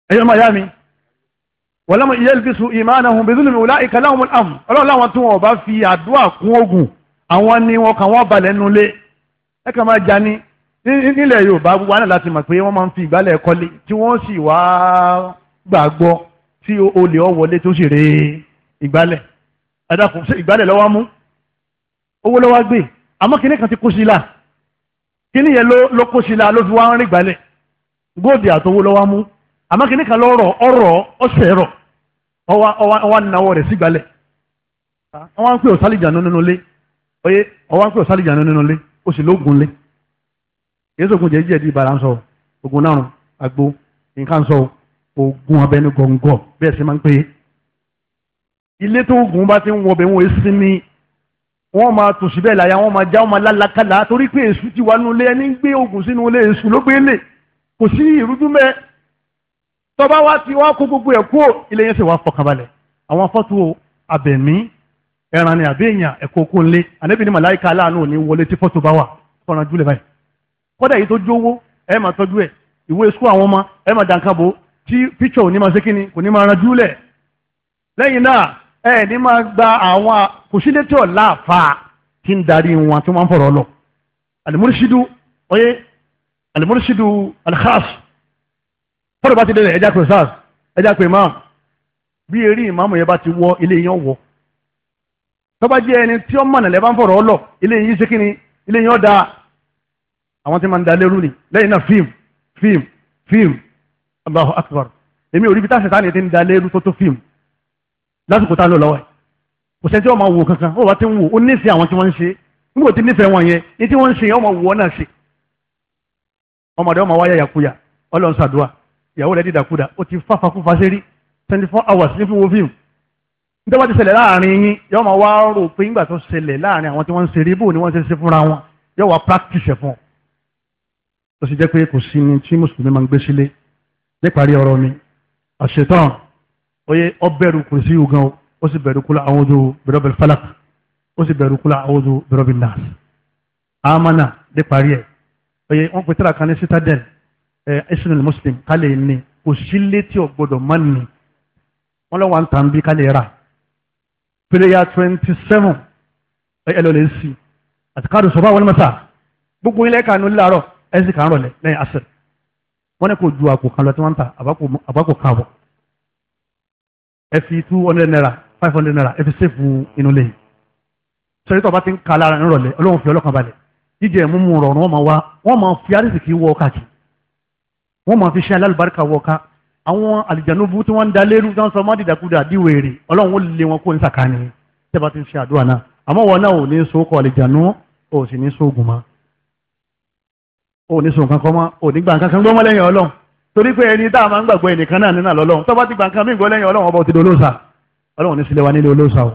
ẹ̀yọ́ máa yá mi wọ́n lọ́mọ iye ìfisù imanahum bi zulmi ulaika lahumul amn ọlọ́run láwọn tí wọn ò bá fi àdúrà kún ogun àwọn ni wọn kàn wọ́n balẹ̀ nínú ilé ẹ kàn máa jani nílẹ̀ Yorùbá wà náà láti mọ̀ pé wọ́n máa ń fi ìgbálẹ̀ kọ́lé tí wọ́n sì wá gbàgbọ́ tí olè ọ̀ wọlé tó sì rèé ìgbálẹ̀ ẹ̀dá kò sí ìgbálẹ̀ lọ́wọ́ mú owó lọ́wọ́ gbé àmọ́ kìnìkan ti kú sí i láà kíní yẹn ló kó sí la ló fi wá ń rìn gbalẹ̀ góòdì àtọwó lọ́wọ́ mú àmọ́ kíní kan lọ́rọ̀ ọ̀rọ̀ ọ̀sẹ̀ rọ̀ ọwọ́ nàwọ̀ rẹ̀ sí gbalẹ̀ ọwọ́ ń pè ọ̀sálìjànú nínú ilé oyè ọwọ́ ń pè ọ̀sálìjànú nínú ilé ó sì lóògùn lé yéésù ògùn jẹ́ jẹ́ di ìbára ń sọ ògùn náà àgbo nǹkan sọ ògùn abẹnugọ̀ngọ̀ bẹ́ẹ̀ sì máa ń pè é ilé tó ògùn bá ti ń wọ wọ́n máa tò síbẹ̀ láyà wọ́n máa já wọ́n máa lálàkàlà torí pé èṣù ti wà nínú ilé ẹni gbé oògùn sínú ilé èṣù ló gbé lè kò sí ìrújú mẹ́ tọ́ba wa ti wá kó gbogbo ẹ̀ kó ilé yẹn sì wá fọkànbalẹ̀ àwọn fọ́tò abẹ̀mí ẹran ni àbí èèyàn ẹ̀kọ́ kó lé ànábì ní màláìka aláàánú òní wọlé tí fọ́tò bá wà kọ́ran júlẹ̀ báyìí kọ́dà yìí tó jówó ẹ máa tọ́jú ẹ̀ ìwé sukú àwọn ọmọ ẹ máa dànkàbò tí píṣọ̀ òní máa ṣe kíni kò ní máa ran júlẹ̀ lẹ́yìn náà ẹ ní máa gba àwọn kòsílétò láàfà tí ń darí wọn tí wọ́n fọ̀rọ̀ lọ alimurusidu oye alimurusidu alkhas fọlọ bá ti dẹrẹ ẹja pé sars ẹja pé imam bí eré ìmáàmù yẹn bá ti wọ ilé yẹn wọ tọ́ba jẹ́ ẹni tí ó mọ̀nà lẹ́bàá ń fọ̀rọ̀ lọ ilé yìí ṣe ni ilé yẹn ó da àwọn tí máa ń da lérú ni lẹ́yìn náà fíìmù fíìmù fíìmù Allahu akbar èmi ò rí ibi tá a ṣẹ̀tàn yẹn ti ń da lérú tó tó fíìmù lásìkò tá a lò lọ́wọ́ ẹ̀ kò sẹ́ni tí wọ́n máa wò kankan ó wà tí ń wò ó nífẹ̀ẹ́ àwọn tí wọ́n ń ṣe nígbà tí nífẹ̀ẹ́ wọn yẹn ní tí wọ́n ń ṣe yẹn ọmọ wò náà ṣe ọmọdé ọmọ wáyà yàkuyà ọlọ́run ṣàdúrà ìyàwó rẹ̀ dìdàkudà ó ti fáfakúfa ṣe rí twenty four hours ní fún wo fíìmù nítorí wọ́n ti ṣẹlẹ̀ láàrin yín yóò máa wá rò pé nígbà tó ṣẹlẹ̀ láàrin àwọn tí wọ́n ń ṣe rí bò ni wọ́n ṣe ṣe fúnra wọn yóò wá practice ẹ̀ fún ọ. tó sì jẹ́ pé kò sí ni tí mùsùlùmí máa ń gbé sílé níparí ọ̀rọ̀ mi àṣetán oye ọbẹ̀rù kùrìsí ogan o ó sì bẹ̀rù kula a'udhu birabbil falaq ó sì bẹ̀rù kula a'udhu birabbin nas amana dé parí ẹ̀ oye wọ́n pe tíra kan ní citadel ẹ̀ isnul muslim kálẹ̀ ní kò sí létí ọ̀gbọ́dọ̀ má nì wọ́n lọ́wọ́ à ń tàn bí kálẹ̀ rà prayer twenty seven ẹ̀ lọ́lẹ̀ sí àti káàdùn sọ̀bá wọlé mọ́ta gbogbo ilẹ̀ kanu láàárọ̀ ẹ̀ sì kàn rọ̀lẹ̀ lẹ́yìn asẹ̀ wọ́n ní kò ju àpò kan lọ tí wọ́n ń ta àbákò kan ẹ fi two hundred naira five hundred naira ẹ fi ṣèfù inú lẹ́yìn sọyìn tó o bá ti ń ka lára nírọ̀lẹ́ ọlọ́run fi ọlọ́kan balẹ̀ jíjẹ mímu rọrùn wọn máa wá wọn máa fi arísìkí wọ ọkà kì wọn máa fi ṣe alálùbáríkà wọ ọkà àwọn àlìjànúbú tí wọ́n ń da lérú tí wọ́n sọ mádìdàkúdà díwèrè ọlọ́run ó lé wọn kó ní sàkání tẹ́bà ti ń ṣe àdúrà náà àmọ́ wọn náà ò ní so kọ àlìjànú ò sì ní so ògùn mọ́ ò ní so nǹkan kan mọ́ ò ní gbà nǹkan kan gbọ́mọ́ lẹ́yìn ọlọ́run torí pé ẹni tá a máa ń gbàgbọ́ ẹnìkan náà nínú àlọ́lọ́hún tó bá ti gbà nǹkan mí gbọ́ lẹ́yìn ọlọ́run ọba òtí dolóòsà ọlọ́run ní sílẹ̀ wa ní ilé olóòsà o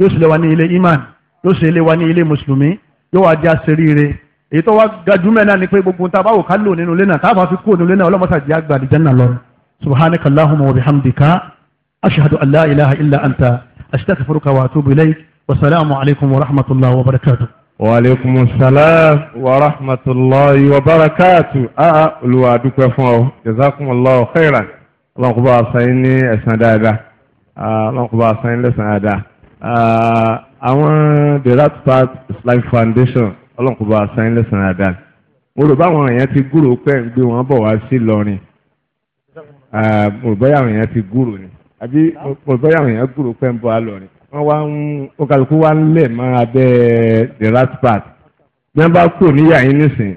yóò sílẹ̀ wa ní ilé imán yóò sílẹ̀ wa ní ilé mùsùlùmí yóò wá já seríire èyí tó wá gajúmọ̀ náà ni pé gbogbo ta bá wò ká lò nínú ilé náà tá fi kú nínú ilé náà ọlọ́mọta jẹ́ àgbà náà lọ subhanaka allahumma wa bihamdika ashhadu an la ilaha illa anta astaghfiruka wa atubu ilayk wa salaamu alaykum wa rahmatullahi wa barakatuh wàlékùmù sàlám wà rahmatulahi wà barakatu a ah, ah, olùwà dúpẹ́ fún ọ jazakumullahu khairan ọlọ́nkùbà àṣàyìn ní ẹ̀sán dáadáa ah, ọlọ́nkùbà àṣàyìn lẹ́sàn dáadáa àwọn the right path islamic foundation ọlọ́nkùbà àṣàyìn lẹ́sàn dáadáa mo rò báwọn èèyàn ti gúrò pé ń gbé wọn bọ̀ wá sí lọrin mo rò báyà àwọn èèyàn ti gúrò ni àbí mo rò báyà àwọn èèyàn gúrò pé ń bọ̀ wá lọrin wọ́n wá ń ọkàlùkù wá ń lẹ̀ mọ́ abẹ́ the rat pack ní wọ́n bá kúrò níyà yín nísìn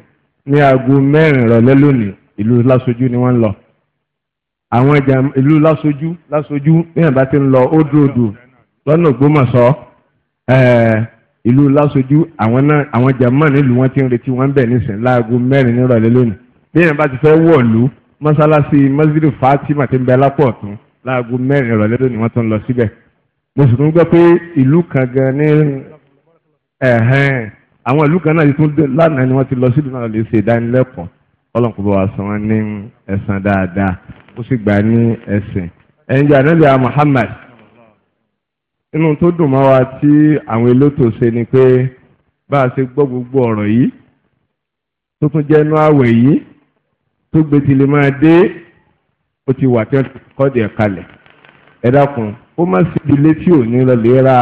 ní aago mẹ́rin rọ̀lẹ́ lónìí ìlú lásojú ni wọ́n ń lọ àwọn ẹja ìlú lásojú lásojú níyàn bá ti ń lọ ó dòdò lọ́nà Ògbómọ̀ṣọ́ ìlú lásojú àwọn náà àwọn jàmáà nílùú wọn ti ń retí wọn bẹ̀ nísìn láago mẹ́rin nírọ̀lẹ́ lónìí níyàn bá ti fẹ́ wọ̀lú mọ́sálásí mọ́sídìí Fatima ti ń bẹ lápọ̀ ọ̀tún láago mẹ́rin rọ̀lẹ́ lónìí wọ́n tún lọ síbẹ̀ mo sì tún gbọ́ pé ìlú kan gan ní ẹ̀hẹ́n àwọn ìlú kan náà ti tún lánàá ni wọ́n ti lọ sílùú náà lè ṣe ìdánilẹ́kọ̀ọ́ ọlọ́nkú bá wa san wọn ní ẹ̀san dáadáa ó sì gbà ní ẹ̀sìn ẹ̀yìn ànábìá Muhammad inú tó dùn mọ́ wa tí àwọn elétò ṣe ni pé bá a ṣe gbọ́ gbogbo ọ̀rọ̀ yìí tó tún jẹ́ inú àwẹ̀ yìí tó gbé tilẹ̀ máa dé ó ti wà tí wọ́n kọ́ dẹ̀ kalẹ̀ ẹ ó má sí ilé tí ò ní lọlé ra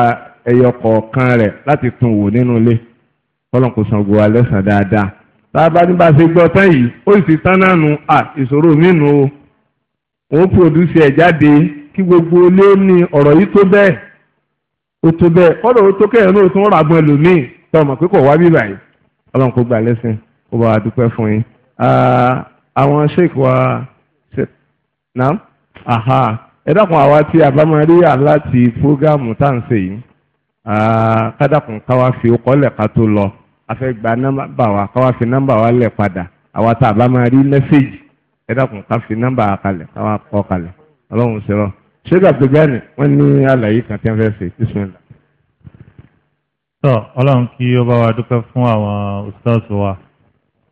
ẹyọ kọ̀ọ̀kan rẹ̀ láti tún wò nínú ilé kọ́lọ́n kò san gbogbo alẹ́ sàn dáadáa tábà ní bá a ṣe gbọ́ tán yìí ó sì ti tán náà nu à ìṣòro mi nu o òun pòdùsì ẹ̀ jáde kí gbogbo ilé ní ọ̀rọ̀ yìí tó bẹ́ẹ̀ ó tó bẹ́ẹ̀ kọ́dọ̀ ó tó kẹ́yìn náà tún rà gbọ́n lòmíì tó mọ̀ pé kò wá bíbà yìí ọlọ́run kò gbà lẹ́sìn kó bá wa dúpẹ́ fún yín àwọn sheik wa ṣe náà aha ẹ dákun àwa tí a bá máa rí àlá ti fúrógámù tá à ń kádàkùn káwá fi okọ́ ká tó lọ a fẹ́ wa káwá fi nọ́mbà wa lẹ̀ padà àwa tá a bá máa rí mẹ́sẹ̀gì ẹ dákun ká fi nọ́mbà wa kalẹ̀ káwá kọ́ kalẹ̀ ọlọ́run ṣe rọ ṣé dàbí ní àlàyé kan tí wọ́n fẹ́ ṣe bísímìlà. sọ ọlọ́run kí ó bá wa dúpẹ́ fún àwọn ustaz wa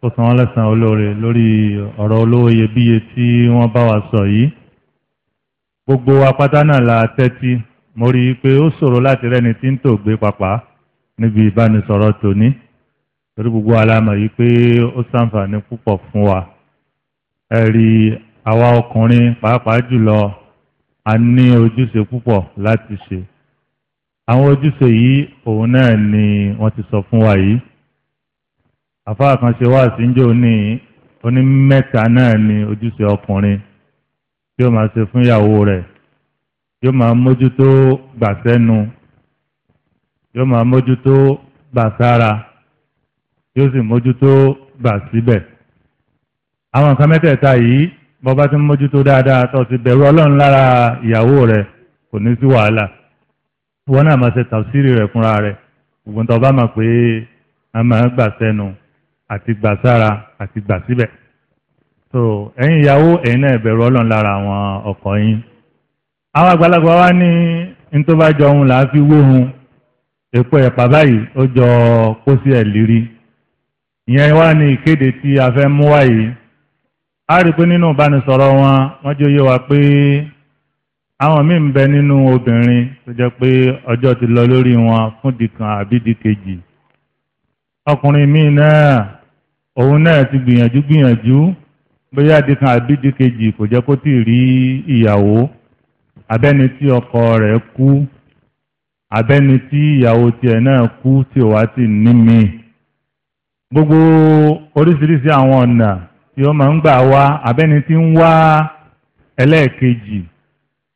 ó san wọn lẹ́san olóore lórí ọ̀rọ̀ olówó iyebíye tí wọ́n bá wa sọ yìí gbogbo apáta náà la tẹ́tí mo rí i pé ó ṣòro láti rẹ́ni tí ń tò gbé papá níbi ìbánisọ̀rọ̀ tòní torí gbogbo alámọ̀ yìí pé ó ṣàǹfààní púpọ̀ fún wa ẹ̀rí àwa ọkùnrin pàápàá jùlọ a ní ojúṣe púpọ̀ láti ṣe àwọn ojúṣe yìí òun náà ni wọ́n ti sọ fún wa yìí àfáà kan ṣe wá sí ń jò ní mẹ́ta náà ni ojúṣe ọkùnrin yóò máa ṣe fún ìyàwó rẹ̀ yóò máa mójútó gbàsẹ́nu yóò máa mójútó gbàsára yóò sì mójútó gbàsíbẹ̀. àwọn nǹkan mẹ́tẹ̀ẹ̀ta yìí bọ́ba ti ń mójútó dáadáa tó ti bẹ̀rù ọlọ́run lára ìyàwó rẹ̀ kò ní sí wàhálà wọn náà máa ṣe tàfsírì rẹ̀ fúnra rẹ̀ ògùn tó bá mọ̀ pé a máa gbàsẹ́nu àti gbàsára àti gbàsíbẹ̀. so ẹ̀yin ìyàwó ẹ̀yin náà bẹ̀rù ọlọ́run lára àwọn ọkọ yín àwọn àgbàlagbà wa ní ntọ́bàjọ òun là á fi wóhun èpo ẹ̀pà báyìí ó jọ kó sí ẹ̀ lérí ìyẹn wá ní ìkéde tí a fẹ́ mú wáyìí a rí i pé nínú ìbánisọ̀rọ̀ wọn wọ́n jẹ́ yé wa pé àwọn míì ń bẹ nínú obìnrin tó jẹ́ pé ọjọ́ ti lọ lórí wọn fún dìkan àbí dìkejì ọkùnrin míì náà òun náà ti gbìyànjú gbìyànjú bóyá àdìkan àbídì kejì kò jẹ́ kó tì rí ìyàwó abẹ́ni tí ọkọ rẹ̀ kú abẹ́ni tí ìyàwó tiẹ̀ náà kú tí ò wá sí nímì gbogbo oríṣiríṣi àwọn ọ̀nà tí ó máa ń gbà wá abẹ́ni tí ń wá ẹlẹ́ẹ̀kejì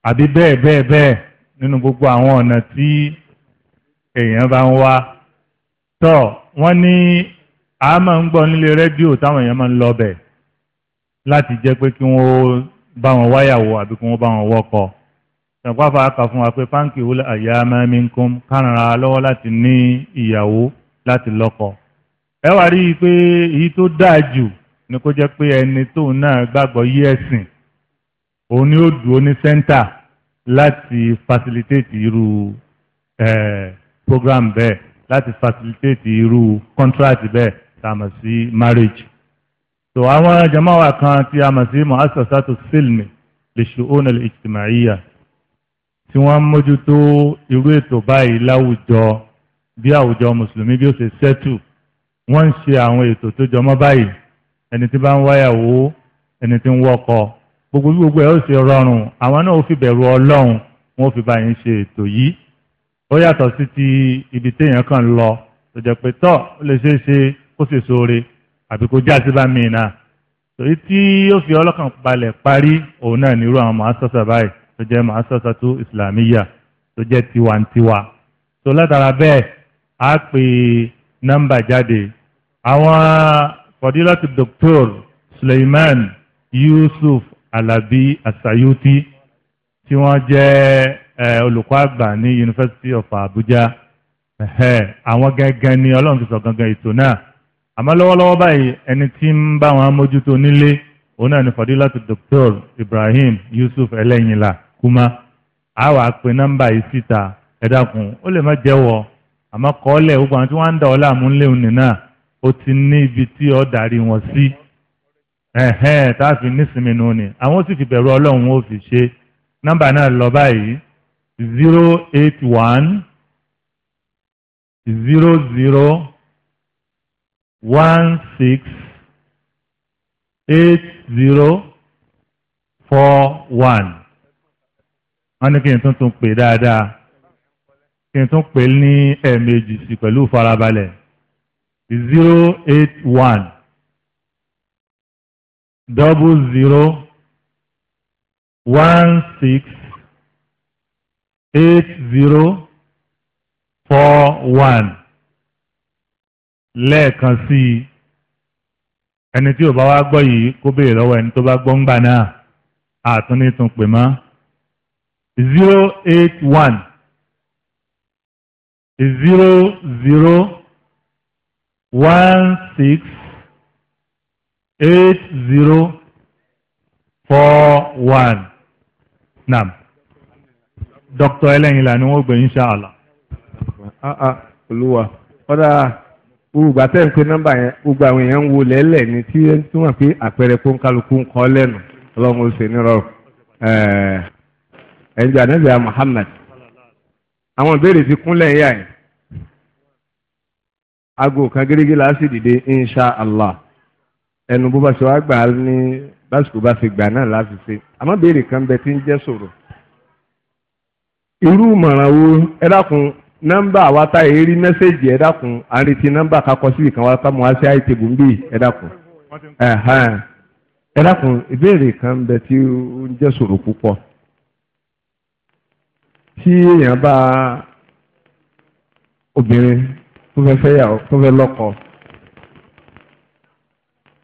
àbí bẹ́ẹ̀ bẹ́ẹ̀ bẹ́ẹ̀ nínú gbogbo àwọn ọ̀nà tí èèyàn bá ń wá tọ́ wọ́n ní a máa ń gbọ́ nílé rédíò táwọn èèyàn máa ń lọ bẹ́ẹ̀. láti jẹ́ pé kí wọ́n bá wọn wáyàwó àbí kí wọ́n bá wọn wọ́kọ ṣàpáfà kà fún wa pé páǹkì wúlò àyà mẹ́mínkún kárànra lọ́wọ́ láti ní ìyàwó láti lọ́kọ ẹ wá rí i pé èyí tó dáa jù ni kó jẹ́ pé ẹni tóun náà gbàgbọ́ yí ẹ̀sìn òun ni ó dùn ó ní sẹ́ńtà láti facilitate irú eh, program bẹ́ẹ̀ láti facilitate irú contract bẹ́ẹ̀ tá sí marriage so àwọn jamawa kan tí a mọ̀ sí muassasatu silmi lishu'un al-ijtima'iyya tí wọ́n mójútó irú ètò مسلمي láwùjọ bí àwùjọ mùsùlùmí bí ó ṣe ṣẹ́tù wọ́n ń ṣe àwọn ètò tó jọmọ́ báyìí ẹni tí bá ń wáyàwó ẹni tí ń wọ́kọ gbogbo bí gbogbo ẹ̀ ó ṣe rọrùn àwọn náà ó fi bẹ̀rù ọlọ́run wọn ó fi bá yín ṣe ètò yìí ó yàtọ̀ sí ti ibi téèyàn kàn lọ tó jẹ́ pé tọ́ ó lè ṣeé ṣe kó sì ṣoore àbí kó já sí bá mi náà torí tí ó fi ọlọ́kàn balẹ̀ parí òun náà nírú àwọn màásọ́sà báyìí tó jẹ́ màásọ́sà tó ìsìlámíyà tó jẹ́ tiwantiwa tó látara bẹ́ẹ̀ á pè nọ́mbà jáde àwọn fọdílọ́tì dr Suleiman Yusuf Alabi Asayuti tí wọ́n jẹ́ olùkọ́ àgbà ní University of Abuja àwọn gangan ni ọlọ́run ti sọ gangan ètò náà àmọ́ lọ́wọ́lọ́wọ́ báyìí ẹni tí ń bá wọn mójútó nílé òun náà ni fadilatu Dr. Ibrahim Yusuf ẹlẹ́yìnlá kuma àwa pe nọ́mbà yìí síta ẹ dákun ó lè má jẹ́wọ́ àmọ́ kọ́ọ́lẹ̀ gbogbo àwọn tí wọ́n ń da ọlá àmúléhùn nìna ó ti ní ibi tí ó darí wọn sí ẹ̀hẹ́n tá a fi nísìmí nù ni àwọn ó sì fi bẹ̀rù ọlọ́run ó fi ṣe nọ́mbà náà lọ báyìí zero eight one zero zero one six eight zero four one wọ́n ní kí n tún tún pè dáadáa kí n tún pè ní ẹ̀ẹ̀mejì sí pẹ̀lú farabalẹ̀ zero eight one double zero one six eight zero four one lẹ́ẹ̀kan sí i ẹni tí ò bá wá gbọ́ yìí kó béèrè lọ́wọ́ ẹni tó bá gbọ́ ń gbà náà àtúní pè mọ́ zero eight one zero zero one six eight zero four one nam dr ẹlẹ́yìnlá ni wọ́n gbé insha Allah. Ah, ah, olúwa ọ̀dà gbogbo àtẹ̀ ń pe nọ́mbà yẹn gbogbo àwọn èèyàn ń wo lẹ́lẹ̀ ni tí ẹ tún wà pé àpẹẹrẹ kó ń kálukú ń kọ́ lẹ́nu ọlọ́run ó ṣe nírọ̀rùn ẹ̀ǹjẹ̀ ànábìà Muhammad àwọn ìbéèrè ti kúnlẹ̀ yá ẹ̀ aago kan gírígí la sì dìde insha allah ẹnu bó bá ṣe wá gbà á ní lásìkò bá ṣe gbà náà láti ṣe àmọ́ béèrè kan bẹ tí ń jẹ́ sọ̀rọ̀ irú ìmọ̀ràn wo ẹ dákun nọ́mbà àwa tá èyí rí mẹ́sẹ̀gì ẹ dákun à ń retí nọ́mbà kakọ síbi kan wá ká mọ àṣẹ àìtẹ̀gù ń bì ẹ dákun ẹ dákun ìbéèrè kan ń bẹ tí ó ń jẹ́ ṣòro púpọ̀ tí èèyàn bá obìnrin tó fẹ́ fẹ́ yàwó tó fẹ́ lọ́kọ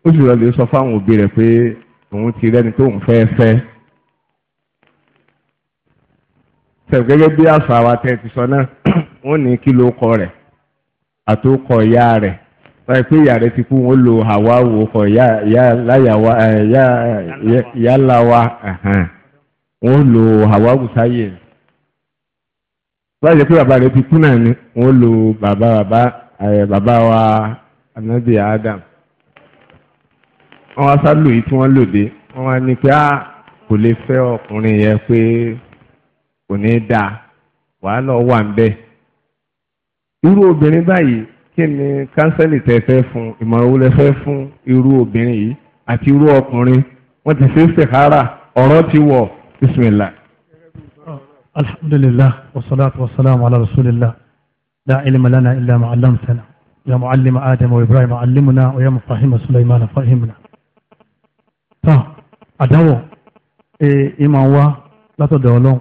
ó sì lọ sọ fáwọn òbí rẹ̀ pé òun ti rẹ́ni tó ń fẹ́ fẹ́. gẹ́gẹ́ bí àṣà wa tẹ́ ti sọ náà wọ́n ní kí ló kọ rẹ̀ àtòkọ ìyá rẹ̀ wọ́n pé ìyá rẹ̀ ti kú wọ́n lo Hawawu ọkọ̀ ìyáláwa wọ́n lo Hawawu sáyé wọ́n yẹ pé bàbá rẹ̀ ti kú náà ni wọ́n lo bàbá bàbá bàbá wa Anabi Adam wọ́n wá sá lò yìí tí wọ́n lò dé wọ́n wá ní pé ah, kò lè fẹ́ ọkùnrin yẹn pé kò ní í dáa wàhálà wà ń bẹ irú obìnrin báyìí kí ni kánsẹ́lì tẹ́ fẹ́ fún ìmọ̀ràn owó lẹ fẹ́ fún irú obìnrin yìí àti irú ọkùnrin wọ́n ti ṣe sèkárà ọ̀rọ̀ ti wọ̀ bisimilá. alhamdulilah wasalaatu wasalaamu ala rasulillah la ilma lana illa ma allamtana ya muallima adam wa ibrahim allimna wa ya mufahima sulaiman fahimna. tán àdáwọ̀ ìmọ̀ wa látọ̀dọ̀ ọlọ́run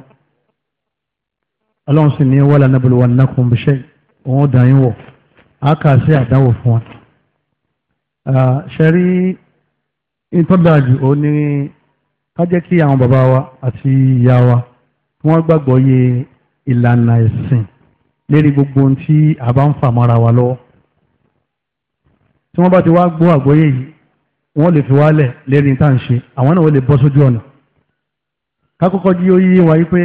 ọlọ́run sì ní wala nabluwannakum bi shay òun dàn yín wọ̀ á kà sí àdáwò fún wa. ṣẹ́rí ìtọ́dàjù ó ní ká jẹ́ kí àwọn bàbá wa àti ìyá wa wọ́n gbàgbọ́ yé ìlànà ẹ̀sìn lérí gbogbo ohun tí a bá ń fà mọ́ra wa lọ́wọ́ tí wọ́n bá ti wá gbọ́ àgbọ́yé yìí wọ́n lè fi wálẹ̀ lérí tá à ń ṣe àwọn náà wọ́n lè bọ́ sójú ọ̀nà ká kọ́kọ́ jí ó yé wa yí pé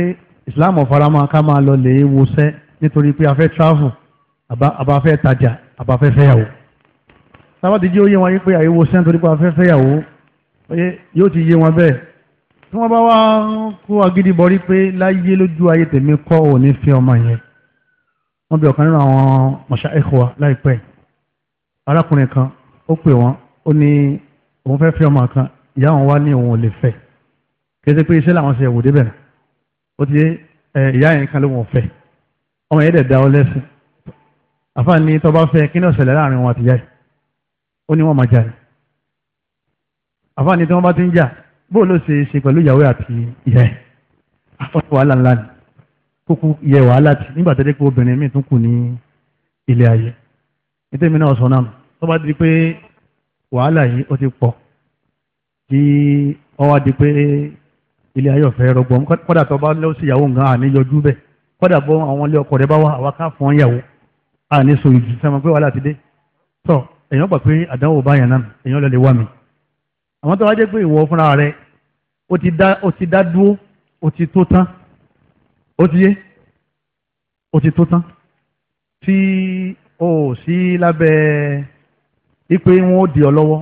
islam ọ̀farama ká máa lọ lè wọṣẹ́ nítorí pé a fẹ́ travel àbá fẹ́ tajà àbá fẹ́ fẹ́yàwó sábàtì jí ó yé wọn pé àyè wọṣẹ́ nítorí pé a fẹ́ fẹ́yàwó yóò ti yé wọn bẹ́ẹ̀ tí wọ́n bá wá kó agídí bọrí pé láyé lójú ayé tèmi kọ́ ò ní fi ọmọ yẹn wọ́n bí ọ̀kan nínú àwọn mọ̀ṣá ẹ̀kọ́ wa láìpẹ́ arákùnrin kan ó pè wọ́n ó ní òun fẹ́ fi ọmọ kan ìyá wọn wá ní òun ò lè fẹ́ kí ẹ ṣe pé iṣẹ́ làwọn ṣe ẹ̀wò débẹ̀ náà ó ti ìyá yẹn kan ló wọ́n fẹ́ ọmọ yẹn dẹ̀ da ọ lẹ́sìn àfààní tó bá kí ni ó ṣẹlẹ̀ láàrin wọn àti ìyá yìí ó ní wọ́n máa jà ní àfààní tí wọ́n bá ti ń jà bó ló ṣe ṣe pẹ̀lú ìyàwó àti ìyá yìí àfọ̀tí wàhálà ńlá ni kókó yẹ wàhálà tì nígbà tó dé pé obìnrin míì tún kù ní ilé ayé nítorí mi náà sọ náà tó bá di pé wàhálà yìí ó ti pọ̀ kí ó wá di pé ilé ayé ọ̀fẹ́ rọgbọ̀n kọ́dà tó bá lọ́wọ́ sí ìyàwó nǹkan àníyọjú bẹ́ẹ̀ kọ́dà bọ́ àwọn ilé ọkọ rẹ bá wà àwa ká fún ìyàwó àní so ìjù sẹ́mu pé wàhálà ti dé tọ́ èèyàn gbà pé àdánwò báyàn náà èèyàn lọ́ọ́ lè wá mi àwọn tó wá jẹ́ pé ìwọ fúnra rẹ ó ti dá dúró ó ti tó tán ó ti yé ó ti tó tán tí o ò sí lábẹ́ ipe wọn ó di ọ lọ́wọ́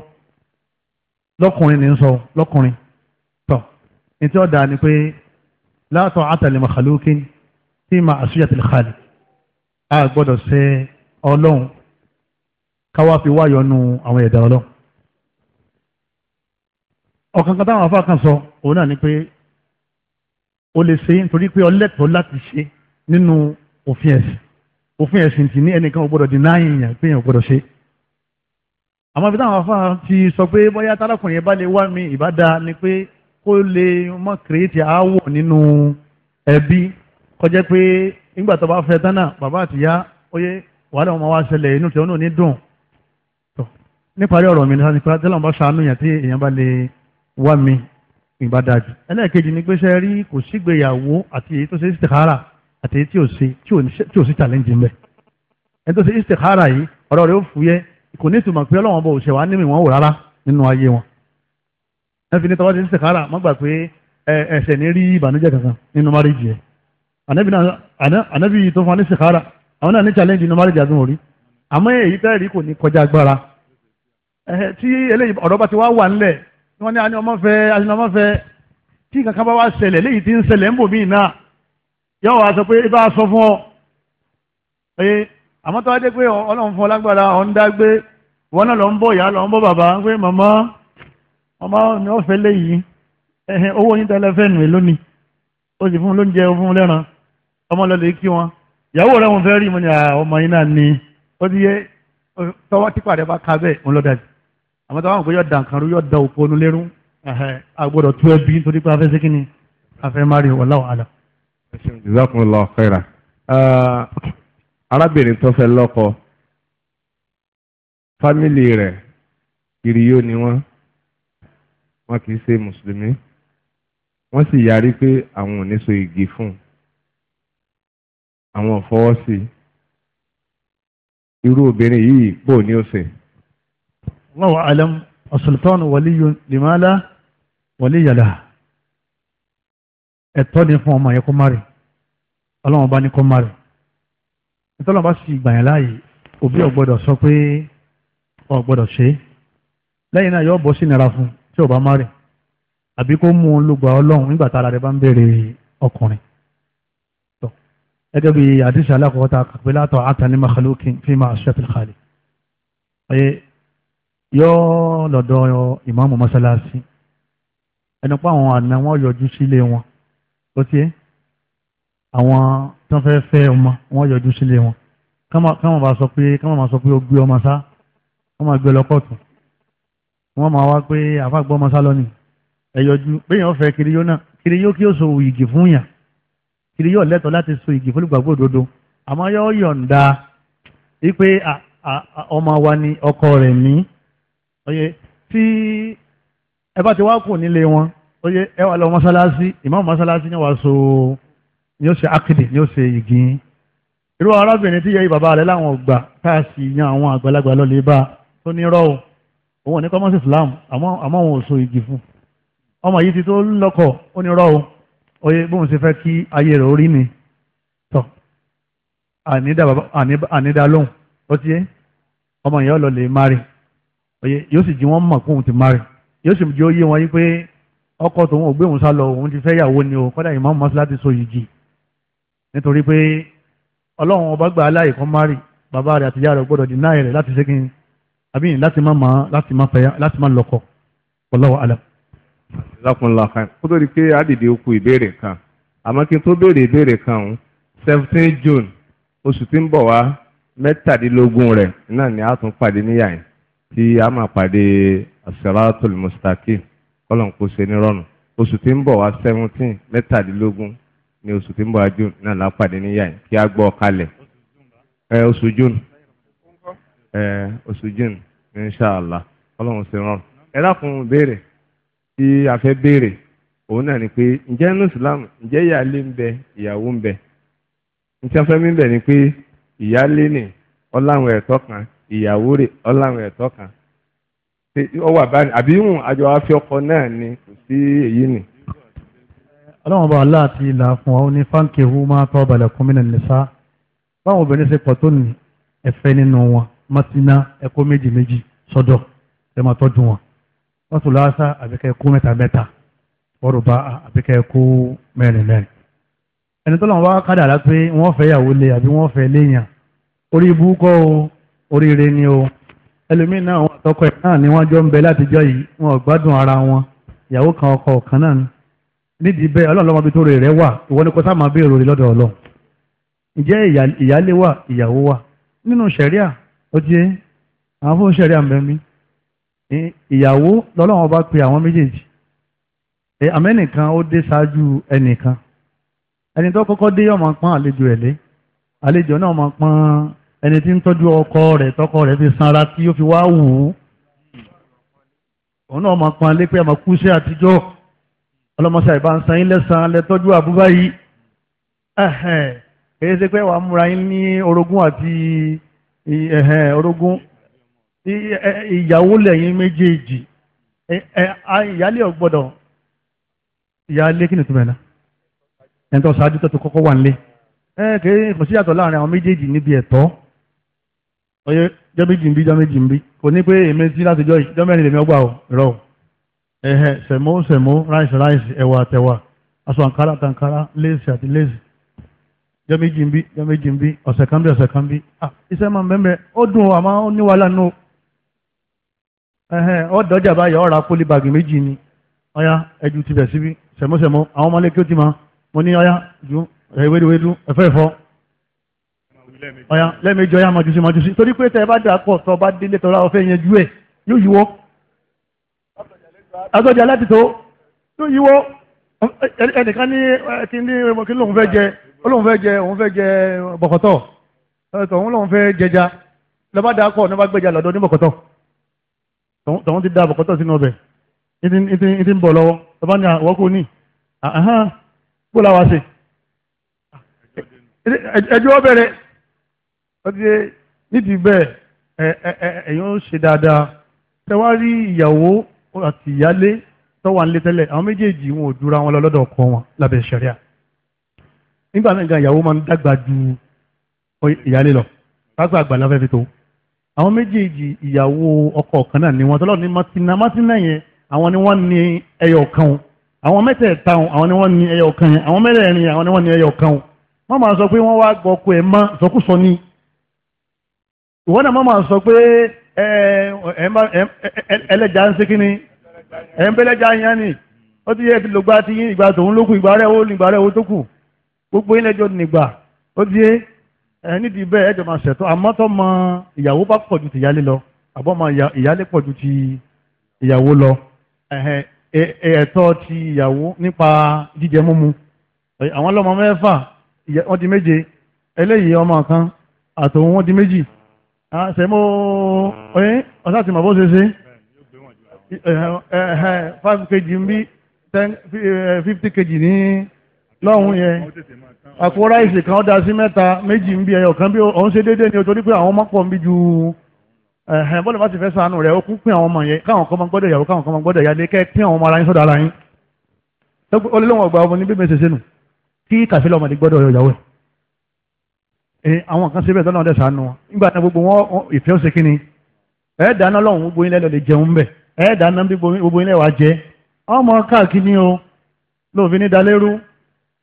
lọ́kùnrin ní sọ lọ́kùnrin ní tí ó dáa ni pé látọ̀ àtàlẹ̀ màkàlókè tí màá àṣúyà tìlẹ̀ xaalì a gbọ́dọ̀ ṣe ọlọ́run káwá fi wáyọ̀ nu àwọn ẹ̀dá ọlọ́run. ọ̀kan kan táwọn afá kan sọ òun náà ni pé o lè ṣe nítorí pé ọlẹ́tọ̀ọ́ láti ṣe nínú òfin ẹ̀sìn òfin ẹ̀sìn tì ní ẹnìkan ò gbọ́dọ̀ deny èèyàn pé èèyàn ò gbọ́dọ̀ ṣe àmọ́ bí táwọn afá ti sọ pé bóyá tálákùnrin yẹn bá lè wá mi ìbá dáa ni pé kó lè mọ kìrìtì aáwọ̀ nínú ẹbí kọjá pé nígbà tó bá fẹ́ tán náà bàbá àtìyá oyè wàhálà wọn máa wá ṣẹlẹ̀ inú tí wọn náà ní dùn tó níparí ọ̀rọ̀ mi ní sani pé tẹ́lẹ̀ wọn bá ṣàánú yẹn tí èèyàn bá lè wá mi ìgbà dájú ẹlẹ́ẹ̀kejì ni pé ṣe rí kò sígbéyàwó àti èyí tó ṣe istikhara àti èyí tí ò ṣe tí ò sí challenge ń bẹ ẹni tó ṣe istikhara yìí ọ̀rọ̀ rẹ̀ ó fúyẹ́ kò ní ìtumọ̀ pé ọlọ́wọ́n bọ̀ òṣèwà ní mi wọ́n wò rárá nínú ayé wọn ẹnfin ní tọ́wọ́ ti ń sèkára má gbà pé ẹsẹ̀ ní rí ìbànújẹ́ kankan nínú márìjì ẹ̀ ànábì tó fún wa ní sèkára àwọn náà ní challenge nínú márìjì àdúgbò rí àmọ́ èyí tẹ́ rí kò ní kọjá agbára tí eléyìí ọ̀rọ̀ bá ti wá wà ńlẹ̀ tí wọ́n ní àní ọmọ fẹ́ àní ọmọ fẹ́ tí kankan bá wá ṣẹlẹ̀ léyìí ti ń ṣẹlẹ̀ ńbò míì náà yóò wá sọ pé ibà sọ fún ọ pé àmọ́ tó wá dé pé ọlọ́run fún ọ lágbára ọ̀ ń dá gbé wọn náà lọ ń bọ̀ ìyá lọ ń bọ̀ bàbá ń pé màmá ọmọ mi ò fẹ́ léyìí ẹ̀hìn owó yín tẹ́lẹ̀ fẹ́ nù èló ni ó sì fún un lóúnjẹ ó fún un lẹ́ran ọmọ lọ lè kí wọn ìyàwó rẹ̀ wọn fẹ́ rí mo ní ọmọ yín náà ni ó ti yẹ tọwọ́ tí pàdé bá ka bẹ́ẹ̀ ń lọ dàbí àmọ́ tọ́wọ́ àgbẹ̀ yóò dàn kan rú yóò da òpó onú lérú àgbọ̀dọ̀ tó ẹbí nítorí pé afẹ́ sékìní afẹ́ mari wallahu alam. jazakumullahu khairan uh, arábìnrin tó fẹ́ lọ́kọ fámìlì rẹ̀ kìrìyó ni wọ́n wọn kì í ṣe mùsùlùmí wọ́n sì yarí pé àwọn ò ní so igi fún un àwọn ò fọwọ́ sí i irú obìnrin yìí bò ní ọ̀sẹ̀. Allahu alam as-sultan waliyun limala waliyala ẹ̀tọ́ ni fún ọmọ yẹn kó má rè ọlọ́run bá ní kó má rè ìtọ́lọ́run bá sì gbàyàn láàyè òbí ò sọ pé ò gbọ́dọ̀ ṣe lẹ́yìn náà yóò bọ́ sí fún un tí ò bá má rẹ̀ àbí kó mú un lùgbà ọlọ́run nígbà tára rẹ̀ bá ń béèrè ọkùnrin tó gẹ́gẹ́ bí àdìsí alákọ̀ọ́ ta kàpé látọ̀ àtàlẹ́ makhlukin fi máa ṣẹ́fìl khali ẹ yọ lọ́dọ̀ ìmáàmù mọ́sálásí ẹni pé àwọn àna wọn yọjú sílé wọn ó tiẹ̀ àwọn tó ń fẹ́ fẹ́ ọmọ wọn yọjú sílé wọn káwọn bá sọ pé káwọn bá sọ pé ó gbé ọmọ sá wọn máa gbé lọ kóòtù wọ́n máa wá pé àfàgbọ́ mọ́sálọ́nì ẹ̀yọ́jú béèyàn fẹ́ kiri yóò náà kiri yóò kí ó so ìgì fún yàn kiri yóò lẹ́tọ̀ọ́ láti so ìgì fún olùgbàgbọ́ òdodo àmọ́ yóò yọ̀ǹda wípé ọmọ wa ni ọkọ rẹ̀ ní oye tí ẹ bá ti wá kù nílé wọn oye ẹ wà lọ mọ́sálásí ìmọ̀ mọ́sálásí ni wàá so ni ó ṣe akéde ni ó ṣe ìgì irú arábìnrin tí yẹ bàbá rẹ̀ láwọn ọgbà tá a sì yan àwọn àgbàlagbà lọ lè bá tó ní rọ́ọ̀ òun ní kọ́mọ́sí islam àmọ́ òun ò so igi fún ọmọ yìí ti tó lọ́kọ̀ ó ní rọ́ o oye bóun ṣe fẹ́ kí ayé rẹ̀ orí ni tọ́ ànídá lóhùn ó ti yé ọmọ yẹn lọ lè mari oye yóò sì jí wọ́n mọ̀ kóun ti mari yóò sì jí ó yé wọn yí pé ọkọ tòun ò gbé òun sá lọ òun ti fẹ́ yàwó ni o kọ́dà ìmọ̀ mọ́sí láti so yìí nítorí pé ọlọ́run ọba gbà aláìkọ́ mari bàbá rẹ̀ àtìyá rẹ̀ gbọ́dọ̀ dì náà rẹ̀ láti ṣe kí n àbí láti má máa láti má fẹ́ láti má lọ́kọ wallahu alam. ìlàkùnlá kan kó tó di pé àdìdì kan àmọ́ kí n kan ọ̀hún seventeen june oṣù tí ń bọ̀ wá mẹ́tàdínlógún rẹ̀ náà ni a tún pàdé níyà yìí tí a máa pàdé asiratul mustaqim kọ́lọ̀n kó ṣe nírọ̀nù oṣù tí ń bọ̀ ni oṣù tí ń bọ̀ wá june náà lápàdé níyà yìí kí oṣù june inshàlá ọlọ́run ṣe rọrùn. ẹ dákun ìbéèrè tí a fẹ́ béèrè òun náà ni pé ǹjẹ́ ní islam ǹjẹ́ ìyáálé ń bẹ ìyàwó ń bẹ ǹjẹ́ fẹ́ mi ni pé ìyáálé ni ọláwọn ẹ̀tọ́ kan ìyàwó rẹ̀ ọláwọn ẹ̀tọ́ kan ọwọ́ àbí àjọ afẹ́ ọkọ náà ni kò sí èyí ni. ọlọ́run bá aláà ti là fún ọ ní fáńkì matina ẹ̀kọ́ méjì méjì sọ́dọ̀ ẹ máa tọ́jú wọn wọ́tò lásà àbíkẹ́ ẹ̀kọ́ mẹ́ta mẹ́ta wọ́rọ̀ bá àbíkẹ́ ẹ̀kọ́ mẹ́rin mẹ́rin ẹni tó lọ́n wá kádà lá wọ́n fẹ́ yàwó lé àbí wọ́n fẹ́ léèyàn orí ibú kọ́ o oríire ni o ẹlòmíín náà wọn àtọkọ ẹ̀ náà ni wọ́n jọ ń bẹ látijọ́ yìí wọn ò gbádùn ara wọn ìyàwó kan ọkọ ọ̀kan náà nídìí bẹ́ẹ̀ ọlọ́run lọ́mọbi tó rè rẹ wà ìwọ ni kò sá máa béèrè lọ́dọ̀ ọlọ́run ó ti yé àwọn fún ṣẹ̀rí àmì ìyàwó lọ́lọ́run ọba pe àwọn méjèèjì àmẹ́nìkan ó dé ṣáájú ẹnìkan ẹni tó kọ́kọ́ dé yóò máa pọ́n àlejò ẹ̀ lé àlejò náà máa pọ́n ẹni tí ń tọ́jú ọkọ rẹ̀ tọkọ rẹ̀ fi sanra tí ó fi wá wù ú òun náà máa pọ́n lé pé àmọ́ kú sí àtijọ́ ọlọ́mọṣẹ́ ìbá ń san yín lẹ́sàn-án lẹ́tọ́jú àbúbá yìí kì í ṣe pé wàá múra yín ní orogún àti ẹ̀hẹ̀n orogún ìyàwó lẹ́yìn méjèèjì ìyálé ò gbọ́dọ̀ ìyálé kí ni tó bẹ̀rẹ̀ ẹni tó ṣáájú tó ti kọ́kọ́ wà nílé kò sí yàtọ̀ láàrin àwọn méjèèjì níbi ẹ̀tọ́ ọyẹ jọ méjì ń bí jọ méjì ń bí kò ní pé èmi láti jọ lèmi ọgbà rọ ráìsì ráìsì àti léèsì jọ méjì ń bí jọ méjì ń bí ọ̀sẹ̀ kan bí ọ̀sẹ̀ kan bí ah iṣẹ́ máa ń bẹ́ẹ̀ ó dùn àmọ́ ó ní wàhálà nù ó dọ́jà báyọ̀ ọ̀rà pólí bàgì méjì ni ọ̀yá ẹ̀jú ti bẹ̀ síbí sẹ̀mọ́sẹ̀mọ́ àwọn ọmọlé kí ó ti máa mo ní ọ̀yá ju ewédewédú ẹ̀fẹ́ ẹ̀fọ́ ọ̀yá lẹ́ẹ̀mejì ọ̀yá máa ju sí máa ju sí torí pé tẹ́ ẹ bá dà pọ̀ tọ́ bá délé tọ́ra ọ̀fẹ́ yẹn ju ẹ̀ yóò yíwọ́ àtọ́jà láti tó yóò yíwọ́ ẹnìkan ní ti ní kí lóun ó lóun fẹ́ jẹ òun fẹ́ jẹ bọ̀kọ̀tọ̀ tọ̀hún lóun fẹ́ jẹja lọ́ba dà pọ̀ nípa gbẹja lọ́dọ̀ ní bọ̀kọ̀tọ̀ tọ̀hún ti da bọ̀kọ̀tọ̀ sínú ọbẹ̀ ní ti ń bọ̀ lọ́wọ́ lọ́ba ní àwọn kò ní kó la wá sí ẹjọ́ bẹ̀rẹ̀ ọdíye nídìí bẹ́ẹ̀ ẹ̀yin ó ṣe dáadáa tẹwárí ìyàwó àti ìyálé tọ́wà ńlẹ̀ tẹ́lẹ̀ àwọn méjèèjì wọn ò jura wọn lọ lọ́dọ̀ ọkọ wọn lábẹ́ ṣẹ̀ríà nígbà náà gan ìyàwó máa ń dàgbà ju ìyálé lọ lágbà àgbà láfẹ́ fi tó àwọn méjèèjì ìyàwó ọkọ kan náà ni wọn tọ́lọ́ ní mọ́tínà mọ́tínà yẹn àwọn ni wọ́n ní ẹyọ kan àwọn mẹ́tẹ̀ẹ̀ta àwọn ni wọ́n ní ẹyọ kan yẹn àwọn mẹ́rẹ̀ẹ̀rin àwọn ni wọ́n ní ẹyọ kan wọ́n máa sọ pé wọ́n wá gbọ́ ọkọ ẹ̀ mọ́ sọkúsọ ni ìwọ́n náà máa sọ pé ẹlẹ́jà ń ṣe ni ẹ̀ ń bẹ́lẹ́jà yẹn ni ó ti yẹ ti lògbà ti yín ìgbà tòun lókù ìgbà rẹ̀ ó ìgbà rẹ̀ ó tó kù gbogbo yín lẹ́jọ́ nígbà ó di ẹ nídìí bẹ́ẹ̀ ẹ̀jọ̀ máa ṣẹ̀tọ́ àmọ́ tó mọ ìyàwó bá pọ̀ ju tìyálé lọ àbọ̀ mọ ìyálé pọ̀ ju ti ìyàwó lọ ẹ̀tọ́ ti ìyàwó nípa jíjẹ múmu àwọn ọlọ́mọ mẹ́fà wọ́n di méje eléyìí ọmọ kan àtòun wọ́n di méjì sẹ́mo ọ̀yẹ́ ọ̀sá ti mọ̀ bó ṣe ṣe five kg ń bí fifty kg ní. lọ́hùn yẹn àpò ráìsì kan dá sí mẹ́ta méjì ń bí ẹyọ kan bí òun ṣe déédéé ni o torí pé àwọn ọmọ pọ̀ ń bí ju ẹ̀hẹ̀n bọ́lá bá ti fẹ́ sànù rẹ̀ ó kún pín àwọn ọmọ yẹn káwọn kan máa gbọ́dọ̀ ìyàwó káwọn kan máa gbọ́dọ̀ ìyálé kẹ́ pín àwọn ọmọ ara yín sọ́dọ̀ ara yín ó lé lọ́wọ́ ọgbà ọmọ ní bí mẹ́sẹ̀ sínú kí kàfé lọ́mọdé gbọ́dọ̀ ìyàwó ẹ̀ àwọn kan gbogbo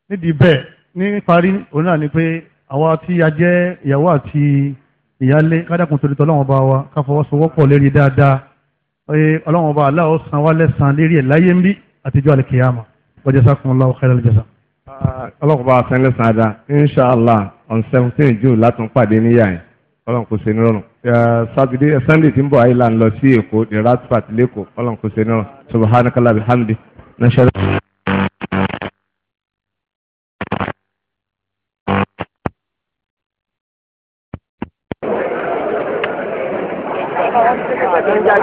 nídìí bẹ́ẹ̀ ní parí òun náà ni pé àwa tí a jẹ́ ìyàwó àti ìyálé kádàkùn torí tọ́ ọlọ́run bá wa ká fọwọ́sowọ́pọ̀ lérí dáadáa oye ọlọ́run bá aláwọ̀ san wá lẹ́sàn lérí ẹ̀ láyé ń bí àtijọ́ àlùkìyàmà wajazakumullahu khairal jaza. ọlọ́run bá san lẹ́sàn ada inshallah on seventeen june látún pàdé níyà yẹn ọlọ́run kò ṣe nírọ̀rùn sátidé sunday tí ń bọ̀ ayélujára lọ sí èkó the rat party lẹ́kọ̀ọ́ ọlọ́run kò ṣe nírọ̀rùn subhanakala